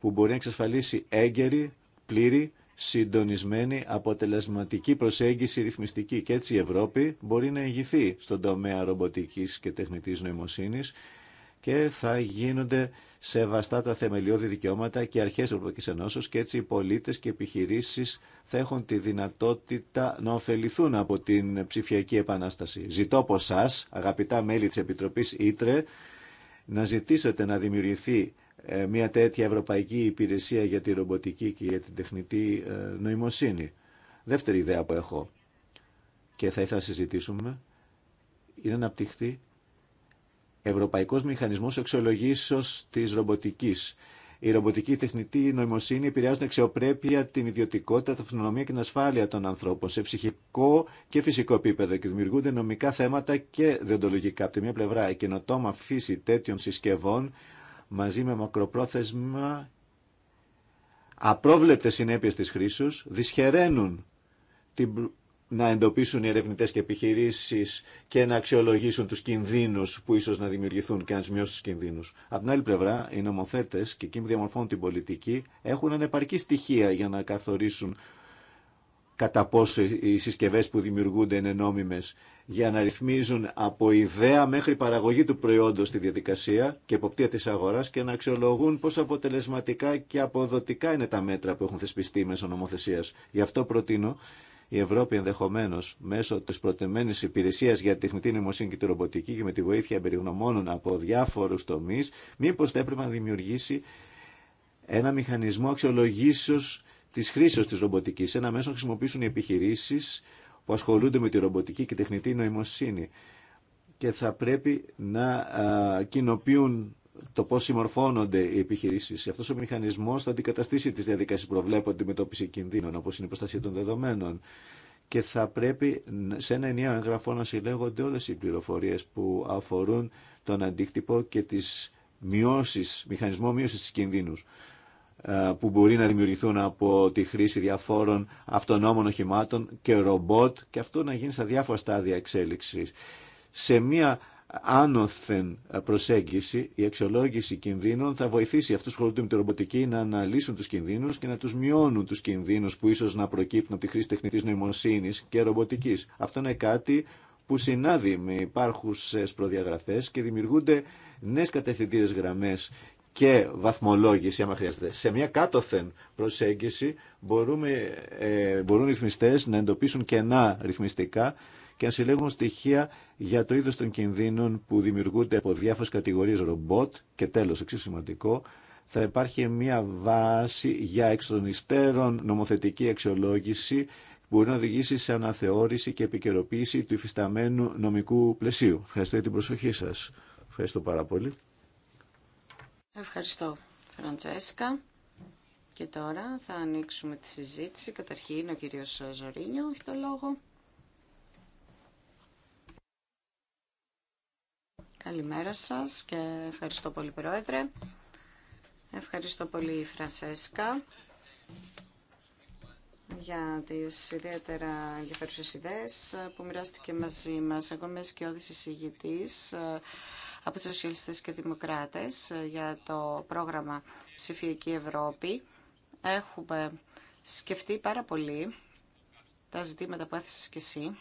Speaker 4: που μπορεί να εξασφαλίσει έγκαιρη, πλήρη συντονισμένη αποτελεσματική προσέγγιση ρυθμιστική και έτσι η Ευρώπη μπορεί να ηγηθεί στον τομέα ρομποτικής και τεχνητής νοημοσύνης και θα γίνονται σεβαστά τα θεμελιώδη δικαιώματα και αρχές της Ευρωπαϊκής και έτσι οι πολίτες και επιχειρήσεις θα έχουν τη δυνατότητα να ωφεληθούν από την ψηφιακή επανάσταση. Ζητώ από εσά, αγαπητά μέλη της Επιτροπής Ήτρε, να ζητήσετε να δημιουργηθεί ε, μια τέτοια ευρωπαϊκή υπηρεσία για τη ρομποτική και για την τεχνητή ε, νοημοσύνη. Δεύτερη ιδέα που έχω και θα ήθελα να συζητήσουμε είναι να απτυχθεί Ευρωπαϊκός Μηχανισμός Εξολογήσεως της Ρομποτικής. Η ρομποτική τεχνητή νοημοσύνη επηρεάζουν εξαιοπρέπεια την ιδιωτικότητα, την αυτονομία και την ασφάλεια των ανθρώπων σε ψυχικό και φυσικό επίπεδο και δημιουργούνται νομικά θέματα και διοντολογικά. Από τη μία πλευρά, η καινοτόμα φύση τέτοιων συσκευών μαζί με μακροπρόθεσμα απρόβλεπτες συνέπειες της χρήσης δυσχεραίνουν την, να εντοπίσουν οι ερευνητέ και επιχειρήσει και να αξιολογήσουν του κινδύνους που ίσω να δημιουργηθούν και να του μειώσουν του κινδύνου. Από την άλλη πλευρά, οι νομοθέτε και εκείνοι που διαμορφώνουν την πολιτική έχουν ανεπαρκή στοιχεία για να καθορίσουν κατά πόσο οι συσκευέ που δημιουργούνται είναι νόμιμε για να ρυθμίζουν από ιδέα μέχρι παραγωγή του προϊόντος τη διαδικασία και εποπτεία της αγοράς και να αξιολογούν πόσο αποτελεσματικά και αποδοτικά είναι τα μέτρα που έχουν θεσπιστεί μέσω νομοθεσίας. Γι' αυτό προτείνω η Ευρώπη ενδεχομένω μέσω τη προτεμένη υπηρεσία για τεχνητή νοημοσύνη και τη ρομποτική και με τη βοήθεια εμπεριγνωμόνων από διάφορου τομεί, μήπω θα έπρεπε να δημιουργήσει ένα μηχανισμό αξιολογήσεω τη χρήση τη ρομποτική, ένα μέσο να χρησιμοποιήσουν οι επιχειρήσει που ασχολούνται με τη ρομποτική και τεχνητή νοημοσύνη και θα πρέπει να κοινοποιούν το πώς συμμορφώνονται οι επιχειρήσεις. Αυτός ο μηχανισμός θα αντικαταστήσει τις διαδικασίες που προβλέπονται αντιμετώπιση κινδύνων, όπως είναι η προστασία των δεδομένων. Και θα πρέπει σε ένα ενιαίο εγγραφό να συλλέγονται όλες οι πληροφορίες που αφορούν τον αντίκτυπο και τις μειώσεις, μηχανισμό μείωσης της κινδύνους. Ε, που μπορεί να δημιουργηθούν από τη χρήση διαφόρων αυτονόμων οχημάτων και ρομπότ και αυτό να γίνει στα διάφορα στάδια εξέλιξης. Σε μία άνωθεν προσέγγιση, η αξιολόγηση κινδύνων θα βοηθήσει αυτούς που χωρούνται με τη ρομποτική να αναλύσουν τους κινδύνους και να τους μειώνουν τους κινδύνους που ίσως να προκύπτουν από τη χρήση τεχνητής νοημοσύνης και ρομποτικής. Αυτό είναι κάτι που συνάδει με υπάρχουσες προδιαγραφές και δημιουργούνται νέες κατευθυντήρες γραμμές και βαθμολόγηση, άμα χρειάζεται. Σε μια κάτωθεν προσέγγιση μπορούμε, ε, μπορούν οι ρυθμιστές να εντοπίσουν κενά ρυθμιστικά και να συλλέγουν στοιχεία για το είδος των κινδύνων που δημιουργούνται από διάφορες κατηγορίες ρομπότ και τέλος, εξίσου σημαντικό, θα υπάρχει μια βάση για υστέρων νομοθετική αξιολόγηση που μπορεί να οδηγήσει σε αναθεώρηση και επικαιροποίηση του υφισταμένου νομικού πλαισίου. Ευχαριστώ για την προσοχή σας. Ευχαριστώ πάρα πολύ.
Speaker 1: Ευχαριστώ, Φραντσέσκα. Και τώρα θα ανοίξουμε τη συζήτηση. Καταρχήν ο κύριος Ζωρίνιο έχει το λόγο. Καλημέρα σας και ευχαριστώ πολύ Πρόεδρε. Ευχαριστώ πολύ Φραντσέσκα, για τις ιδιαίτερα ενδιαφέρουσες ιδέες που μοιράστηκε μαζί μας. Εγώ είμαι σκιώδης εισηγητής από τους Σοσιαλιστές και Δημοκράτες ε, για το πρόγραμμα Ψηφιακή Ευρώπη. Έχουμε σκεφτεί πάρα πολύ τα ζητήματα που έθεσες και εσύ.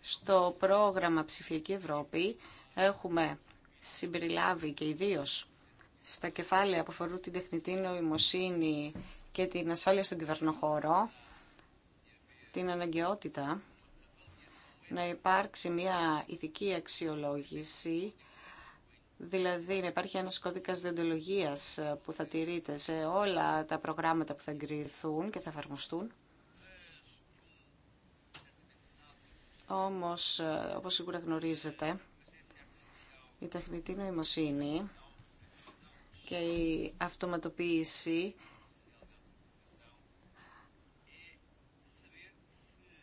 Speaker 1: Στο πρόγραμμα Ψηφιακή Ευρώπη έχουμε συμπεριλάβει και ιδίω στα κεφάλαια που αφορούν την τεχνητή νοημοσύνη και την ασφάλεια στον κυβερνοχώρο, την αναγκαιότητα να υπάρξει μια ηθική αξιολόγηση, δηλαδή να υπάρχει ένας κώδικας διοντολογίας ε, που θα τηρείται σε όλα τα προγράμματα που θα εγκριθούν και θα εφαρμοστούν. Όμως, ε, όπως σίγουρα γνωρίζετε, η τεχνητή νοημοσύνη και η αυτοματοποίηση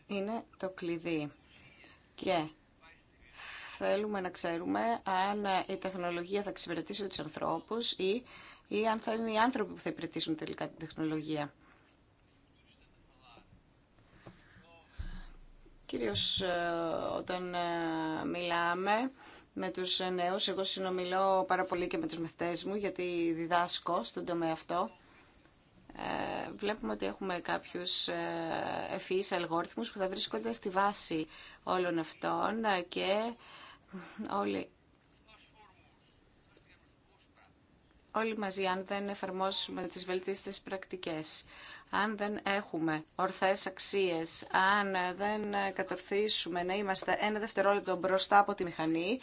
Speaker 1: είναι το κλειδί και θέλουμε να ξέρουμε αν η τεχνολογία θα εξυπηρετήσει τους ανθρώπους ή, ή αν θα είναι οι άνθρωποι που θα υπηρετήσουν τελικά την τεχνολογία. Κυρίως ε, όταν ε, μιλάμε με τους νέους, εγώ συνομιλώ πάρα πολύ και με τους μαθητές μου γιατί διδάσκω στον τομέα αυτό ε, βλέπουμε ότι έχουμε κάποιους ε, ευφυείς αλγόριθμους που θα βρίσκονται στη βάση όλων αυτών ε, και όλοι, μαζί αν δεν εφαρμόσουμε τις βελτίστες πρακτικές, αν δεν έχουμε ορθές αξίες, αν δεν κατορθήσουμε να είμαστε ένα δευτερόλεπτο μπροστά από τη μηχανή,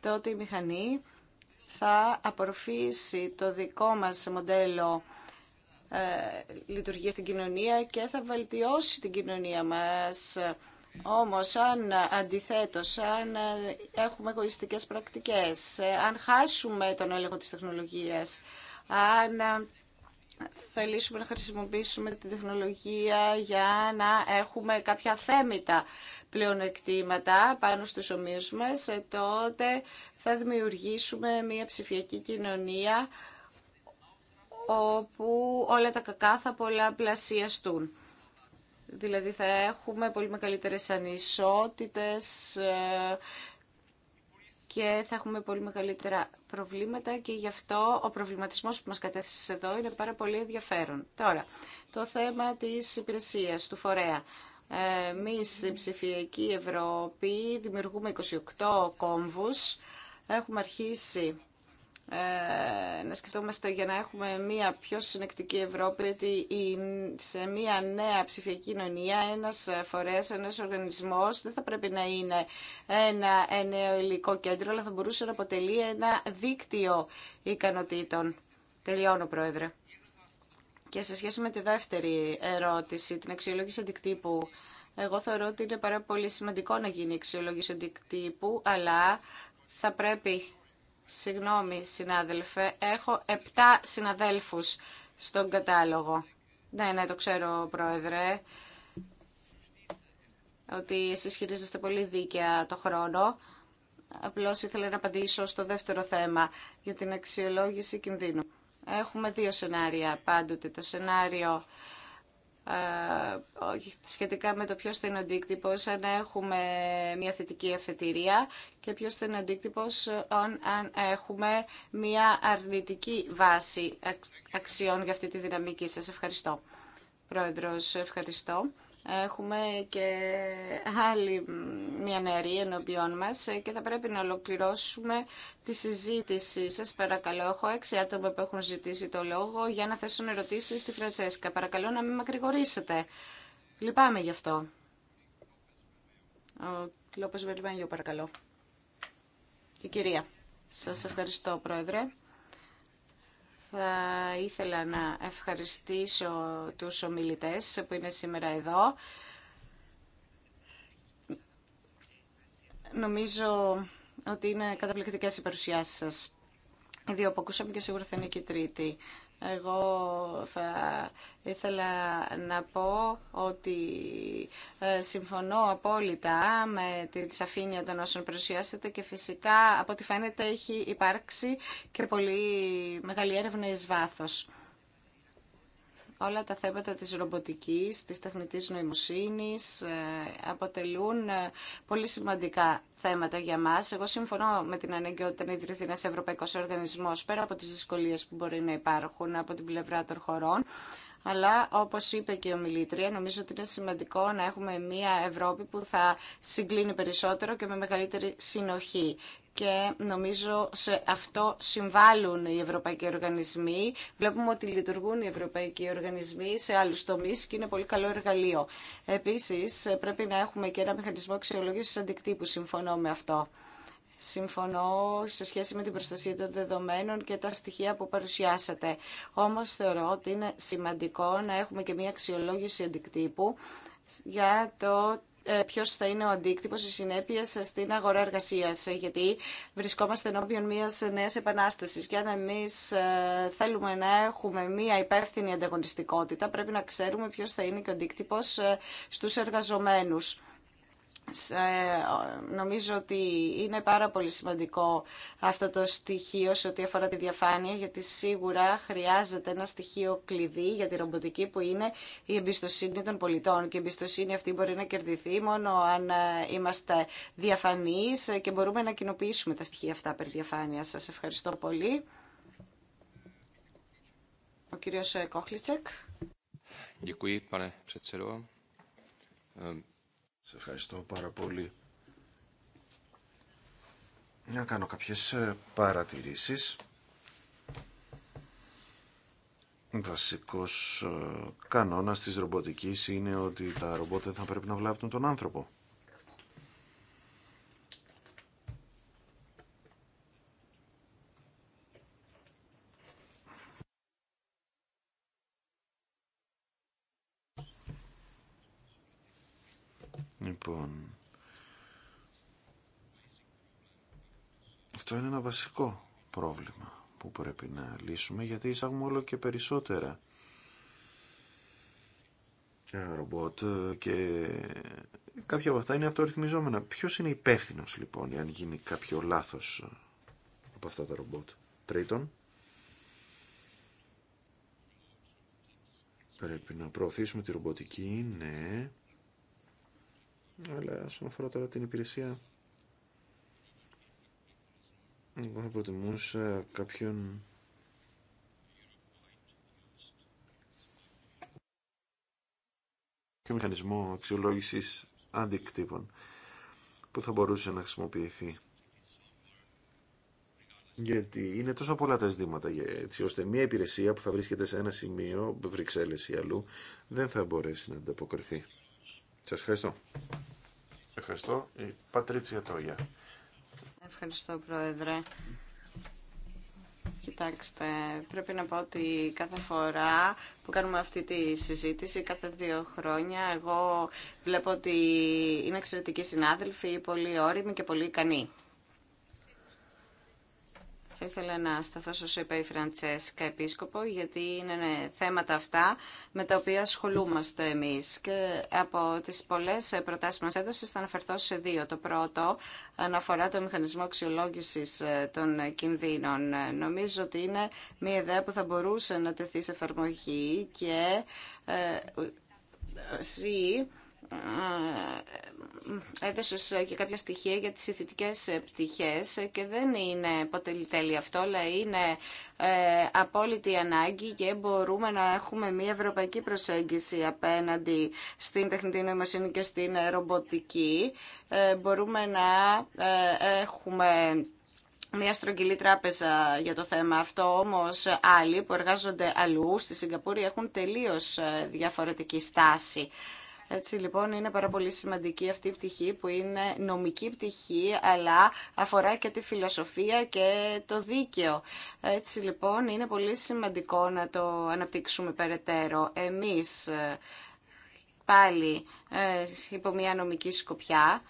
Speaker 1: τότε η μηχανή θα απορροφήσει το δικό μας μοντέλο ε, λειτουργία στην κοινωνία και θα βελτιώσει την κοινωνία μας. Όμως αν αντιθέτως, αν ε, έχουμε εγωιστικές πρακτικές, ε, αν χάσουμε τον έλεγχο της τεχνολογίας, αν θελήσουμε να χρησιμοποιήσουμε την τεχνολογία για να έχουμε κάποια θέμητα πλεονεκτήματα πάνω στους ομοίους μας, τότε θα δημιουργήσουμε μια ψηφιακή κοινωνία όπου όλα τα κακά θα πολλαπλασιαστούν. Δηλαδή θα έχουμε πολύ μεγαλύτερες ανισότητες ε, και θα έχουμε πολύ μεγαλύτερα προβλήματα και γι' αυτό ο προβληματισμός που μας κατέθεσε εδώ είναι πάρα πολύ ενδιαφέρον. Τώρα, το θέμα της υπηρεσίας, του φορέα. Ε, Εμεί η ψηφιακή Ευρώπη δημιουργούμε 28 κόμβους. Έχουμε αρχίσει ε, να σκεφτόμαστε για να έχουμε μια πιο συνεκτική Ευρώπη ότι σε μια νέα ψηφιακή κοινωνία ένας φορέας, ένας οργανισμός δεν θα πρέπει να είναι ένα νέο υλικό κέντρο αλλά θα μπορούσε να αποτελεί ένα δίκτυο ικανοτήτων. Τελειώνω Πρόεδρε. Και σε σχέση με τη δεύτερη ερώτηση, την αξιολόγηση αντικτύπου, εγώ θεωρώ ότι είναι πάρα πολύ σημαντικό να γίνει η αξιολόγηση αντικτύπου, αλλά θα πρέπει Συγγνώμη, συνάδελφε, έχω επτά συναδέλφους στον κατάλογο. Ναι, ναι, το ξέρω, Πρόεδρε, ότι εσείς χειρίζεστε πολύ δίκαια το χρόνο. Απλώς ήθελα να απαντήσω στο δεύτερο θέμα για την αξιολόγηση κινδύνου. Έχουμε δύο σενάρια πάντοτε. Το σενάριο σχετικά με το ποιος θα είναι ο αντίκτυπος, αν έχουμε μια θετική εφετηρία και ποιος θα είναι ο αντίκτυπος αν έχουμε μια αρνητική βάση αξιών για αυτή τη δυναμική. Σας ευχαριστώ. Πρόεδρος, ευχαριστώ. Έχουμε και άλλη μια νεαρή ενώπιόν μας και θα πρέπει να ολοκληρώσουμε τη συζήτηση. Σας παρακαλώ, έχω έξι άτομα που έχουν ζητήσει το λόγο για να θέσουν ερωτήσεις στη Φρατσέσκα. Παρακαλώ να μην μακρηγορήσετε. Λυπάμαι γι' αυτό. Ο Λόπες Βερβάνιο, παρακαλώ. Η κυρία. Σας ευχαριστώ, Πρόεδρε. Θα ήθελα να ευχαριστήσω τους ομιλητές που είναι σήμερα εδώ. Νομίζω ότι είναι καταπληκτικές οι παρουσιάσεις σας. Οι δύο που ακούσαμε και σίγουρα θα είναι και η τρίτη. Εγώ θα ήθελα να πω ότι ε, συμφωνώ απόλυτα με τη σαφήνεια των όσων παρουσιάσετε και φυσικά από ό,τι φαίνεται έχει υπάρξει και πολύ μεγάλη έρευνα εις βάθος όλα τα θέματα της ρομποτικής, της τεχνητής νοημοσύνης ε, αποτελούν ε, πολύ σημαντικά θέματα για μας. Εγώ συμφωνώ με την αναγκαιότητα να ιδρυθεί ένας ευρωπαϊκός οργανισμός πέρα από τις δυσκολίες που μπορεί να υπάρχουν από την πλευρά των χωρών αλλά όπως είπε και η ομιλήτρια, νομίζω ότι είναι σημαντικό να έχουμε μια Ευρώπη που θα συγκλίνει περισσότερο και με μεγαλύτερη συνοχή και νομίζω σε αυτό συμβάλλουν οι ευρωπαϊκοί οργανισμοί. Βλέπουμε ότι λειτουργούν οι ευρωπαϊκοί οργανισμοί σε άλλου τομεί και είναι πολύ καλό εργαλείο. Επίση, πρέπει να έχουμε και ένα μηχανισμό αξιολόγηση αντικτύπου. Συμφωνώ με αυτό συμφωνώ σε σχέση με την προστασία των δεδομένων και τα στοιχεία που παρουσιάσατε. Όμως θεωρώ ότι είναι σημαντικό να έχουμε και μια αξιολόγηση αντικτύπου για το ε, ποιος θα είναι ο αντίκτυπος, η συνέπεια στην αγορά εργασίας, γιατί βρισκόμαστε ενώπιον μιας νέας επανάστασης και αν εμείς ε, θέλουμε να έχουμε μια υπεύθυνη ανταγωνιστικότητα, πρέπει να ξέρουμε ποιος θα είναι και ο αντίκτυπος ε, στους εργαζομένους. Ε, νομίζω ότι είναι πάρα πολύ σημαντικό αυτό το στοιχείο σε ό,τι αφορά τη διαφάνεια, γιατί σίγουρα χρειάζεται ένα στοιχείο κλειδί για τη ρομποτική που είναι η εμπιστοσύνη των πολιτών. Και η εμπιστοσύνη αυτή μπορεί να κερδιθεί μόνο αν ε, είμαστε διαφανείς και μπορούμε να κοινοποιήσουμε τα στοιχεία αυτά περί διαφάνειας. Σας ευχαριστώ πολύ. Ο κύριος ε, Κόχλιτσεκ.
Speaker 2: Σε ευχαριστώ πάρα πολύ. Να κάνω κάποιες ε, παρατηρήσεις. Βασικός ε, κανόνας της ρομποτικής είναι ότι τα ρομπότ δεν θα πρέπει να βλάπτουν τον άνθρωπο. είναι ένα βασικό πρόβλημα που πρέπει να λύσουμε γιατί εισάγουμε όλο και περισσότερα ρομπότ και κάποια από αυτά είναι αυτορυθμιζόμενα. Ποιος είναι υπεύθυνο λοιπόν αν γίνει κάποιο λάθος από αυτά τα ρομπότ. Τρίτον, πρέπει να προωθήσουμε τη ρομποτική, ναι, αλλά όσον αφορά τώρα την υπηρεσία εγώ θα προτιμούσα κάποιον και μηχανισμό αξιολόγησης αντικτύπων που θα μπορούσε να χρησιμοποιηθεί. Γιατί είναι τόσο πολλά τα ζητήματα έτσι ώστε μια υπηρεσία που θα βρίσκεται σε ένα σημείο, Βρυξέλλες ή αλλού, δεν θα μπορέσει να ανταποκριθεί. Σας ευχαριστώ. Ευχαριστώ. Η Πατρίτσια Τόγια.
Speaker 1: Ευχαριστώ, Πρόεδρε. Κοιτάξτε, πρέπει να πω ότι κάθε φορά που κάνουμε αυτή τη συζήτηση, κάθε δύο χρόνια, εγώ βλέπω ότι είναι εξαιρετικοί συνάδελφοι, πολύ όριμοι και πολύ ικανοί. Θα ήθελα να σταθώ όσο είπα η Φραντσέσκα Επίσκοπο, γιατί είναι θέματα αυτά με τα οποία ασχολούμαστε εμείς. Και από τις πολλές προτάσεις μας έδωσες θα αναφερθώ σε δύο. Το πρώτο αναφορά το μηχανισμό αξιολόγησης ε, των κινδύνων. Ε, νομίζω ότι είναι μια ιδέα που θα μπορούσε να τεθεί σε εφαρμογή και ε, ε Έδωσε ε, και κάποια στοιχεία για τις ηθητικές ε, πτυχές ε, και δεν είναι ποτέ τέλειο αυτό, αλλά είναι απόλυτη ανάγκη και μπορούμε να έχουμε μια ευρωπαϊκή προσέγγιση απέναντι στην τεχνητή νοημοσύνη και στην ρομποτική. μπορούμε να έχουμε μια στρογγυλή τράπεζα για το θέμα αυτό, όμως άλλοι που εργάζονται αλλού στη Σιγκαπούρη έχουν τελείως διαφορετική στάση έτσι λοιπόν είναι πάρα πολύ σημαντική αυτή η πτυχή που είναι νομική πτυχή αλλά αφορά και τη φιλοσοφία και το δίκαιο. Έτσι λοιπόν είναι πολύ σημαντικό να το αναπτύξουμε περαιτέρω. Εμείς ε, πάλι ε, υπό μια νομική σκοπιά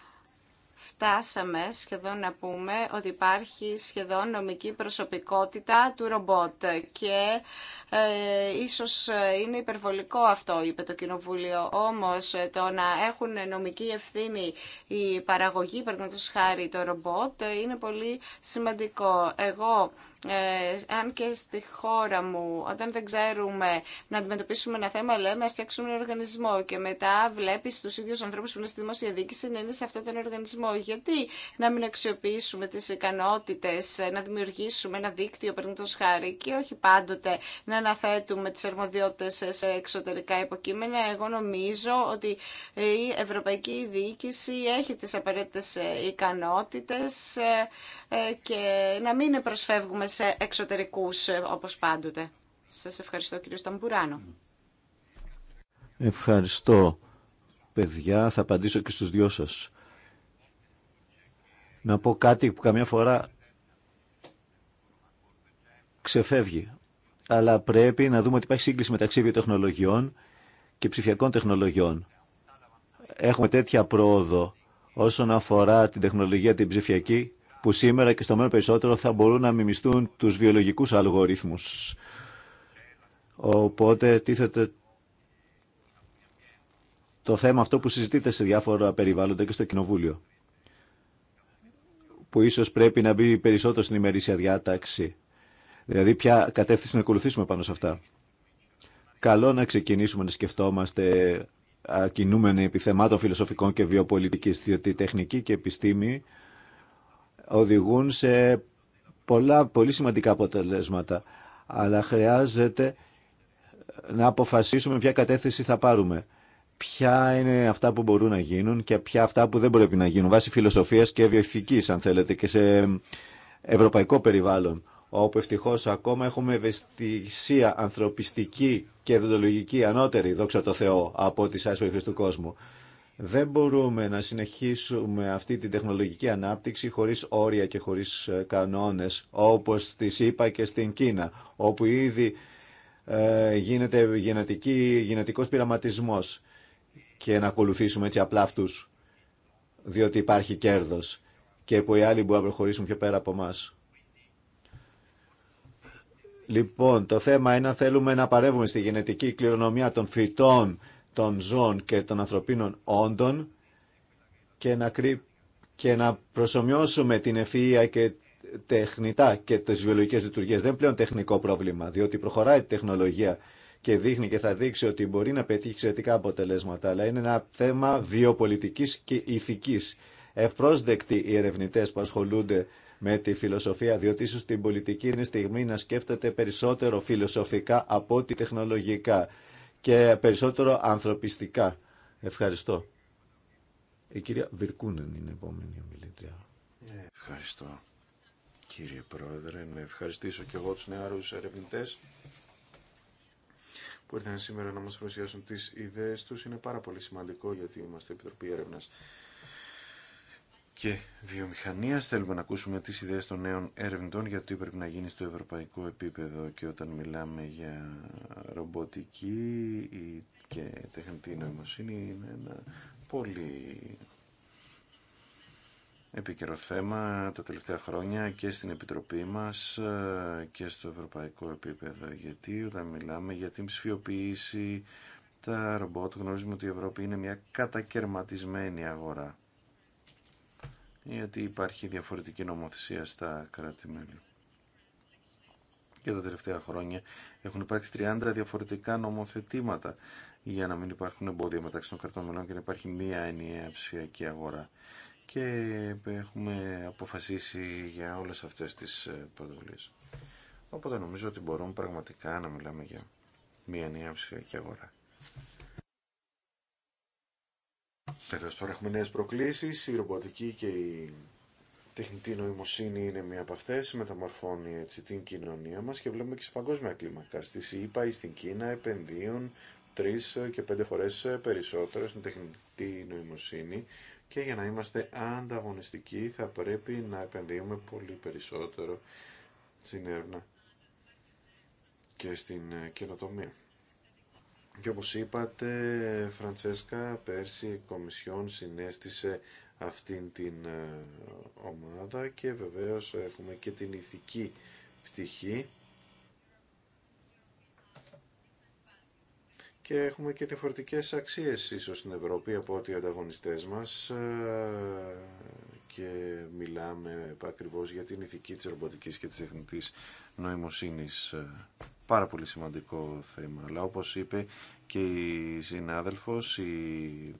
Speaker 1: φτάσαμε σχεδόν να πούμε ότι υπάρχει σχεδόν νομική προσωπικότητα του ρομπότ και ε, ίσως ε, είναι υπερβολικό αυτό, είπε το Κοινοβούλιο. Όμως ε, το να έχουν νομική ευθύνη η παραγωγή, παραδείγματος χάρη το ρομπότ, είναι πολύ σημαντικό. Εγώ αν και στη χώρα μου, όταν δεν ξέρουμε να αντιμετωπίσουμε ένα θέμα, λέμε να φτιάξουμε ένα οργανισμό και μετά βλέπεις τους ίδιους ανθρώπους που είναι στη δημόσια διοίκηση να είναι σε αυτόν τον οργανισμό. Γιατί να μην αξιοποιήσουμε τις ικανότητες, να δημιουργήσουμε ένα δίκτυο, παραδείγματος χάρη, και όχι πάντοτε να να αναθέτουμε τις αρμοδιότητες σε εξωτερικά υποκείμενα. Εγώ νομίζω ότι η Ευρωπαϊκή Διοίκηση έχει τις απαραίτητες ε, ικανότητες ε, ε, και να μην προσφεύγουμε σε εξωτερικούς όπως πάντοτε. Σας ευχαριστώ κύριο Σταμπουράνο.
Speaker 4: Ευχαριστώ. Παιδιά, θα απαντήσω και στους δυο σας. Να πω κάτι που καμιά φορά ξεφεύγει αλλά πρέπει να δούμε ότι υπάρχει σύγκληση μεταξύ βιοτεχνολογιών και ψηφιακών τεχνολογιών. Έχουμε τέτοια πρόοδο όσον αφορά την τεχνολογία την ψηφιακή, που σήμερα και στο μέλλον περισσότερο θα μπορούν να μιμιστούν τους βιολογικούς αλγορίθμους. Οπότε τίθεται το θέμα αυτό που συζητείτε σε διάφορα περιβάλλοντα και στο Κοινοβούλιο, που ίσως πρέπει να μπει περισσότερο στην ημερήσια διάταξη Δηλαδή ποια κατεύθυνση να ακολουθήσουμε πάνω σε αυτά. Καλό να ξεκινήσουμε να σκεφτόμαστε κινούμενοι θεμάτων φιλοσοφικών και βιοπολιτικής, διότι τεχνική και επιστήμη οδηγούν σε πολλά πολύ σημαντικά αποτελέσματα. Αλλά χρειάζεται να αποφασίσουμε ποια κατεύθυνση θα πάρουμε. Ποια είναι αυτά που μπορούν να γίνουν και ποια αυτά που δεν πρέπει να γίνουν βάσει φιλοσοφίας και βιοηθικής αν θέλετε και σε ευρωπαϊκό περιβάλλον όπου ευτυχώς ακόμα έχουμε ευαισθησία ανθρωπιστική και δοντολογική ανώτερη, δόξα τω Θεώ, από τις άσπρες του κόσμου. Δεν μπορούμε να συνεχίσουμε αυτή την τεχνολογική ανάπτυξη χωρίς όρια και χωρίς ε, κανόνες, όπως τις είπα και στην Κίνα, όπου ήδη ε, γίνεται γενετική, γενετικός πειραματισμός και να ακολουθήσουμε έτσι απλά αυτούς, διότι υπάρχει κέρδος και που οι άλλοι μπορούν να προχωρήσουν πιο πέρα από εμάς. Λοιπόν, το θέμα είναι αν θέλουμε να παρεύουμε στη γενετική κληρονομιά των φυτών, των ζώων και των ανθρωπίνων όντων και να, κρύ... και να προσωμιώσουμε την ευφυΐα και τεχνητά και τις βιολογικές λειτουργίες. Δεν πλέον τεχνικό πρόβλημα, διότι προχωράει η τεχνολογία και δείχνει και θα δείξει ότι μπορεί να πετύχει εξαιρετικά αποτελέσματα, αλλά είναι ένα θέμα βιοπολιτικής και ηθικής. Ευπρόσδεκτοι οι ερευνητές που ασχολούνται με τη φιλοσοφία, διότι ίσως την πολιτική είναι στιγμή να σκέφτεται περισσότερο φιλοσοφικά από ό,τι τεχνολογικά και περισσότερο ανθρωπιστικά. Ευχαριστώ. Η κυρία Βυρκούνεν είναι η επόμενη ομιλήτρια.
Speaker 2: Ευχαριστώ κύριε Πρόεδρε, ευχαριστήσω και εγώ τους νεαρούς ερευνητές που ήρθαν σήμερα να μας παρουσιάσουν τις ιδέες τους. Είναι πάρα πολύ σημαντικό γιατί είμαστε Επιτροπή Έρευνας και βιομηχανία. Θέλουμε να ακούσουμε τι ιδέε των νέων ερευνητών για το τι πρέπει να γίνει στο ευρωπαϊκό επίπεδο και όταν μιλάμε για ρομποτική και τεχνητή νοημοσύνη είναι ένα πολύ επίκαιρο θέμα τα τελευταία χρόνια και στην Επιτροπή μας και στο ευρωπαϊκό επίπεδο γιατί όταν μιλάμε για την ψηφιοποίηση τα ρομπότ γνωρίζουμε ότι η Ευρώπη είναι μια κατακαιρματισμένη αγορά γιατί υπάρχει διαφορετική νομοθεσία στα κράτη-μέλη. Και τα τελευταία χρόνια έχουν υπάρξει 30 διαφορετικά νομοθετήματα για να μην υπάρχουν εμπόδια μεταξύ των κρατών μελών και να υπάρχει μία ενιαία ψηφιακή αγορά. Και έχουμε αποφασίσει για όλες αυτές τις ε, πρωτοβουλίες. Οπότε νομίζω ότι μπορούμε πραγματικά να μιλάμε για μία ενιαία ψηφιακή αγορά. Βέβαια, τώρα έχουμε νέες προκλήσεις, η ρομποτική και η τεχνητή νοημοσύνη είναι μία από αυτές, μεταμορφώνει έτσι την κοινωνία μας και βλέπουμε και σε παγκόσμια κλίμακα. Στη ΣΥΠΑ ή στην Κίνα επενδύουν τρει και πέντε φορές περισσότερο στην τεχνητή νοημοσύνη και για να είμαστε ανταγωνιστικοί θα πρέπει να επενδύουμε πολύ περισσότερο στην έρευνα και στην καινοτομία. Και όπως είπατε, Φραντσέσκα, πέρσι η Κομισιόν συνέστησε αυτήν την ε, ομάδα και βεβαίως έχουμε και την ηθική πτυχή και έχουμε και διαφορετικές αξίες ίσως στην Ευρώπη από ότι οι ανταγωνιστές μας ε, και μιλάμε ακριβώς για την ηθική της ρομποτικής και της τεχνητής νοημοσύνης. Ε, πάρα πολύ σημαντικό θέμα. Αλλά όπως είπε και η συνάδελφος, η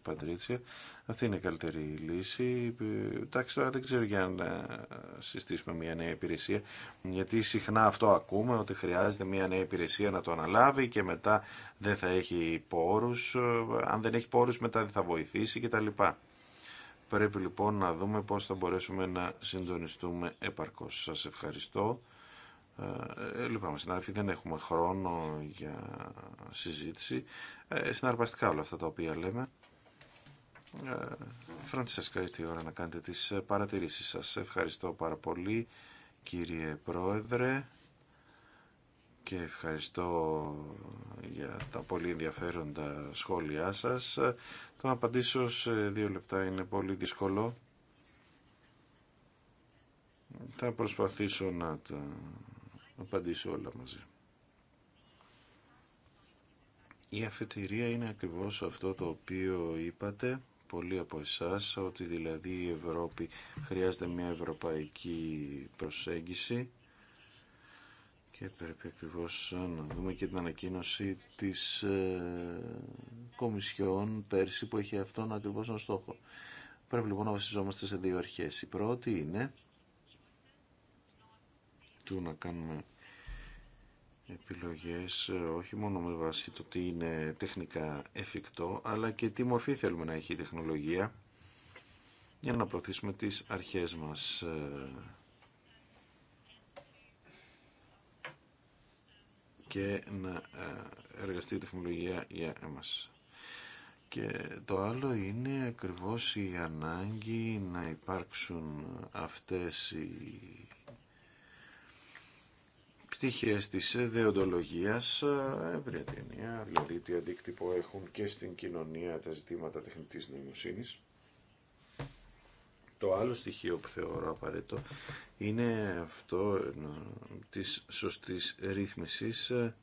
Speaker 2: Πατρίτσια, αυτή είναι η καλύτερη λύση. Ε, εντάξει, τώρα δεν ξέρω για να συστήσουμε μια νέα υπηρεσία, γιατί συχνά αυτό ακούμε, ότι χρειάζεται μια νέα υπηρεσία να το αναλάβει και μετά δεν θα έχει πόρους. Ε, αν δεν έχει πόρους μετά δεν θα βοηθήσει κτλ. Πρέπει λοιπόν να δούμε πώς θα μπορέσουμε να συντονιστούμε επαρκώς. Σας ευχαριστώ. Ε, ε, λυπάμαι συνάδελφοι, δεν έχουμε χρόνο για συζήτηση. Ε, συναρπαστικά όλα αυτά τα οποία λέμε. Ε, Φραντσέσκα, ήρθε η ώρα να κάνετε τις παρατηρήσεις σας. Ευχαριστώ πάρα πολύ κύριε Πρόεδρε και ευχαριστώ για τα πολύ ενδιαφέροντα σχόλιά σας. Το να απαντήσω σε δύο λεπτά είναι πολύ δύσκολο. Θα προσπαθήσω να το απαντήσω όλα μαζί. Η αφετηρία είναι ακριβώς αυτό το οποίο είπατε πολλοί από εσάς, ότι δηλαδή η Ευρώπη χρειάζεται μια ευρωπαϊκή προσέγγιση και πρέπει ακριβώς να δούμε και την ανακοίνωση της ε, Κομισιόν πέρσι που έχει αυτόν ακριβώς τον στόχο. Πρέπει λοιπόν να βασιζόμαστε σε δύο αρχές. Η πρώτη είναι να κάνουμε επιλογές ε, όχι μόνο με βάση το τι είναι τεχνικά εφικτό αλλά και τι μορφή θέλουμε να έχει η τεχνολογία για να προωθήσουμε τις αρχές μας. Ε, και να ε, εργαστεί η τεχνολογία για εμάς. Και το άλλο είναι ακριβώς η ανάγκη να υπάρξουν αυτές οι στοιχείες της δεοντολογίας ευρία ταινία, δηλαδή τι αντίκτυπο έχουν και στην κοινωνία τα ζητήματα τεχνητής νοημοσύνης. Το άλλο στοιχείο που θεωρώ απαραίτητο είναι αυτό ε, της σωστής ρύθμισης ε,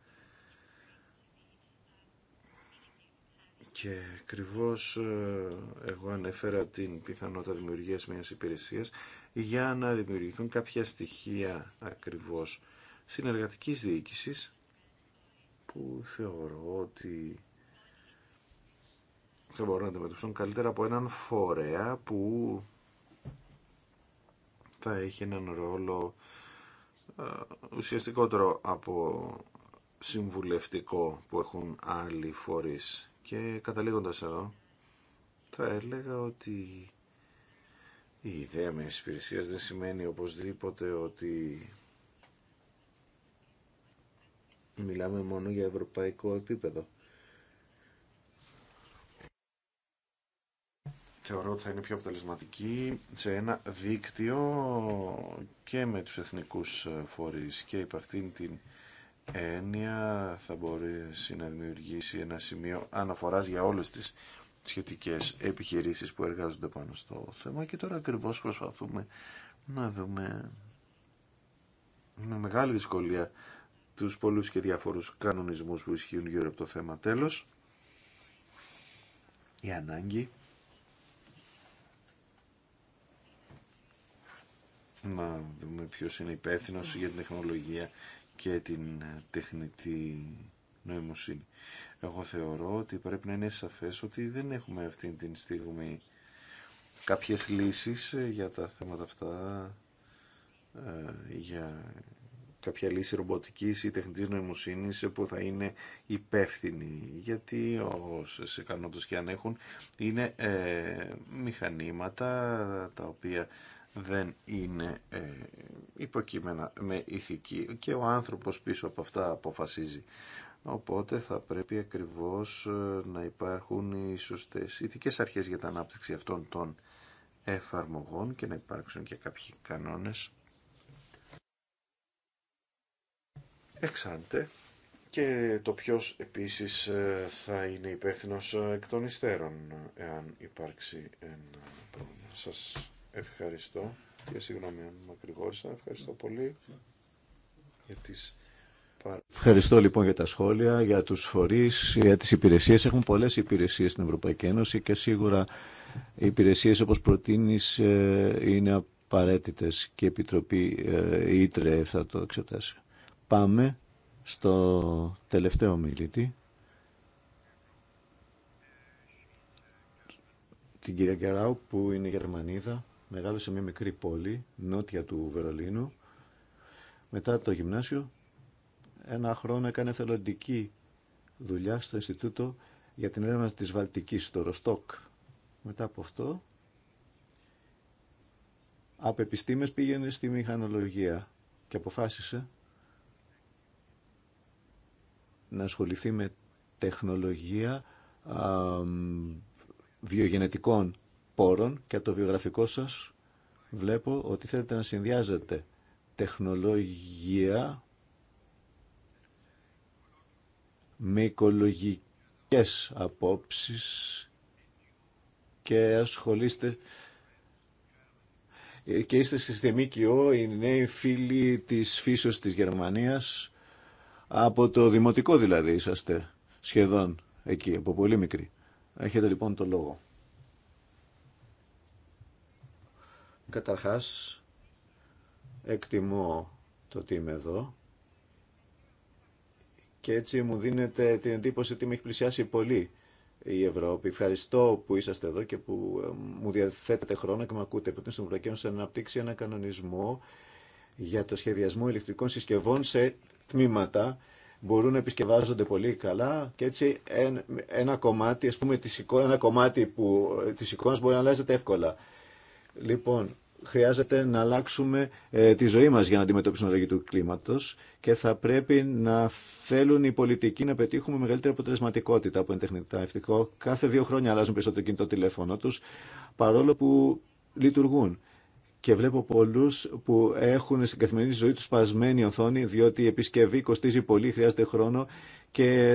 Speaker 2: και ακριβώ ε, εγώ ανέφερα την πιθανότητα δημιουργίας μιας υπηρεσίας για να δημιουργηθούν κάποια στοιχεία ακριβώς συνεργατικής διοίκησης που θεωρώ ότι θα μπορούν να αντιμετωπιστούν καλύτερα από έναν φορέα που θα έχει έναν ρόλο ε, ουσιαστικότερο από συμβουλευτικό που έχουν άλλοι φορείς. Και καταλήγοντας εδώ, θα έλεγα ότι η ιδέα μιας υπηρεσίας δεν σημαίνει οπωσδήποτε ότι Μιλάμε μόνο για ευρωπαϊκό επίπεδο. Θεωρώ ότι θα είναι πιο αποτελεσματική σε ένα δίκτυο και με τους εθνικούς φορείς και υπ' αυτήν την έννοια θα μπορέσει να δημιουργήσει ένα σημείο αναφοράς για όλες τις σχετικές επιχειρήσεις που εργάζονται πάνω στο θέμα και τώρα ακριβώς προσπαθούμε να δούμε με μεγάλη δυσκολία τους πολλούς και διάφορους κανονισμούς που ισχύουν γύρω από το θέμα. Τέλος, η ανάγκη να δούμε ποιος είναι υπεύθυνο για την τεχνολογία και την ε, τεχνητή νοημοσύνη. Εγώ θεωρώ ότι πρέπει να είναι σαφές ότι δεν έχουμε αυτή την στιγμή κάποιες λύσεις ε, για τα θέματα αυτά ε, για κάποια λύση ρομποτικής ή τεχνητής νοημοσύνης που θα είναι υπεύθυνη γιατί όσες ικανότητες και αν έχουν είναι ε, μηχανήματα τα οποία δεν είναι ε, υποκείμενα με ηθική και ο άνθρωπος πίσω από αυτά αποφασίζει. Οπότε θα πρέπει ακριβώς ε, να υπάρχουν οι σωστές ηθικές αρχές για την ανάπτυξη αυτών των εφαρμογών και να υπάρξουν και κάποιοι κανόνες εξάντε και το ποιος επίσης ε, θα είναι υπεύθυνο ε, εκ των υστέρων εάν υπάρξει ένα πρόβλημα. Σας ευχαριστώ και συγγνώμη αν μακρηγόρησα. Ευχαριστώ πολύ για τις
Speaker 4: Ευχαριστώ λοιπόν για τα σχόλια, για τους φορείς, για τις υπηρεσίες. Έχουν πολλές υπηρεσίες στην Ευρωπαϊκή Ένωση και σίγουρα οι υπηρεσίες όπως προτείνεις ε, είναι απαραίτητες και η Επιτροπή Ήτρε θα το εξετάσει. Πάμε στο τελευταίο μιλήτη. Την κυρία Γκεράου που είναι Γερμανίδα, μεγάλωσε σε μια μικρή πόλη, νότια του Βερολίνου. Μετά το γυμνάσιο, ένα χρόνο έκανε θελοντική δουλειά στο Ινστιτούτο για την έρευνα της Βαλτικής, στο Ροστόκ. Μετά από αυτό, από επιστήμες πήγαινε στη μηχανολογία και αποφάσισε να ασχοληθεί με τεχνολογία βιογενετικών πόρων και από το βιογραφικό σας βλέπω ότι θέλετε να συνδυάζετε τεχνολογία με οικολογικές απόψεις και ασχολείστε ε, και είστε στη ΜΚΟ, οι νέοι φίλοι της φύσεως της Γερμανίας από το δημοτικό δηλαδή είσαστε σχεδόν εκεί, από πολύ μικρή. Έχετε λοιπόν το λόγο. Καταρχάς, εκτιμώ το ότι είμαι εδώ και έτσι μου δίνεται την εντύπωση ότι με έχει πλησιάσει πολύ η Ευρώπη. Ευχαριστώ που είσαστε εδώ και που ε, μου διαθέτετε χρόνο και με ακούτε. Πρέπει στην Ευρωπαϊκή Ένωση να αναπτύξει ένα κανονισμό για το σχεδιασμό ηλεκτρικών συσκευών σε τμήματα μπορούν να επισκευάζονται πολύ καλά και έτσι ένα κομμάτι, ας πούμε, της εικόνα, κομμάτι που, της εικόνας μπορεί να αλλάζεται εύκολα. Λοιπόν, χρειάζεται να αλλάξουμε ε, τη ζωή μας για να αντιμετωπίσουμε αλλαγή του κλίματος και θα πρέπει να θέλουν οι πολιτικοί να πετύχουμε μεγαλύτερη αποτελεσματικότητα από είναι τεχνητά Κάθε δύο χρόνια αλλάζουν περισσότερο κινητό τηλέφωνο τους, παρόλο που λειτουργούν και βλέπω πολλού που έχουν στην καθημερινή ζωή του σπασμένη οθόνη διότι η επισκευή κοστίζει πολύ, χρειάζεται χρόνο και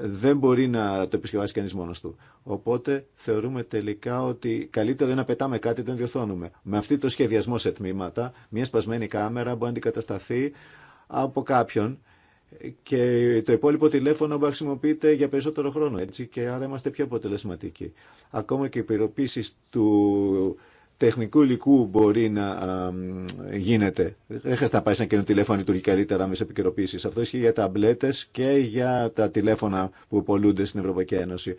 Speaker 4: δεν μπορεί να το επισκευάσει κανεί μόνο του. Οπότε θεωρούμε τελικά ότι καλύτερο είναι να πετάμε κάτι να διορθώνουμε. Με αυτή το σχεδιασμό σε τμήματα, μια σπασμένη κάμερα μπορεί να αντικατασταθεί από κάποιον και το υπόλοιπο τηλέφωνο που χρησιμοποιείται για περισσότερο χρόνο. Έτσι και άρα είμαστε πιο αποτελεσματικοί. Ακόμα και οι του τεχνικού υλικού μπορεί να α, γίνεται. Δεν χρειάζεται να πάει σε ένα καινούριο τηλέφωνο, λειτουργεί καλύτερα μέσα επικαιροποίηση. Αυτό ισχύει για ταμπλέτε και για τα τηλέφωνα που πολλούνται στην Ευρωπαϊκή Ένωση.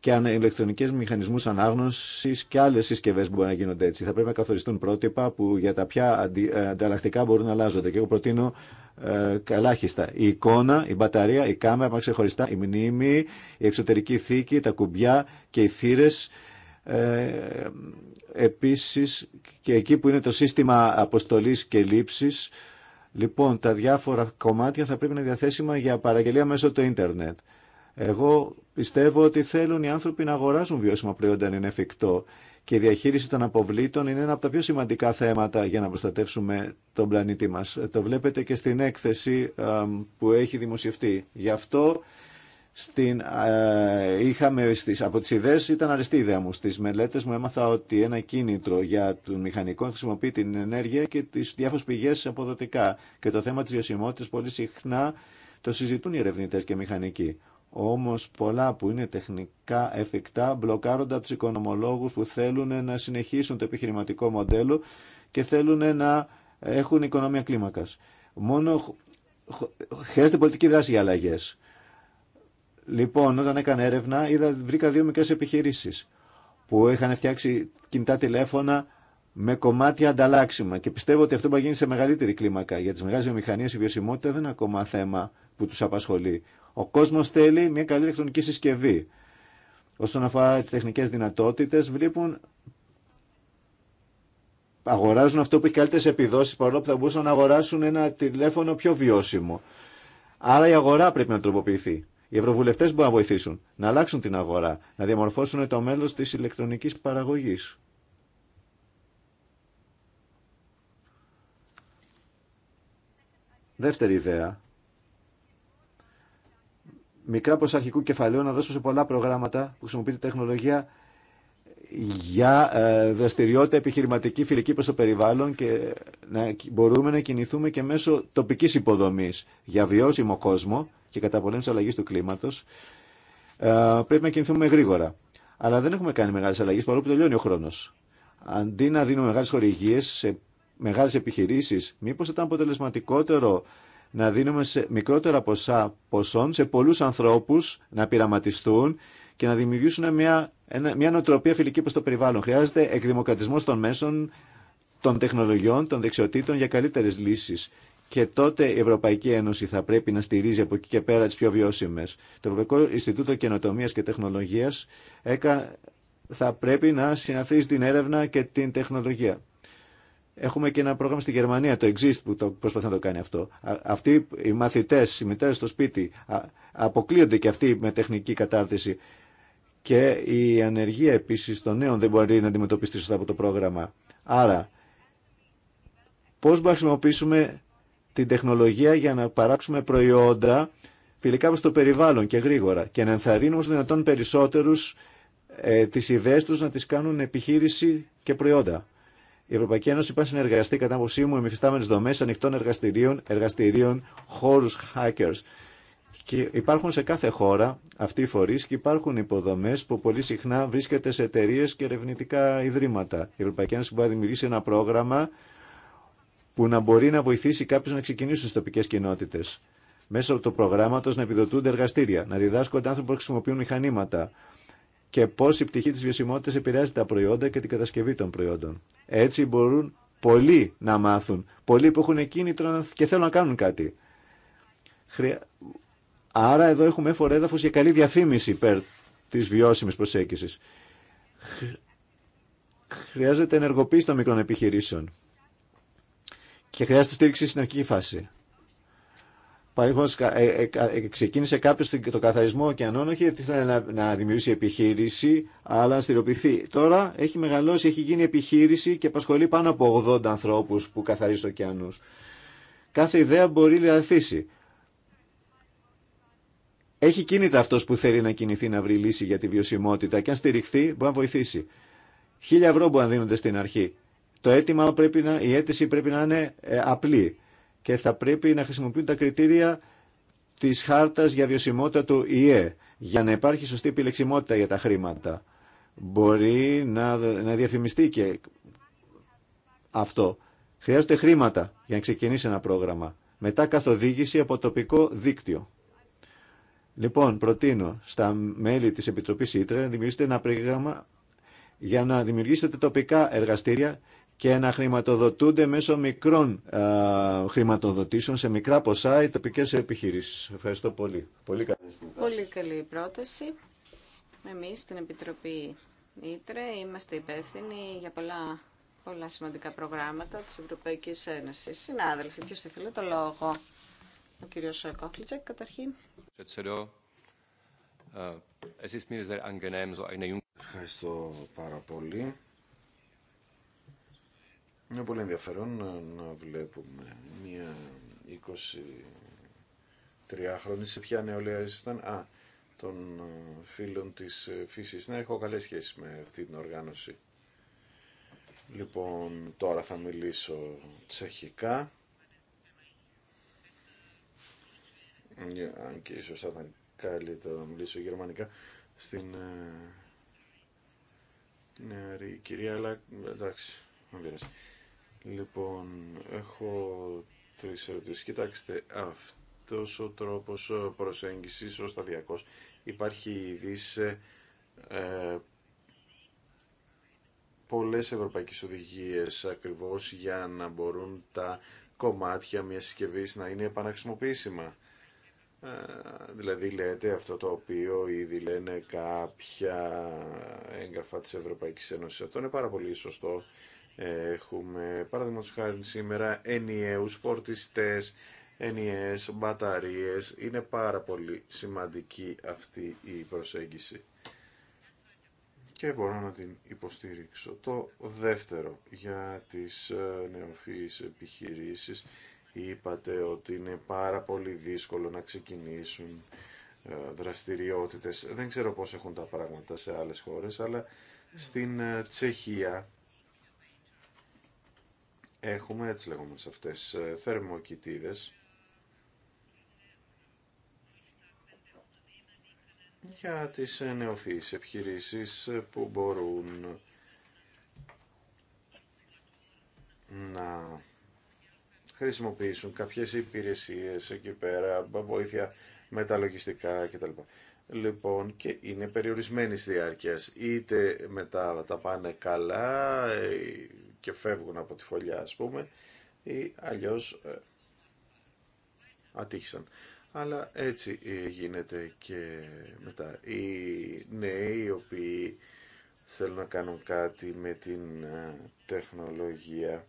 Speaker 4: Και αν ηλεκτρονικέ μηχανισμού ανάγνωση και άλλε συσκευέ μπορούν μπορεί να γίνονται έτσι. Θα πρέπει να καθοριστούν πρότυπα που για τα πια ε, ανταλλακτικά μπορούν να αλλάζονται. Και εγώ προτείνω ε, καλάχιστα. Η εικόνα, η μπαταρία, η κάμερα, ξεχωριστά, η μνήμη, η εξωτερική θήκη, τα κουμπιά και οι θύρε ε, επίσης και εκεί που είναι το σύστημα αποστολής και λήψης, λοιπόν τα διάφορα κομμάτια θα πρέπει να είναι διαθέσιμα για παραγγελία μέσω του ίντερνετ. Εγώ πιστεύω ότι θέλουν οι άνθρωποι να αγοράζουν βιώσιμα προϊόντα αν είναι εφικτό και η διαχείριση των αποβλήτων είναι ένα από τα πιο σημαντικά θέματα για να προστατεύσουμε τον πλανήτη μας. Το βλέπετε και στην έκθεση ε, που έχει δημοσιευτεί. Γι' αυτό στην, ε, είχαμε από τις ιδέες ήταν αριστή ιδέα μου. Στις μελέτες μου έμαθα ότι ένα κίνητρο για τον μηχανικό χρησιμοποιεί την ενέργεια και τις διάφορες πηγές αποδοτικά. Και το θέμα της βιωσιμότητας πολύ συχνά το συζητούν οι ερευνητέ και οι μηχανικοί. Όμως πολλά που είναι τεχνικά εφικτά μπλοκάρονται από τους οικονομολόγους που θέλουν να συνεχίσουν το επιχειρηματικό μοντέλο και θέλουν να έχουν οικονομία κλίμακας. Μόνο χρειάζεται πολιτική δράση για αλλαγές Λοιπόν, όταν έκανα έρευνα, είδα, βρήκα δύο μικρές επιχειρήσεις που είχαν φτιάξει κινητά τηλέφωνα με κομμάτια ανταλλάξιμα. Και πιστεύω ότι αυτό μπορεί να γίνει σε μεγαλύτερη κλίμακα. Για τι μεγάλε βιομηχανίε η βιωσιμότητα δεν είναι ακόμα θέμα που του απασχολεί. Ο κόσμο θέλει μια καλή ηλεκτρονική συσκευή. Όσον αφορά τι τεχνικέ δυνατότητε, βλέπουν. Αγοράζουν αυτό που έχει καλύτερε επιδόσει παρόλο που θα μπορούσαν να αγοράσουν ένα τηλέφωνο πιο βιώσιμο. Άρα η αγορά πρέπει να τροποποιηθεί. Οι ευρωβουλευτέ μπορούν να βοηθήσουν να αλλάξουν την αγορά, να διαμορφώσουν το μέλο τη ηλεκτρονική παραγωγή. Δεύτερη ιδέα. Μικρά προσαρχικού κεφαλαίου να δώσουν σε πολλά προγράμματα που χρησιμοποιείται τεχνολογία για ε, δραστηριότητα επιχειρηματική φιλική προς το περιβάλλον και να μπορούμε να κινηθούμε και μέσω τοπικής υποδομής για βιώσιμο κόσμο και καταπολέμηση αλλαγή του κλίματο, ε, πρέπει να κινηθούμε γρήγορα. Αλλά δεν έχουμε κάνει μεγάλε αλλαγέ παρόλο που τελειώνει ο χρόνο. Αντί να δίνουμε μεγάλε χορηγίε σε μεγάλε επιχειρήσει, μήπω ήταν αποτελεσματικότερο να δίνουμε σε μικρότερα ποσά ποσών σε πολλού ανθρώπου να πειραματιστούν και να δημιουργήσουν μια, μια νοοτροπία φιλική προ το περιβάλλον. Χρειάζεται εκδημοκρατισμό των μέσων, των τεχνολογιών, των δεξιοτήτων για καλύτερε λύσει και τότε η Ευρωπαϊκή Ένωση θα πρέπει να στηρίζει από εκεί και πέρα τι πιο βιώσιμε, Το Ευρωπαϊκό Ινστιτούτο Καινοτομίας και Τεχνολογία θα πρέπει να συναθρίζει την έρευνα και την τεχνολογία. Έχουμε και ένα πρόγραμμα στη Γερμανία, το Exist, που το προσπαθεί να το κάνει αυτό. Αυτοί οι μαθητέ οι μητέρε στο σπίτι, αποκλείονται και αυτοί με τεχνική κατάρτιση. Και η ανεργία επίση των νέων δεν μπορεί να αντιμετωπιστεί σωστά από το πρόγραμμα. Άρα, πώ μπορούμε να χρησιμοποιήσουμε την τεχνολογία για να παράξουμε προϊόντα φιλικά προς το περιβάλλον και γρήγορα και να ενθαρρύνουμε όσο δυνατόν περισσότερους ε, τις ιδέες τους να τις κάνουν επιχείρηση και προϊόντα. Η Ευρωπαϊκή Ένωση πάει συνεργαστεί κατά άποψή μου με φυστάμενες δομές ανοιχτών εργαστηρίων, εργαστηρίων, χώρους hackers. Και υπάρχουν σε κάθε χώρα αυτοί οι φορεί και υπάρχουν υποδομέ που πολύ συχνά βρίσκεται σε εταιρείε και ερευνητικά ιδρύματα. Η Ευρωπαϊκή Ένωση μπορεί να δημιουργήσει ένα πρόγραμμα που να μπορεί να βοηθήσει κάποιου να ξεκινήσουν στι τοπικέ κοινότητε. Μέσω του προγράμματο να επιδοτούνται εργαστήρια, να διδάσκονται άνθρωποι που χρησιμοποιούν μηχανήματα και πώ η πτυχή τη βιωσιμότητα επηρεάζει τα προϊόντα και την κατασκευή των προϊόντων. Έτσι μπορούν πολλοί να μάθουν, πολλοί που έχουν κίνητρο και θέλουν να κάνουν κάτι. Άρα εδώ έχουμε έφορο έδαφο για καλή διαφήμιση υπέρ τη βιώσιμη προσέγγιση. Χρειάζεται ενεργοποίηση των μικρών επιχειρήσεων και χρειάζεται στήριξη στην αρχική φάση. Παραδείγματο, ε, ε, ε, ξεκίνησε κάποιο το καθαρισμό και αν όχι, ήθελε να, να δημιουργήσει επιχείρηση, αλλά να στηριοποιηθεί. Τώρα έχει μεγαλώσει, έχει γίνει επιχείρηση και απασχολεί πάνω από 80 ανθρώπου που καθαρίζουν ωκεανού. Κάθε ιδέα μπορεί να λυθεί. Έχει κίνητα αυτό που θέλει να κινηθεί να βρει λύση για τη βιωσιμότητα και αν στηριχθεί μπορεί να βοηθήσει. Χίλια ευρώ μπορεί να δίνονται στην αρχή το αίτημα να, η αίτηση πρέπει να είναι ε, απλή και θα πρέπει να χρησιμοποιούν τα κριτήρια της χάρτας για βιωσιμότητα του ΙΕ για να υπάρχει σωστή επιλεξιμότητα για τα χρήματα. Μπορεί να, να διαφημιστεί και αυτό. Χρειάζονται χρήματα για να ξεκινήσει ένα πρόγραμμα. Μετά καθοδήγηση από τοπικό δίκτυο. Λοιπόν, προτείνω στα μέλη της Επιτροπής Ήτρε να δημιουργήσετε ένα πρόγραμμα για να δημιουργήσετε τοπικά εργαστήρια και να χρηματοδοτούνται μέσω μικρών χρηματοδοτήσεων σε μικρά ποσά οι τοπικές επιχειρήσεις. Ευχαριστώ πολύ. Πολύ καλή,
Speaker 1: πολύ καλή πρόταση. Εμείς στην Επιτροπή Ήτρε είμαστε υπεύθυνοι για πολλά, πολλά σημαντικά προγράμματα της Ευρωπαϊκής Ένωσης. Συνάδελφοι, ποιος θα ήθελε το λόγο. Ο κύριος Κόχλιτσεκ, καταρχήν.
Speaker 3: Ε, ε, Ευχαριστώ πάρα
Speaker 2: πολύ. Είναι πολύ ενδιαφέρον να βλέπουμε μια 23 χρόνια σε ποια νεολαία ήσασταν. Α, των ε, φίλων της ε, φύσης. Ναι, έχω καλές σχέσεις με αυτή την οργάνωση. Λοιπόν, τώρα θα μιλήσω τσεχικά. Αν και ίσως θα ήταν καλύτερο να μιλήσω γερμανικά στην ε, νεαρή κυρία, αλλά εντάξει, δεν Λοιπόν, έχω τρει ερωτήσει. Κοιτάξτε, αυτός ο τρόπος προσέγγισης, ο σταδιακό υπάρχει ήδη σε ε, πολλές ευρωπαϊκές οδηγίες ακριβώς για να μπορούν τα κομμάτια μιας συσκευή να είναι επαναχρησιμοποιήσιμα. Ε, δηλαδή λέτε αυτό το οποίο ήδη λένε κάποια έγγραφα της Ευρωπαϊκής Ένωσης. Αυτό είναι πάρα πολύ σωστό Έχουμε παραδείγματο χάρη σήμερα ενιαίου φορτιστέ, ενιαίε μπαταρίε, Είναι πάρα πολύ σημαντική αυτή η προσέγγιση και μπορώ να την υποστηρίξω. Το δεύτερο για τις ε, νεοφυείς επιχειρήσεις είπατε ότι είναι πάρα πολύ δύσκολο να ξεκινήσουν ε, δραστηριότητες. Δεν ξέρω πώς έχουν τα πράγματα σε άλλες χώρες, αλλά στην ε, Τσεχία έχουμε έτσι σε αυτές ε, θερμοκοιτίδες για τις ε, νεοφυείς επιχειρήσεις ε, που μπορούν να χρησιμοποιήσουν κάποιες υπηρεσίες εκεί πέρα, βοήθεια με τα λογιστικά κτλ. Λοιπόν, και είναι περιορισμένη διάρκεια. Είτε μετά τα πάνε καλά, και φεύγουν από τη φωλιά ας πούμε ή αλλιώς ε, ατύχησαν. Αλλά έτσι γίνεται και μετά. Οι νέοι οι οποίοι θέλουν να κάνουν κάτι με την ε, τεχνολογία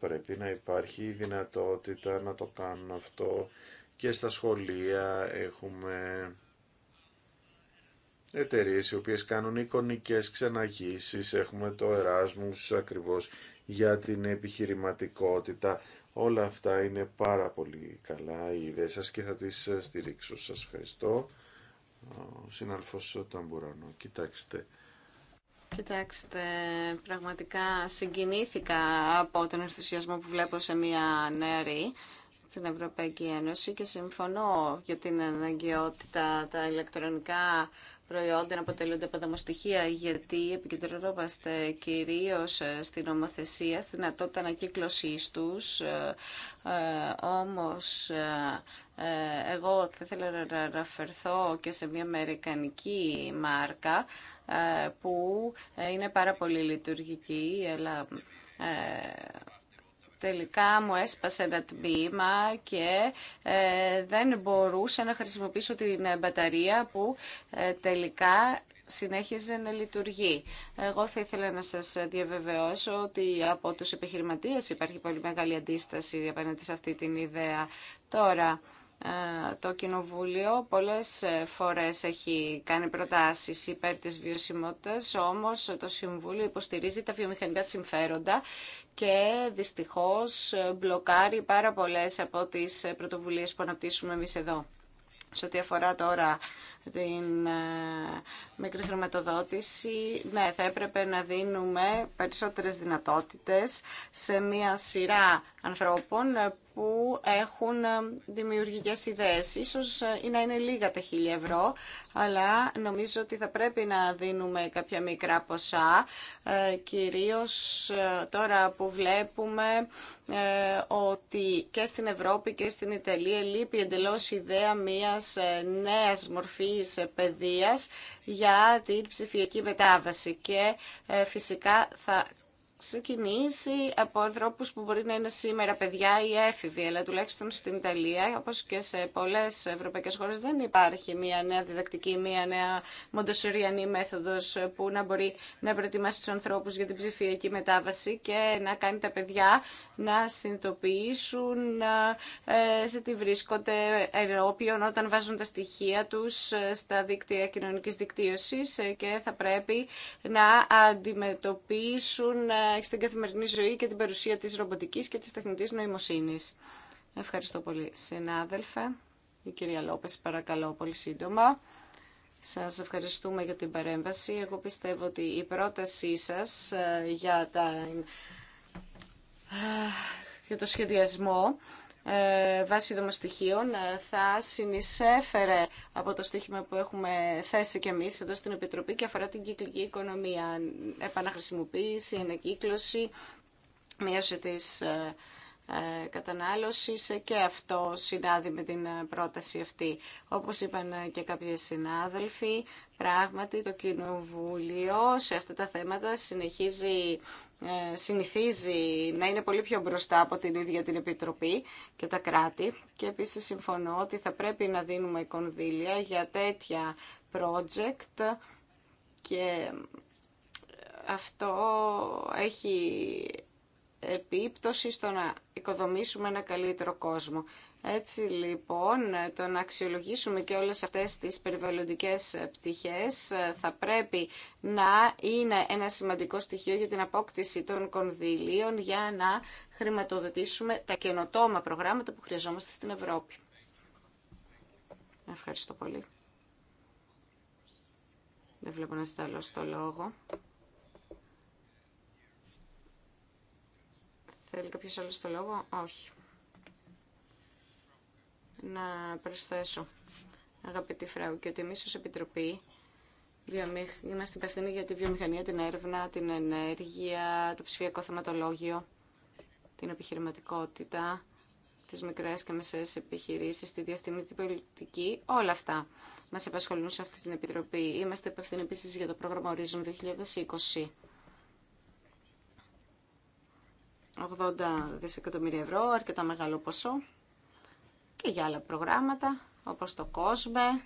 Speaker 2: πρέπει να υπάρχει η δυνατότητα να το κάνουν αυτό και στα σχολεία έχουμε εταιρείες οι οποίες κάνουν εικονικές ξεναγήσεις, έχουμε το Εράσμους ακριβώς για την επιχειρηματικότητα. Όλα αυτά είναι πάρα πολύ καλά οι ιδέες σας και θα τις στηρίξω. Σας ευχαριστώ. Ο συναλφός Ταμπουρανό, κοιτάξτε.
Speaker 1: Κοιτάξτε, πραγματικά συγκινήθηκα από τον ενθουσιασμό που βλέπω σε μία νέρη στην Ευρωπαϊκή Ένωση και συμφωνώ για την αναγκαιότητα τα ηλεκτρονικά προϊόντα να αποτελούνται από δομοστοιχεία, γιατί επικεντρωνόμαστε κυρίως ε, στην ομοθεσία, στην δυνατότητα ανακύκλωσή τους, ε, ε, όμως εγώ θα ήθελα να αναφερθώ και σε μια αμερικανική μάρκα που είναι πάρα πολύ λειτουργική, αλλά τελικά μου έσπασε ένα τμήμα και ε, δεν μπορούσα να χρησιμοποιήσω την ε, μπαταρία που ε, τελικά συνέχιζε να λειτουργεί. Εγώ θα ήθελα να σας διαβεβαιώσω ότι από τους επιχειρηματίες υπάρχει πολύ μεγάλη αντίσταση απέναντι σε αυτή την ιδέα. Τώρα, το Κοινοβούλιο πολλές ε, φορές έχει κάνει προτάσεις υπέρ της βιωσιμότητας, όμως το Συμβούλιο υποστηρίζει τα βιομηχανικά συμφέροντα και δυστυχώς ε, μπλοκάρει πάρα πολλές από τις ε, πρωτοβουλίες που αναπτύσσουμε εμείς εδώ. Σε ό,τι αφορά τώρα την μικρή χρηματοδότηση, ναι, θα έπρεπε να δίνουμε περισσότερες δυνατότητες σε μία σειρά ανθρώπων που έχουν ε, δημιουργικές ιδέες. Ίσως ε, να είναι λίγα τα χίλια ευρώ, αλλά νομίζω ότι θα πρέπει να δίνουμε κάποια μικρά ποσά, ε, κυρίως τώρα που βλέπουμε ότι και στην Ευρώπη και στην Ιταλία λείπει εντελώς ιδέα μιας νέας μορφής παιδείας για την ψηφιακή μετάβαση και φυσικά θα ξεκινήσει από ανθρώπου που μπορεί να είναι σήμερα παιδιά ή έφηβοι, αλλά τουλάχιστον στην Ιταλία, όπω και σε πολλέ ευρωπαϊκέ χώρε, δεν υπάρχει μια νέα διδακτική, μια νέα μοντοσοριανή μέθοδο που να μπορεί να προετοιμάσει του ανθρώπου για την ψηφιακή μετάβαση και να κάνει τα παιδιά να συνειδητοποιήσουν ε, σε τι βρίσκονται ενώπιον όταν βάζουν τα στοιχεία του ε, στα δίκτυα κοινωνική δικτύωση ε, και θα πρέπει να αντιμετωπίσουν στην καθημερινή ζωή και την παρουσία της ρομποτικής και της τεχνητής νοημοσύνης. Ευχαριστώ πολύ, συνάδελφε. Η κυρία Λόπες, παρακαλώ, πολύ σύντομα. Σας ευχαριστούμε για την παρέμβαση. Εγώ πιστεύω ότι η πρότασή σας ε, για, τα... Ε, για το σχεδιασμό ε, βάση δομοστοιχείων ε, θα συνεισέφερε από το στοίχημα που έχουμε θέσει και εμείς εδώ στην Επιτροπή και αφορά την κυκλική οικονομία, επαναχρησιμοποίηση, ανακύκλωση, μείωση της ε, ε, κατανάλωσης και αυτό συνάδει με την ε, πρόταση αυτή. Όπως είπαν ε, και κάποιοι συνάδελφοι, πράγματι το Κοινοβούλιο σε αυτά τα θέματα συνεχίζει συνηθίζει να είναι πολύ πιο μπροστά από την ίδια την Επιτροπή και τα κράτη και επίσης συμφωνώ ότι θα πρέπει να δίνουμε κονδύλια για τέτοια project και αυτό έχει επίπτωση στο να οικοδομήσουμε ένα καλύτερο κόσμο. Έτσι λοιπόν, το να αξιολογήσουμε και όλες αυτές τις περιβαλλοντικές πτυχές ε, θα πρέπει να είναι ένα σημαντικό στοιχείο για την απόκτηση των κονδυλίων για να χρηματοδοτήσουμε τα καινοτόμα προγράμματα που χρειαζόμαστε στην Ευρώπη. Ευχαριστώ πολύ. Δεν βλέπω να σταλώ στο λόγο. Θέλει κάποιος άλλος το λόγο. Όχι. Να προσθέσω, αγαπητή Φράου, και ότι εμείς ως Επιτροπή είμαστε υπευθυνοί για τη βιομηχανία, την έρευνα, την ενέργεια, το ψηφιακό θεματολόγιο, την επιχειρηματικότητα, τις μικρές και μεσαίες επιχειρήσεις, τη διαστημική πολιτική, όλα αυτά μας απασχολούν σε αυτή την Επιτροπή. Είμαστε υπευθυνοί επίσης για το πρόγραμμα Horizon 2020 80 δισεκατομμύρια ευρώ, αρκετά μεγάλο ποσό και για άλλα προγράμματα όπως το COSME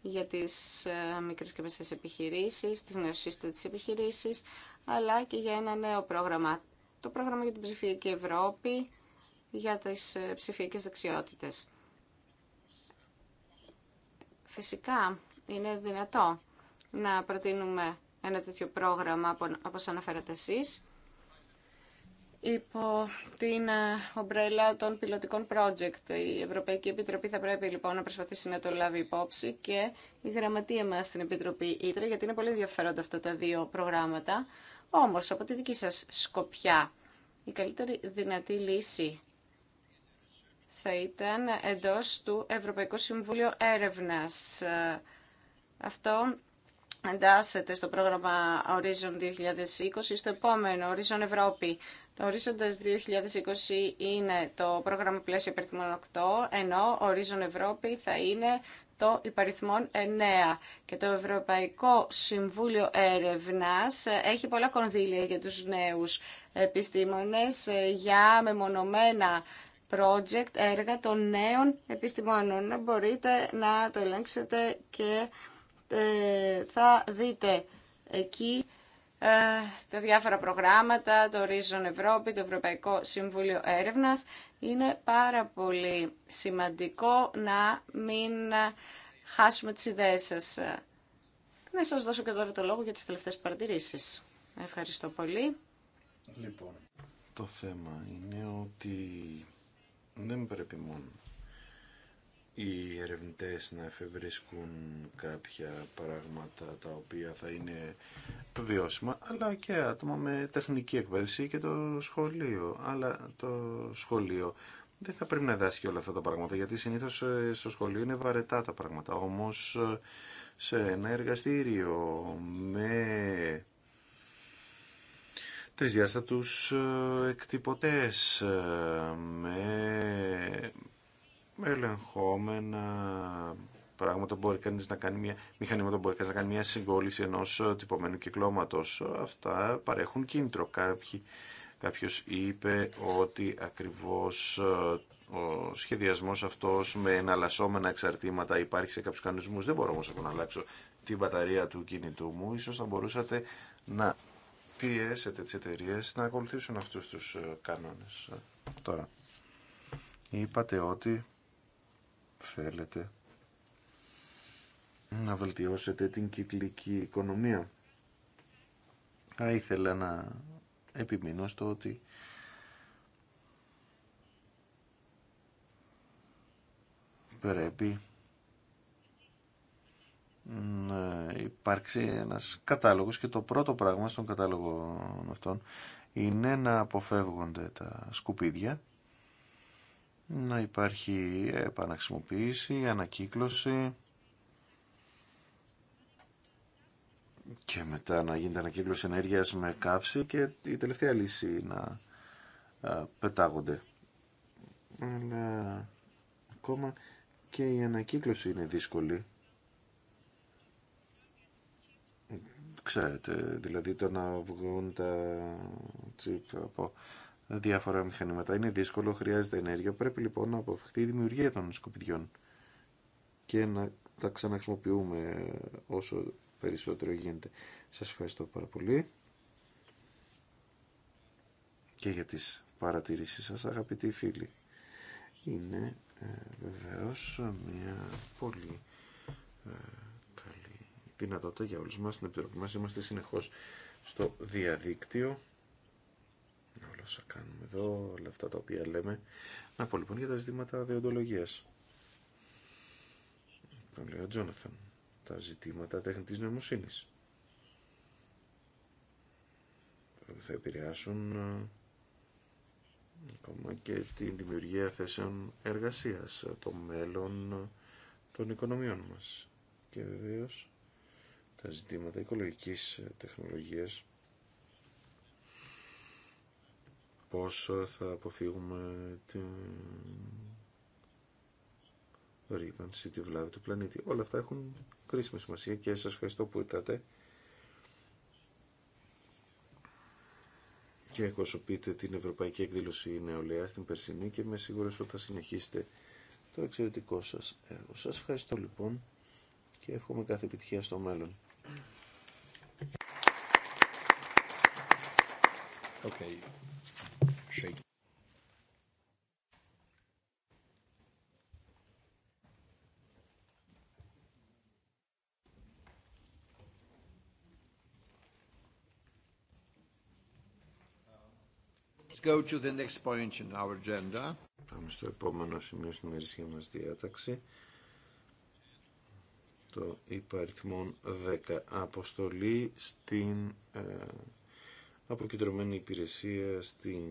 Speaker 1: για τις ε, μικρές και μεσές επιχειρήσεις, τις νεοσύστατες επιχειρήσεις, αλλά και για ένα νέο πρόγραμμα, το πρόγραμμα για την ψηφιακή Ευρώπη, για τις ε, ψηφιακές δεξιότητες. Φυσικά είναι δυνατό να προτείνουμε ένα τέτοιο πρόγραμμα όπως αναφέρατε εσείς, υπό την ε, ομπρέλα των πιλωτικών project. Η Ευρωπαϊκή Επιτροπή θα πρέπει λοιπόν να προσπαθήσει να το λάβει υπόψη και η γραμματεία μας στην Επιτροπή Ήτρα, γιατί είναι πολύ ενδιαφέροντα αυτά τα δύο προγράμματα. Όμως, από τη δική σα σκοπιά, η καλύτερη δυνατή λύση θα ήταν εντός του Ευρωπαϊκού Συμβούλιο Έρευνας. Ε, αυτό εντάσσεται στο πρόγραμμα Horizon 2020 στο επόμενο Horizon Ευρώπη. Το ορίζοντα 2020 είναι το πρόγραμμα πλαίσιο υπαριθμών 8, ενώ ορίζον Ευρώπη θα είναι το υπαριθμόν 9. Και το Ευρωπαϊκό Συμβούλιο Έρευνας έχει πολλά κονδύλια για τους νέους επιστήμονες ε, για μεμονωμένα project, έργα των νέων επιστημόνων. Μπορείτε να το ελέγξετε και ε, θα δείτε εκεί ε, τα διάφορα προγράμματα, το Horizon Ευρώπη, το Ευρωπαϊκό Συμβούλιο Έρευνας. Είναι πάρα πολύ σημαντικό να μην χάσουμε τις ιδέες σας. Να σας δώσω και τώρα το λόγο για τις τελευταίες παρατηρήσεις. Ευχαριστώ πολύ. Λοιπόν,
Speaker 2: το θέμα είναι ότι δεν πρέπει μόνο οι ερευνητές να εφευρίσκουν κάποια πράγματα τα οποία θα είναι βιώσιμα, αλλά και άτομα με τεχνική εκπαίδευση και το σχολείο. Αλλά το σχολείο δεν θα πρέπει να δάσκει όλα αυτά τα πράγματα, γιατί συνήθως ε, στο σχολείο είναι βαρετά τα πράγματα. Όμως ε, σε ένα εργαστήριο με τρισδιάστατους ε, εκτυπωτές, με ελεγχόμενα πράγματα που μπορεί κανείς να κάνει μια, μηχανήματα μπορεί να κάνει μια συγκόλληση ενός ε, τυπωμένου κυκλώματος. Αυτά παρέχουν κίνητρο. Κάποιοι, κάποιος είπε ότι ακριβώς ε, ο σχεδιασμός αυτός με εναλλασσόμενα εξαρτήματα υπάρχει σε κάποιους κανονισμούς. Δεν μπορώ όμως να αλλάξω την μπαταρία του κινητού μου. Ίσως θα μπορούσατε να πιέσετε τις εταιρείε να ακολουθήσουν αυτούς τους ε, κανόνες. Τώρα, είπατε ότι θέλετε να βελτιώσετε την κυκλική οικονομία. Θα ήθελα να επιμείνω στο ότι πρέπει να υπάρξει ένας κατάλογος και το πρώτο πράγμα στον κατάλογο αυτών είναι να αποφεύγονται τα σκουπίδια να υπάρχει επαναχρησιμοποίηση, ανακύκλωση και μετά να γίνεται ανακύκλωση ενέργειας με καύση και η τελευταία λύση να πετάγονται. Αλλά ακόμα και η ανακύκλωση είναι δύσκολη. Ξέρετε, δηλαδή το να βγουν τα τσίπ από διάφορα μηχανήματα. Είναι δύσκολο, χρειάζεται ενέργεια. Πρέπει λοιπόν να αποφευχθεί η δημιουργία των σκουπιδιών και να τα ξαναχρησιμοποιούμε όσο περισσότερο γίνεται. Σας ευχαριστώ πάρα πολύ και για τις παρατηρήσεις σας αγαπητοί φίλοι. Είναι ε, μια πολύ ε, καλή δυνατότητα για όλους μας στην Επιτροπή μας. Είμαστε συνεχώς στο διαδίκτυο όλα όσα κάνουμε εδώ, όλα αυτά τα οποία λέμε. Να πω λοιπόν για τα ζητήματα διοντολογίας. Το λέει ο Τζόναθαν. Τα ζητήματα τέχνητης νοημοσύνης. Θα επηρεάσουν ε, ακόμα και την δημιουργία θέσεων εργασίας, ε, το μέλλον ε, των οικονομιών μας. Και βεβαίως τα ζητήματα οικολογικής τεχνολογίας πώς θα αποφύγουμε την ρήπανση, τη βλάβη του πλανήτη. Όλα αυτά έχουν κρίσιμη σημασία και σας ευχαριστώ που ήρθατε και εκπροσωπείτε την Ευρωπαϊκή Εκδήλωση Νεολαία στην Περσινή και είμαι σίγουρος ότι θα συνεχίσετε το εξαιρετικό σας έργο. Σας ευχαριστώ λοιπόν και εύχομαι κάθε επιτυχία στο μέλλον.
Speaker 4: Okay shaking.
Speaker 2: Go to the next point in our agenda. Πάμε στο επόμενο σημείο στην ημερησία μας διάταξη. Το υπαριθμόν 10. Αποστολή στην ε, αποκεντρωμένη υπηρεσία στην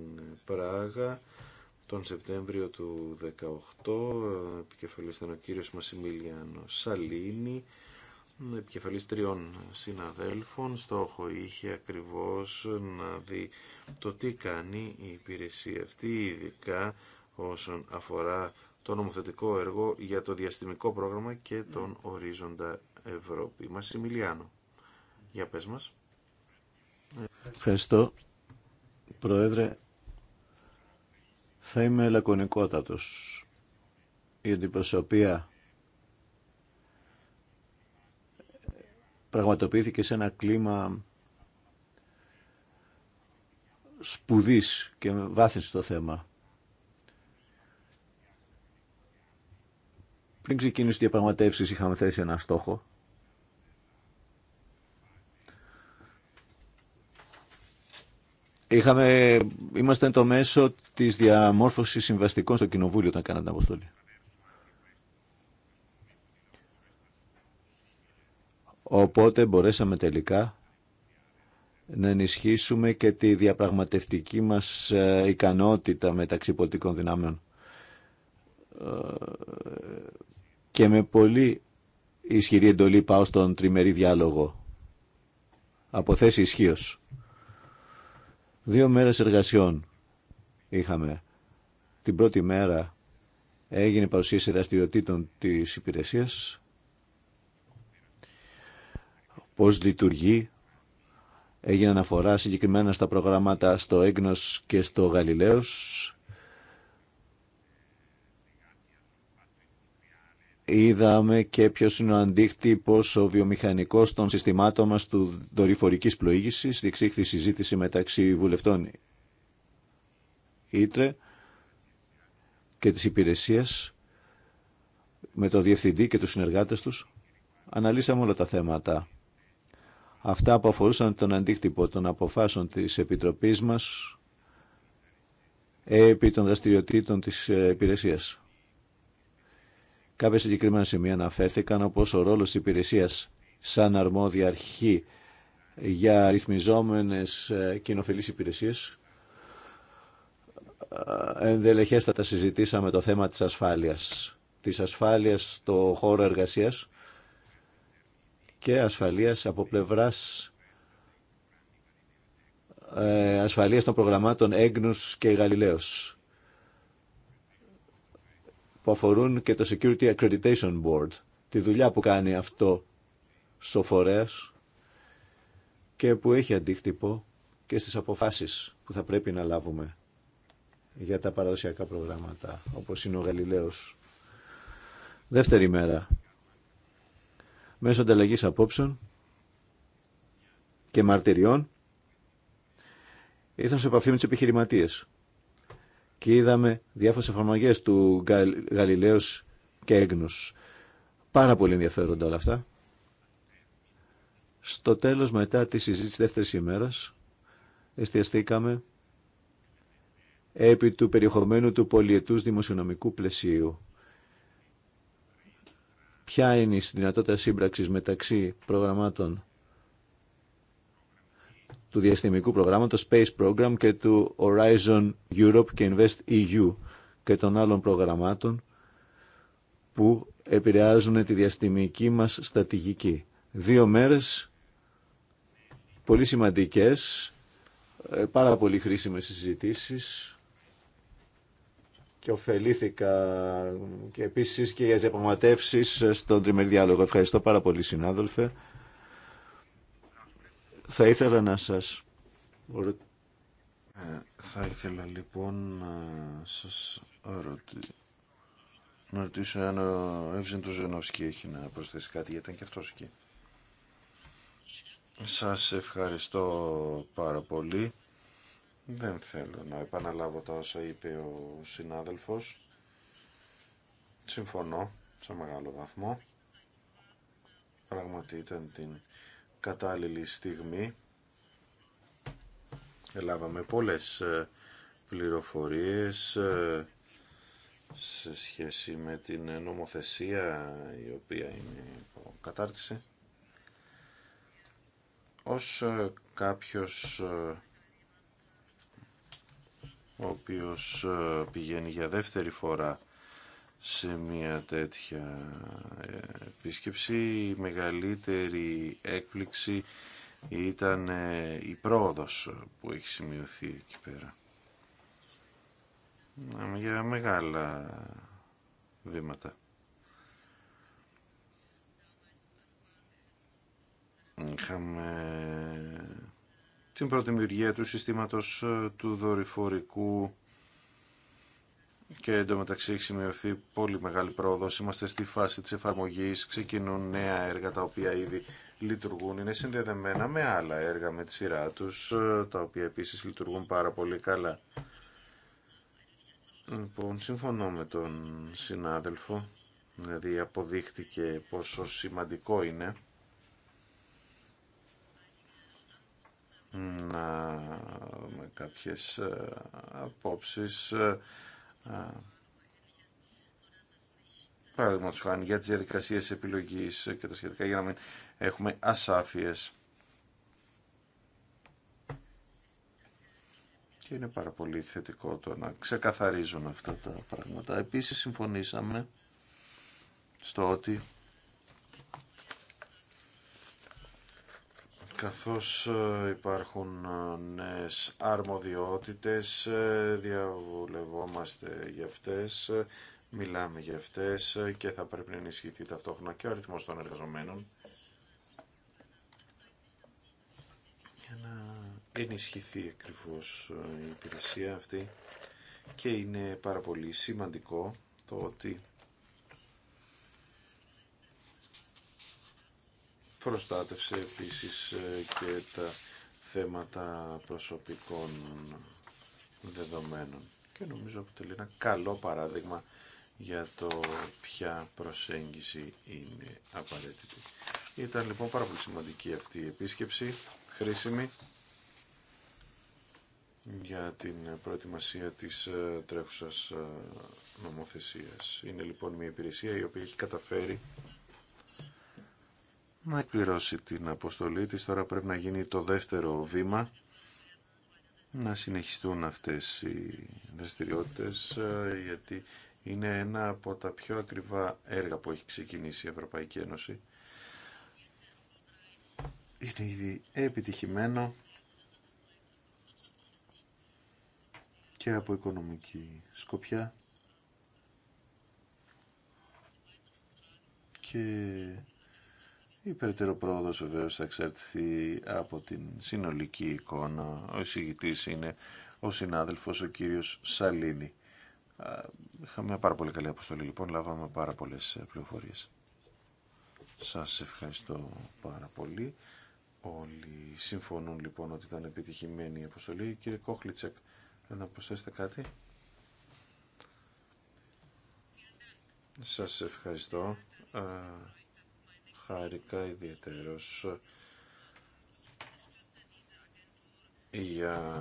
Speaker 2: Πράγα τον Σεπτέμβριο του 2018. Επικεφαλής ήταν ο κύριος Μασιμίλιανο Σαλίνη, επικεφαλής τριών συναδέλφων. Στόχο είχε ακριβώς να δει το τι κάνει η υπηρεσία αυτή, ειδικά όσον αφορά το νομοθετικό έργο για το διαστημικό πρόγραμμα και τον ναι. ορίζοντα Ευρώπη. Μασιμιλιάνο, για πες μας.
Speaker 4: Ευχαριστώ. Πρόεδρε, θα είμαι λακωνικότατος. Η αντιπροσωπεία πραγματοποιήθηκε σε ένα κλίμα σπουδής και βάθυνση στο θέμα. Πριν ξεκινήσει η διαπραγματεύσεις είχαμε θέσει ένα στόχο Είχαμε, το μέσο της διαμόρφωσης συμβαστικών στο Κοινοβούλιο όταν κάναμε την αποστολή. Οπότε μπορέσαμε τελικά να ενισχύσουμε και τη διαπραγματευτική μας ε, ικανότητα μεταξύ πολιτικών δυνάμεων. Ε, και με πολύ ισχυρή εντολή πάω στον τριμερή διάλογο. θέση ισχύω. Δύο μέρες εργασιών είχαμε. Την πρώτη μέρα έγινε παρουσίαση δραστηριοτήτων της υπηρεσίας, πώς λειτουργεί, έγινε αναφορά συγκεκριμένα στα προγράμματα στο Έγνος και στο Γαλιλαίος, Είδαμε και ποιο είναι ο αντίκτυπο ο βιομηχανικό των συστημάτων μα του δορυφορική πλοήγηση. Διεξήχθη συζήτηση μεταξύ βουλευτών Ήτρε και της υπηρεσία με το διευθυντή και τους συνεργάτε τους. Αναλύσαμε όλα τα θέματα. Αυτά που αφορούσαν τον αντίκτυπο των αποφάσεων της Επιτροπής μας επί των δραστηριοτήτων της ε, υπηρεσίας. Κάποια συγκεκριμένα σημεία αναφέρθηκαν όπως ο ρόλος της υπηρεσίας σαν αρμόδια αρχή για ρυθμιζόμενες ε, κοινοφιλείς υπηρεσίες. Ε, ενδελεχέστατα συζητήσαμε το θέμα της ασφάλειας. Της ασφάλειας στο χώρο εργασίας και ασφαλείας από πλευράς ε, ασφαλείας των προγραμμάτων Έγνους και Γαλιλαίος που αφορούν και το Security Accreditation Board, τη δουλειά που κάνει αυτό σοφορέας και που έχει αντίκτυπο και στις αποφάσεις που θα πρέπει να λάβουμε για τα παραδοσιακά προγράμματα, όπως είναι ο Γαλιλαίος. Δεύτερη μέρα, μέσω ανταλλαγής απόψεων και μαρτυριών, ήρθαν σε επαφή με τους επιχειρηματίες και είδαμε διάφορες εφαρμογές του Γαλιλαίους και Έγνους. Πάρα πολύ ενδιαφέροντα όλα αυτά. Στο τέλος, μετά τη συζήτηση δεύτερης ημέρας, εστιαστήκαμε επί του περιεχομένου του πολιετούς δημοσιονομικού πλαισίου. Ποια είναι η δυνατότητα σύμπραξης μεταξύ προγραμμάτων του διαστημικού προγράμματος Space Program και του Horizon Europe και Invest EU και των άλλων προγραμμάτων που επηρεάζουν τη διαστημική μας στατηγική. Δύο μέρες πολύ σημαντικές, ε, πάρα πολύ χρήσιμες συζητήσεις και ωφελήθηκα και επίσης και για τις διαπραγματεύσεις στον τριμερή διάλογο. Ευχαριστώ πάρα πολύ συνάδελφε. Θα ήθελα να σας...
Speaker 2: Ε, θα ήθελα λοιπόν να σας ρωτήσω. Να ρωτήσω αν ο Εύζεν του Ζενόφσκι έχει να προσθέσει κάτι, γιατί ήταν και αυτός εκεί. Σας ευχαριστώ πάρα πολύ. Δεν θέλω να επαναλάβω τα όσα είπε ο συνάδελφος. Συμφωνώ σε μεγάλο βαθμό. Πραγματικά ήταν την κατάλληλη στιγμή. Ελάβαμε πολλές ε, πληροφορίες ε, σε σχέση με την ε, νομοθεσία η οποία είναι υπό κατάρτιση. Ως κάποιος ο οποίος πηγαίνει για δεύτερη φορά σε μια τέτοια ε, επίσκεψη. Η μεγαλύτερη έκπληξη ήταν ε, η πρόοδος που έχει σημειωθεί εκεί πέρα. Ε, για μεγάλα βήματα. Είχαμε την πρώτη του συστήματος του δορυφορικού και εντωμεταξύ έχει σημειωθεί πολύ μεγάλη πρόοδο. Είμαστε στη φάση της εφαρμογή ξεκινούν νέα έργα τα οποία ήδη λειτουργούν, είναι συνδεδεμένα με άλλα έργα με τη σειρά του, ε, τα οποία επίσης λειτουργούν πάρα πολύ καλά. Λοιπόν, συμφωνώ με τον συνάδελφο, δηλαδή αποδείχτηκε πόσο σημαντικό είναι να δούμε κάποιες ε, απόψεις ε, παραδείγματος χάνει για τις διαδικασίες επιλογής και τα σχετικά για να μην έχουμε ασάφειες. Και είναι πάρα πολύ θετικό το να ξεκαθαρίζουν αυτά τα πράγματα. Επίσης συμφωνήσαμε στο ότι καθώς ε, υπάρχουν ε, νέες αρμοδιότητες, ε, διαβουλευόμαστε για αυτές, μιλάμε για αυτές και θα πρέπει να ενισχυθεί ταυτόχρονα και ο αριθμός των εργαζομένων για να ενισχυθεί ακριβώς η υπηρεσία αυτή και είναι πάρα πολύ σημαντικό το ότι προστάτευσε επίσης ε, και τα θέματα προσωπικών δεδομένων και νομίζω αποτελεί ένα καλό παράδειγμα για το ποια προσέγγιση είναι απαραίτητη. Ήταν λοιπόν πάρα πολύ σημαντική αυτή η επίσκεψη, χρήσιμη για την προετοιμασία της ε, τρέχουσας ε, νομοθεσίας. Είναι λοιπόν μια υπηρεσία η οποία έχει καταφέρει να εκπληρώσει την αποστολή της. Τώρα πρέπει να γίνει το δεύτερο βήμα να συνεχιστούν αυτές οι δραστηριότητες ε, γιατί είναι ένα από τα πιο ακριβά έργα που έχει ξεκινήσει η Ευρωπαϊκή Ένωση. Είναι ήδη επιτυχημένο και από οικονομική σκοπιά και η περαιτέρω πρόοδο βεβαίω θα εξαρτηθεί από την συνολική εικόνα. Ο εισηγητή είναι ο συνάδελφο ο κύριο Σαλίνη. Είχαμε μια πάρα πολύ καλή αποστολή λοιπόν, λάβαμε πάρα πολλέ ε, πληροφορίε. Σα ευχαριστώ πάρα πολύ. Όλοι συμφωνούν λοιπόν ότι ήταν επιτυχημένη η αποστολή. Κύριε Κόχλιτσεκ, να προσθέσετε κάτι. Σας ευχαριστώ χάρηκα ιδιαίτερος για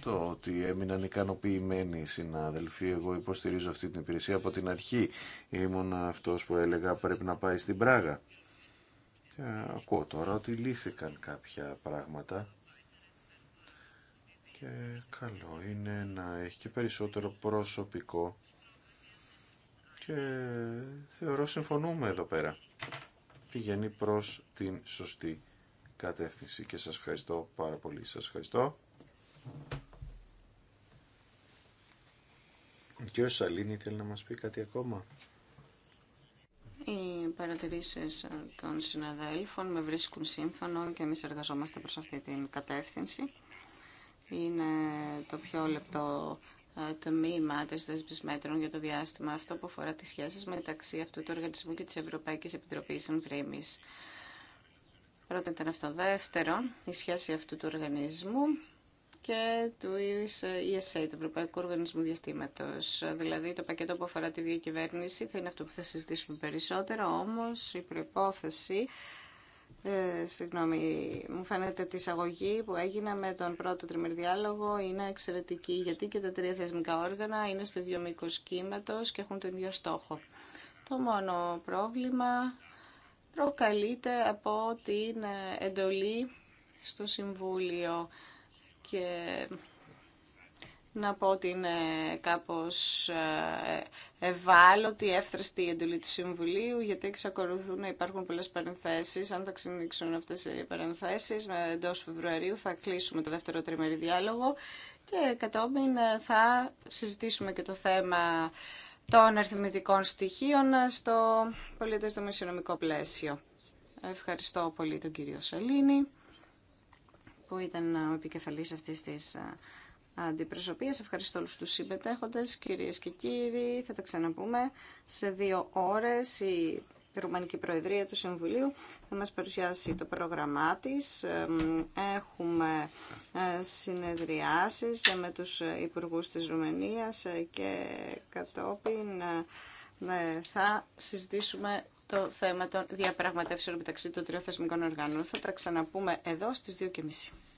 Speaker 2: το ότι έμειναν ικανοποιημένοι οι συνάδελφοι. Εγώ υποστηρίζω αυτή την υπηρεσία από την αρχή. Ήμουν αυτός που έλεγα πρέπει να πάει στην Πράγα. Ε, ακούω τώρα ότι λύθηκαν κάποια πράγματα και καλό είναι να έχει και περισσότερο προσωπικό και θεωρώ συμφωνούμε εδώ πέρα πηγαίνει προς την σωστή κατεύθυνση και σας ευχαριστώ πάρα πολύ. Σας ευχαριστώ. Ο κ. Σαλίνη θέλει να μας πει κάτι ακόμα.
Speaker 1: Οι παρατηρήσεις των συναδέλφων με βρίσκουν σύμφωνο και εμείς εργαζόμαστε προς αυτή την κατεύθυνση. Είναι το πιο λεπτό ε, τμήμα τη δέσμη μέτρων για το διάστημα αυτό που αφορά τις σχέσεις μεταξύ αυτού του οργανισμού και της Ευρωπαϊκής Επιτροπής Εμβρήμης. Πρώτον ήταν αυτό. Δεύτερο, η σχέση αυτού του οργανισμού και του ESA, του Ευρωπαϊκού Οργανισμού Διαστήματο. Δηλαδή, το πακέτο που αφορά τη διακυβέρνηση θα είναι αυτό που θα συζητήσουμε περισσότερο, όμω η προπόθεση ε, συγγνώμη, μου φαίνεται ότι η εισαγωγή που έγινε με τον πρώτο τριμερή είναι εξαιρετική, γιατί και τα τρία θεσμικά όργανα είναι στο ίδιο μήκο κύματο και έχουν τον ίδιο στόχο. Το μόνο πρόβλημα προκαλείται από την ε, εντολή στο Συμβούλιο και να πω ότι είναι κάπως ε, ευάλωτη, εύθραστη η εντολή του Συμβουλίου, γιατί εξακολουθούν να υπάρχουν πολλές παρενθέσεις. Αν θα ξενήξουν αυτές οι παρενθέσεις, εντό Φεβρουαρίου θα κλείσουμε το δεύτερο τριμερή διάλογο και κατόπιν ε, θα συζητήσουμε και το θέμα των αριθμητικών στοιχείων στο πολιτές πλαίσιο. Ευχαριστώ πολύ τον κύριο Σαλίνη που ήταν ο επικεφαλής αυτής της ε, αντιπροσωπείας. Ευχαριστώ όλους τους συμμετέχοντες, κυρίες και κύριοι. Θα τα ξαναπούμε σε δύο ώρες. Η Ρουμανική Προεδρία του Συμβουλίου θα μας παρουσιάσει το πρόγραμμά της. Έχουμε ε, συνεδριάσεις με τους υπουργούς της Ρουμανίας ε, και κατόπιν ε, θα συζητήσουμε το θέμα των διαπραγματεύσεων μεταξύ των τριών θεσμικών οργάνων. Θα τα ξαναπούμε εδώ στις 2.30.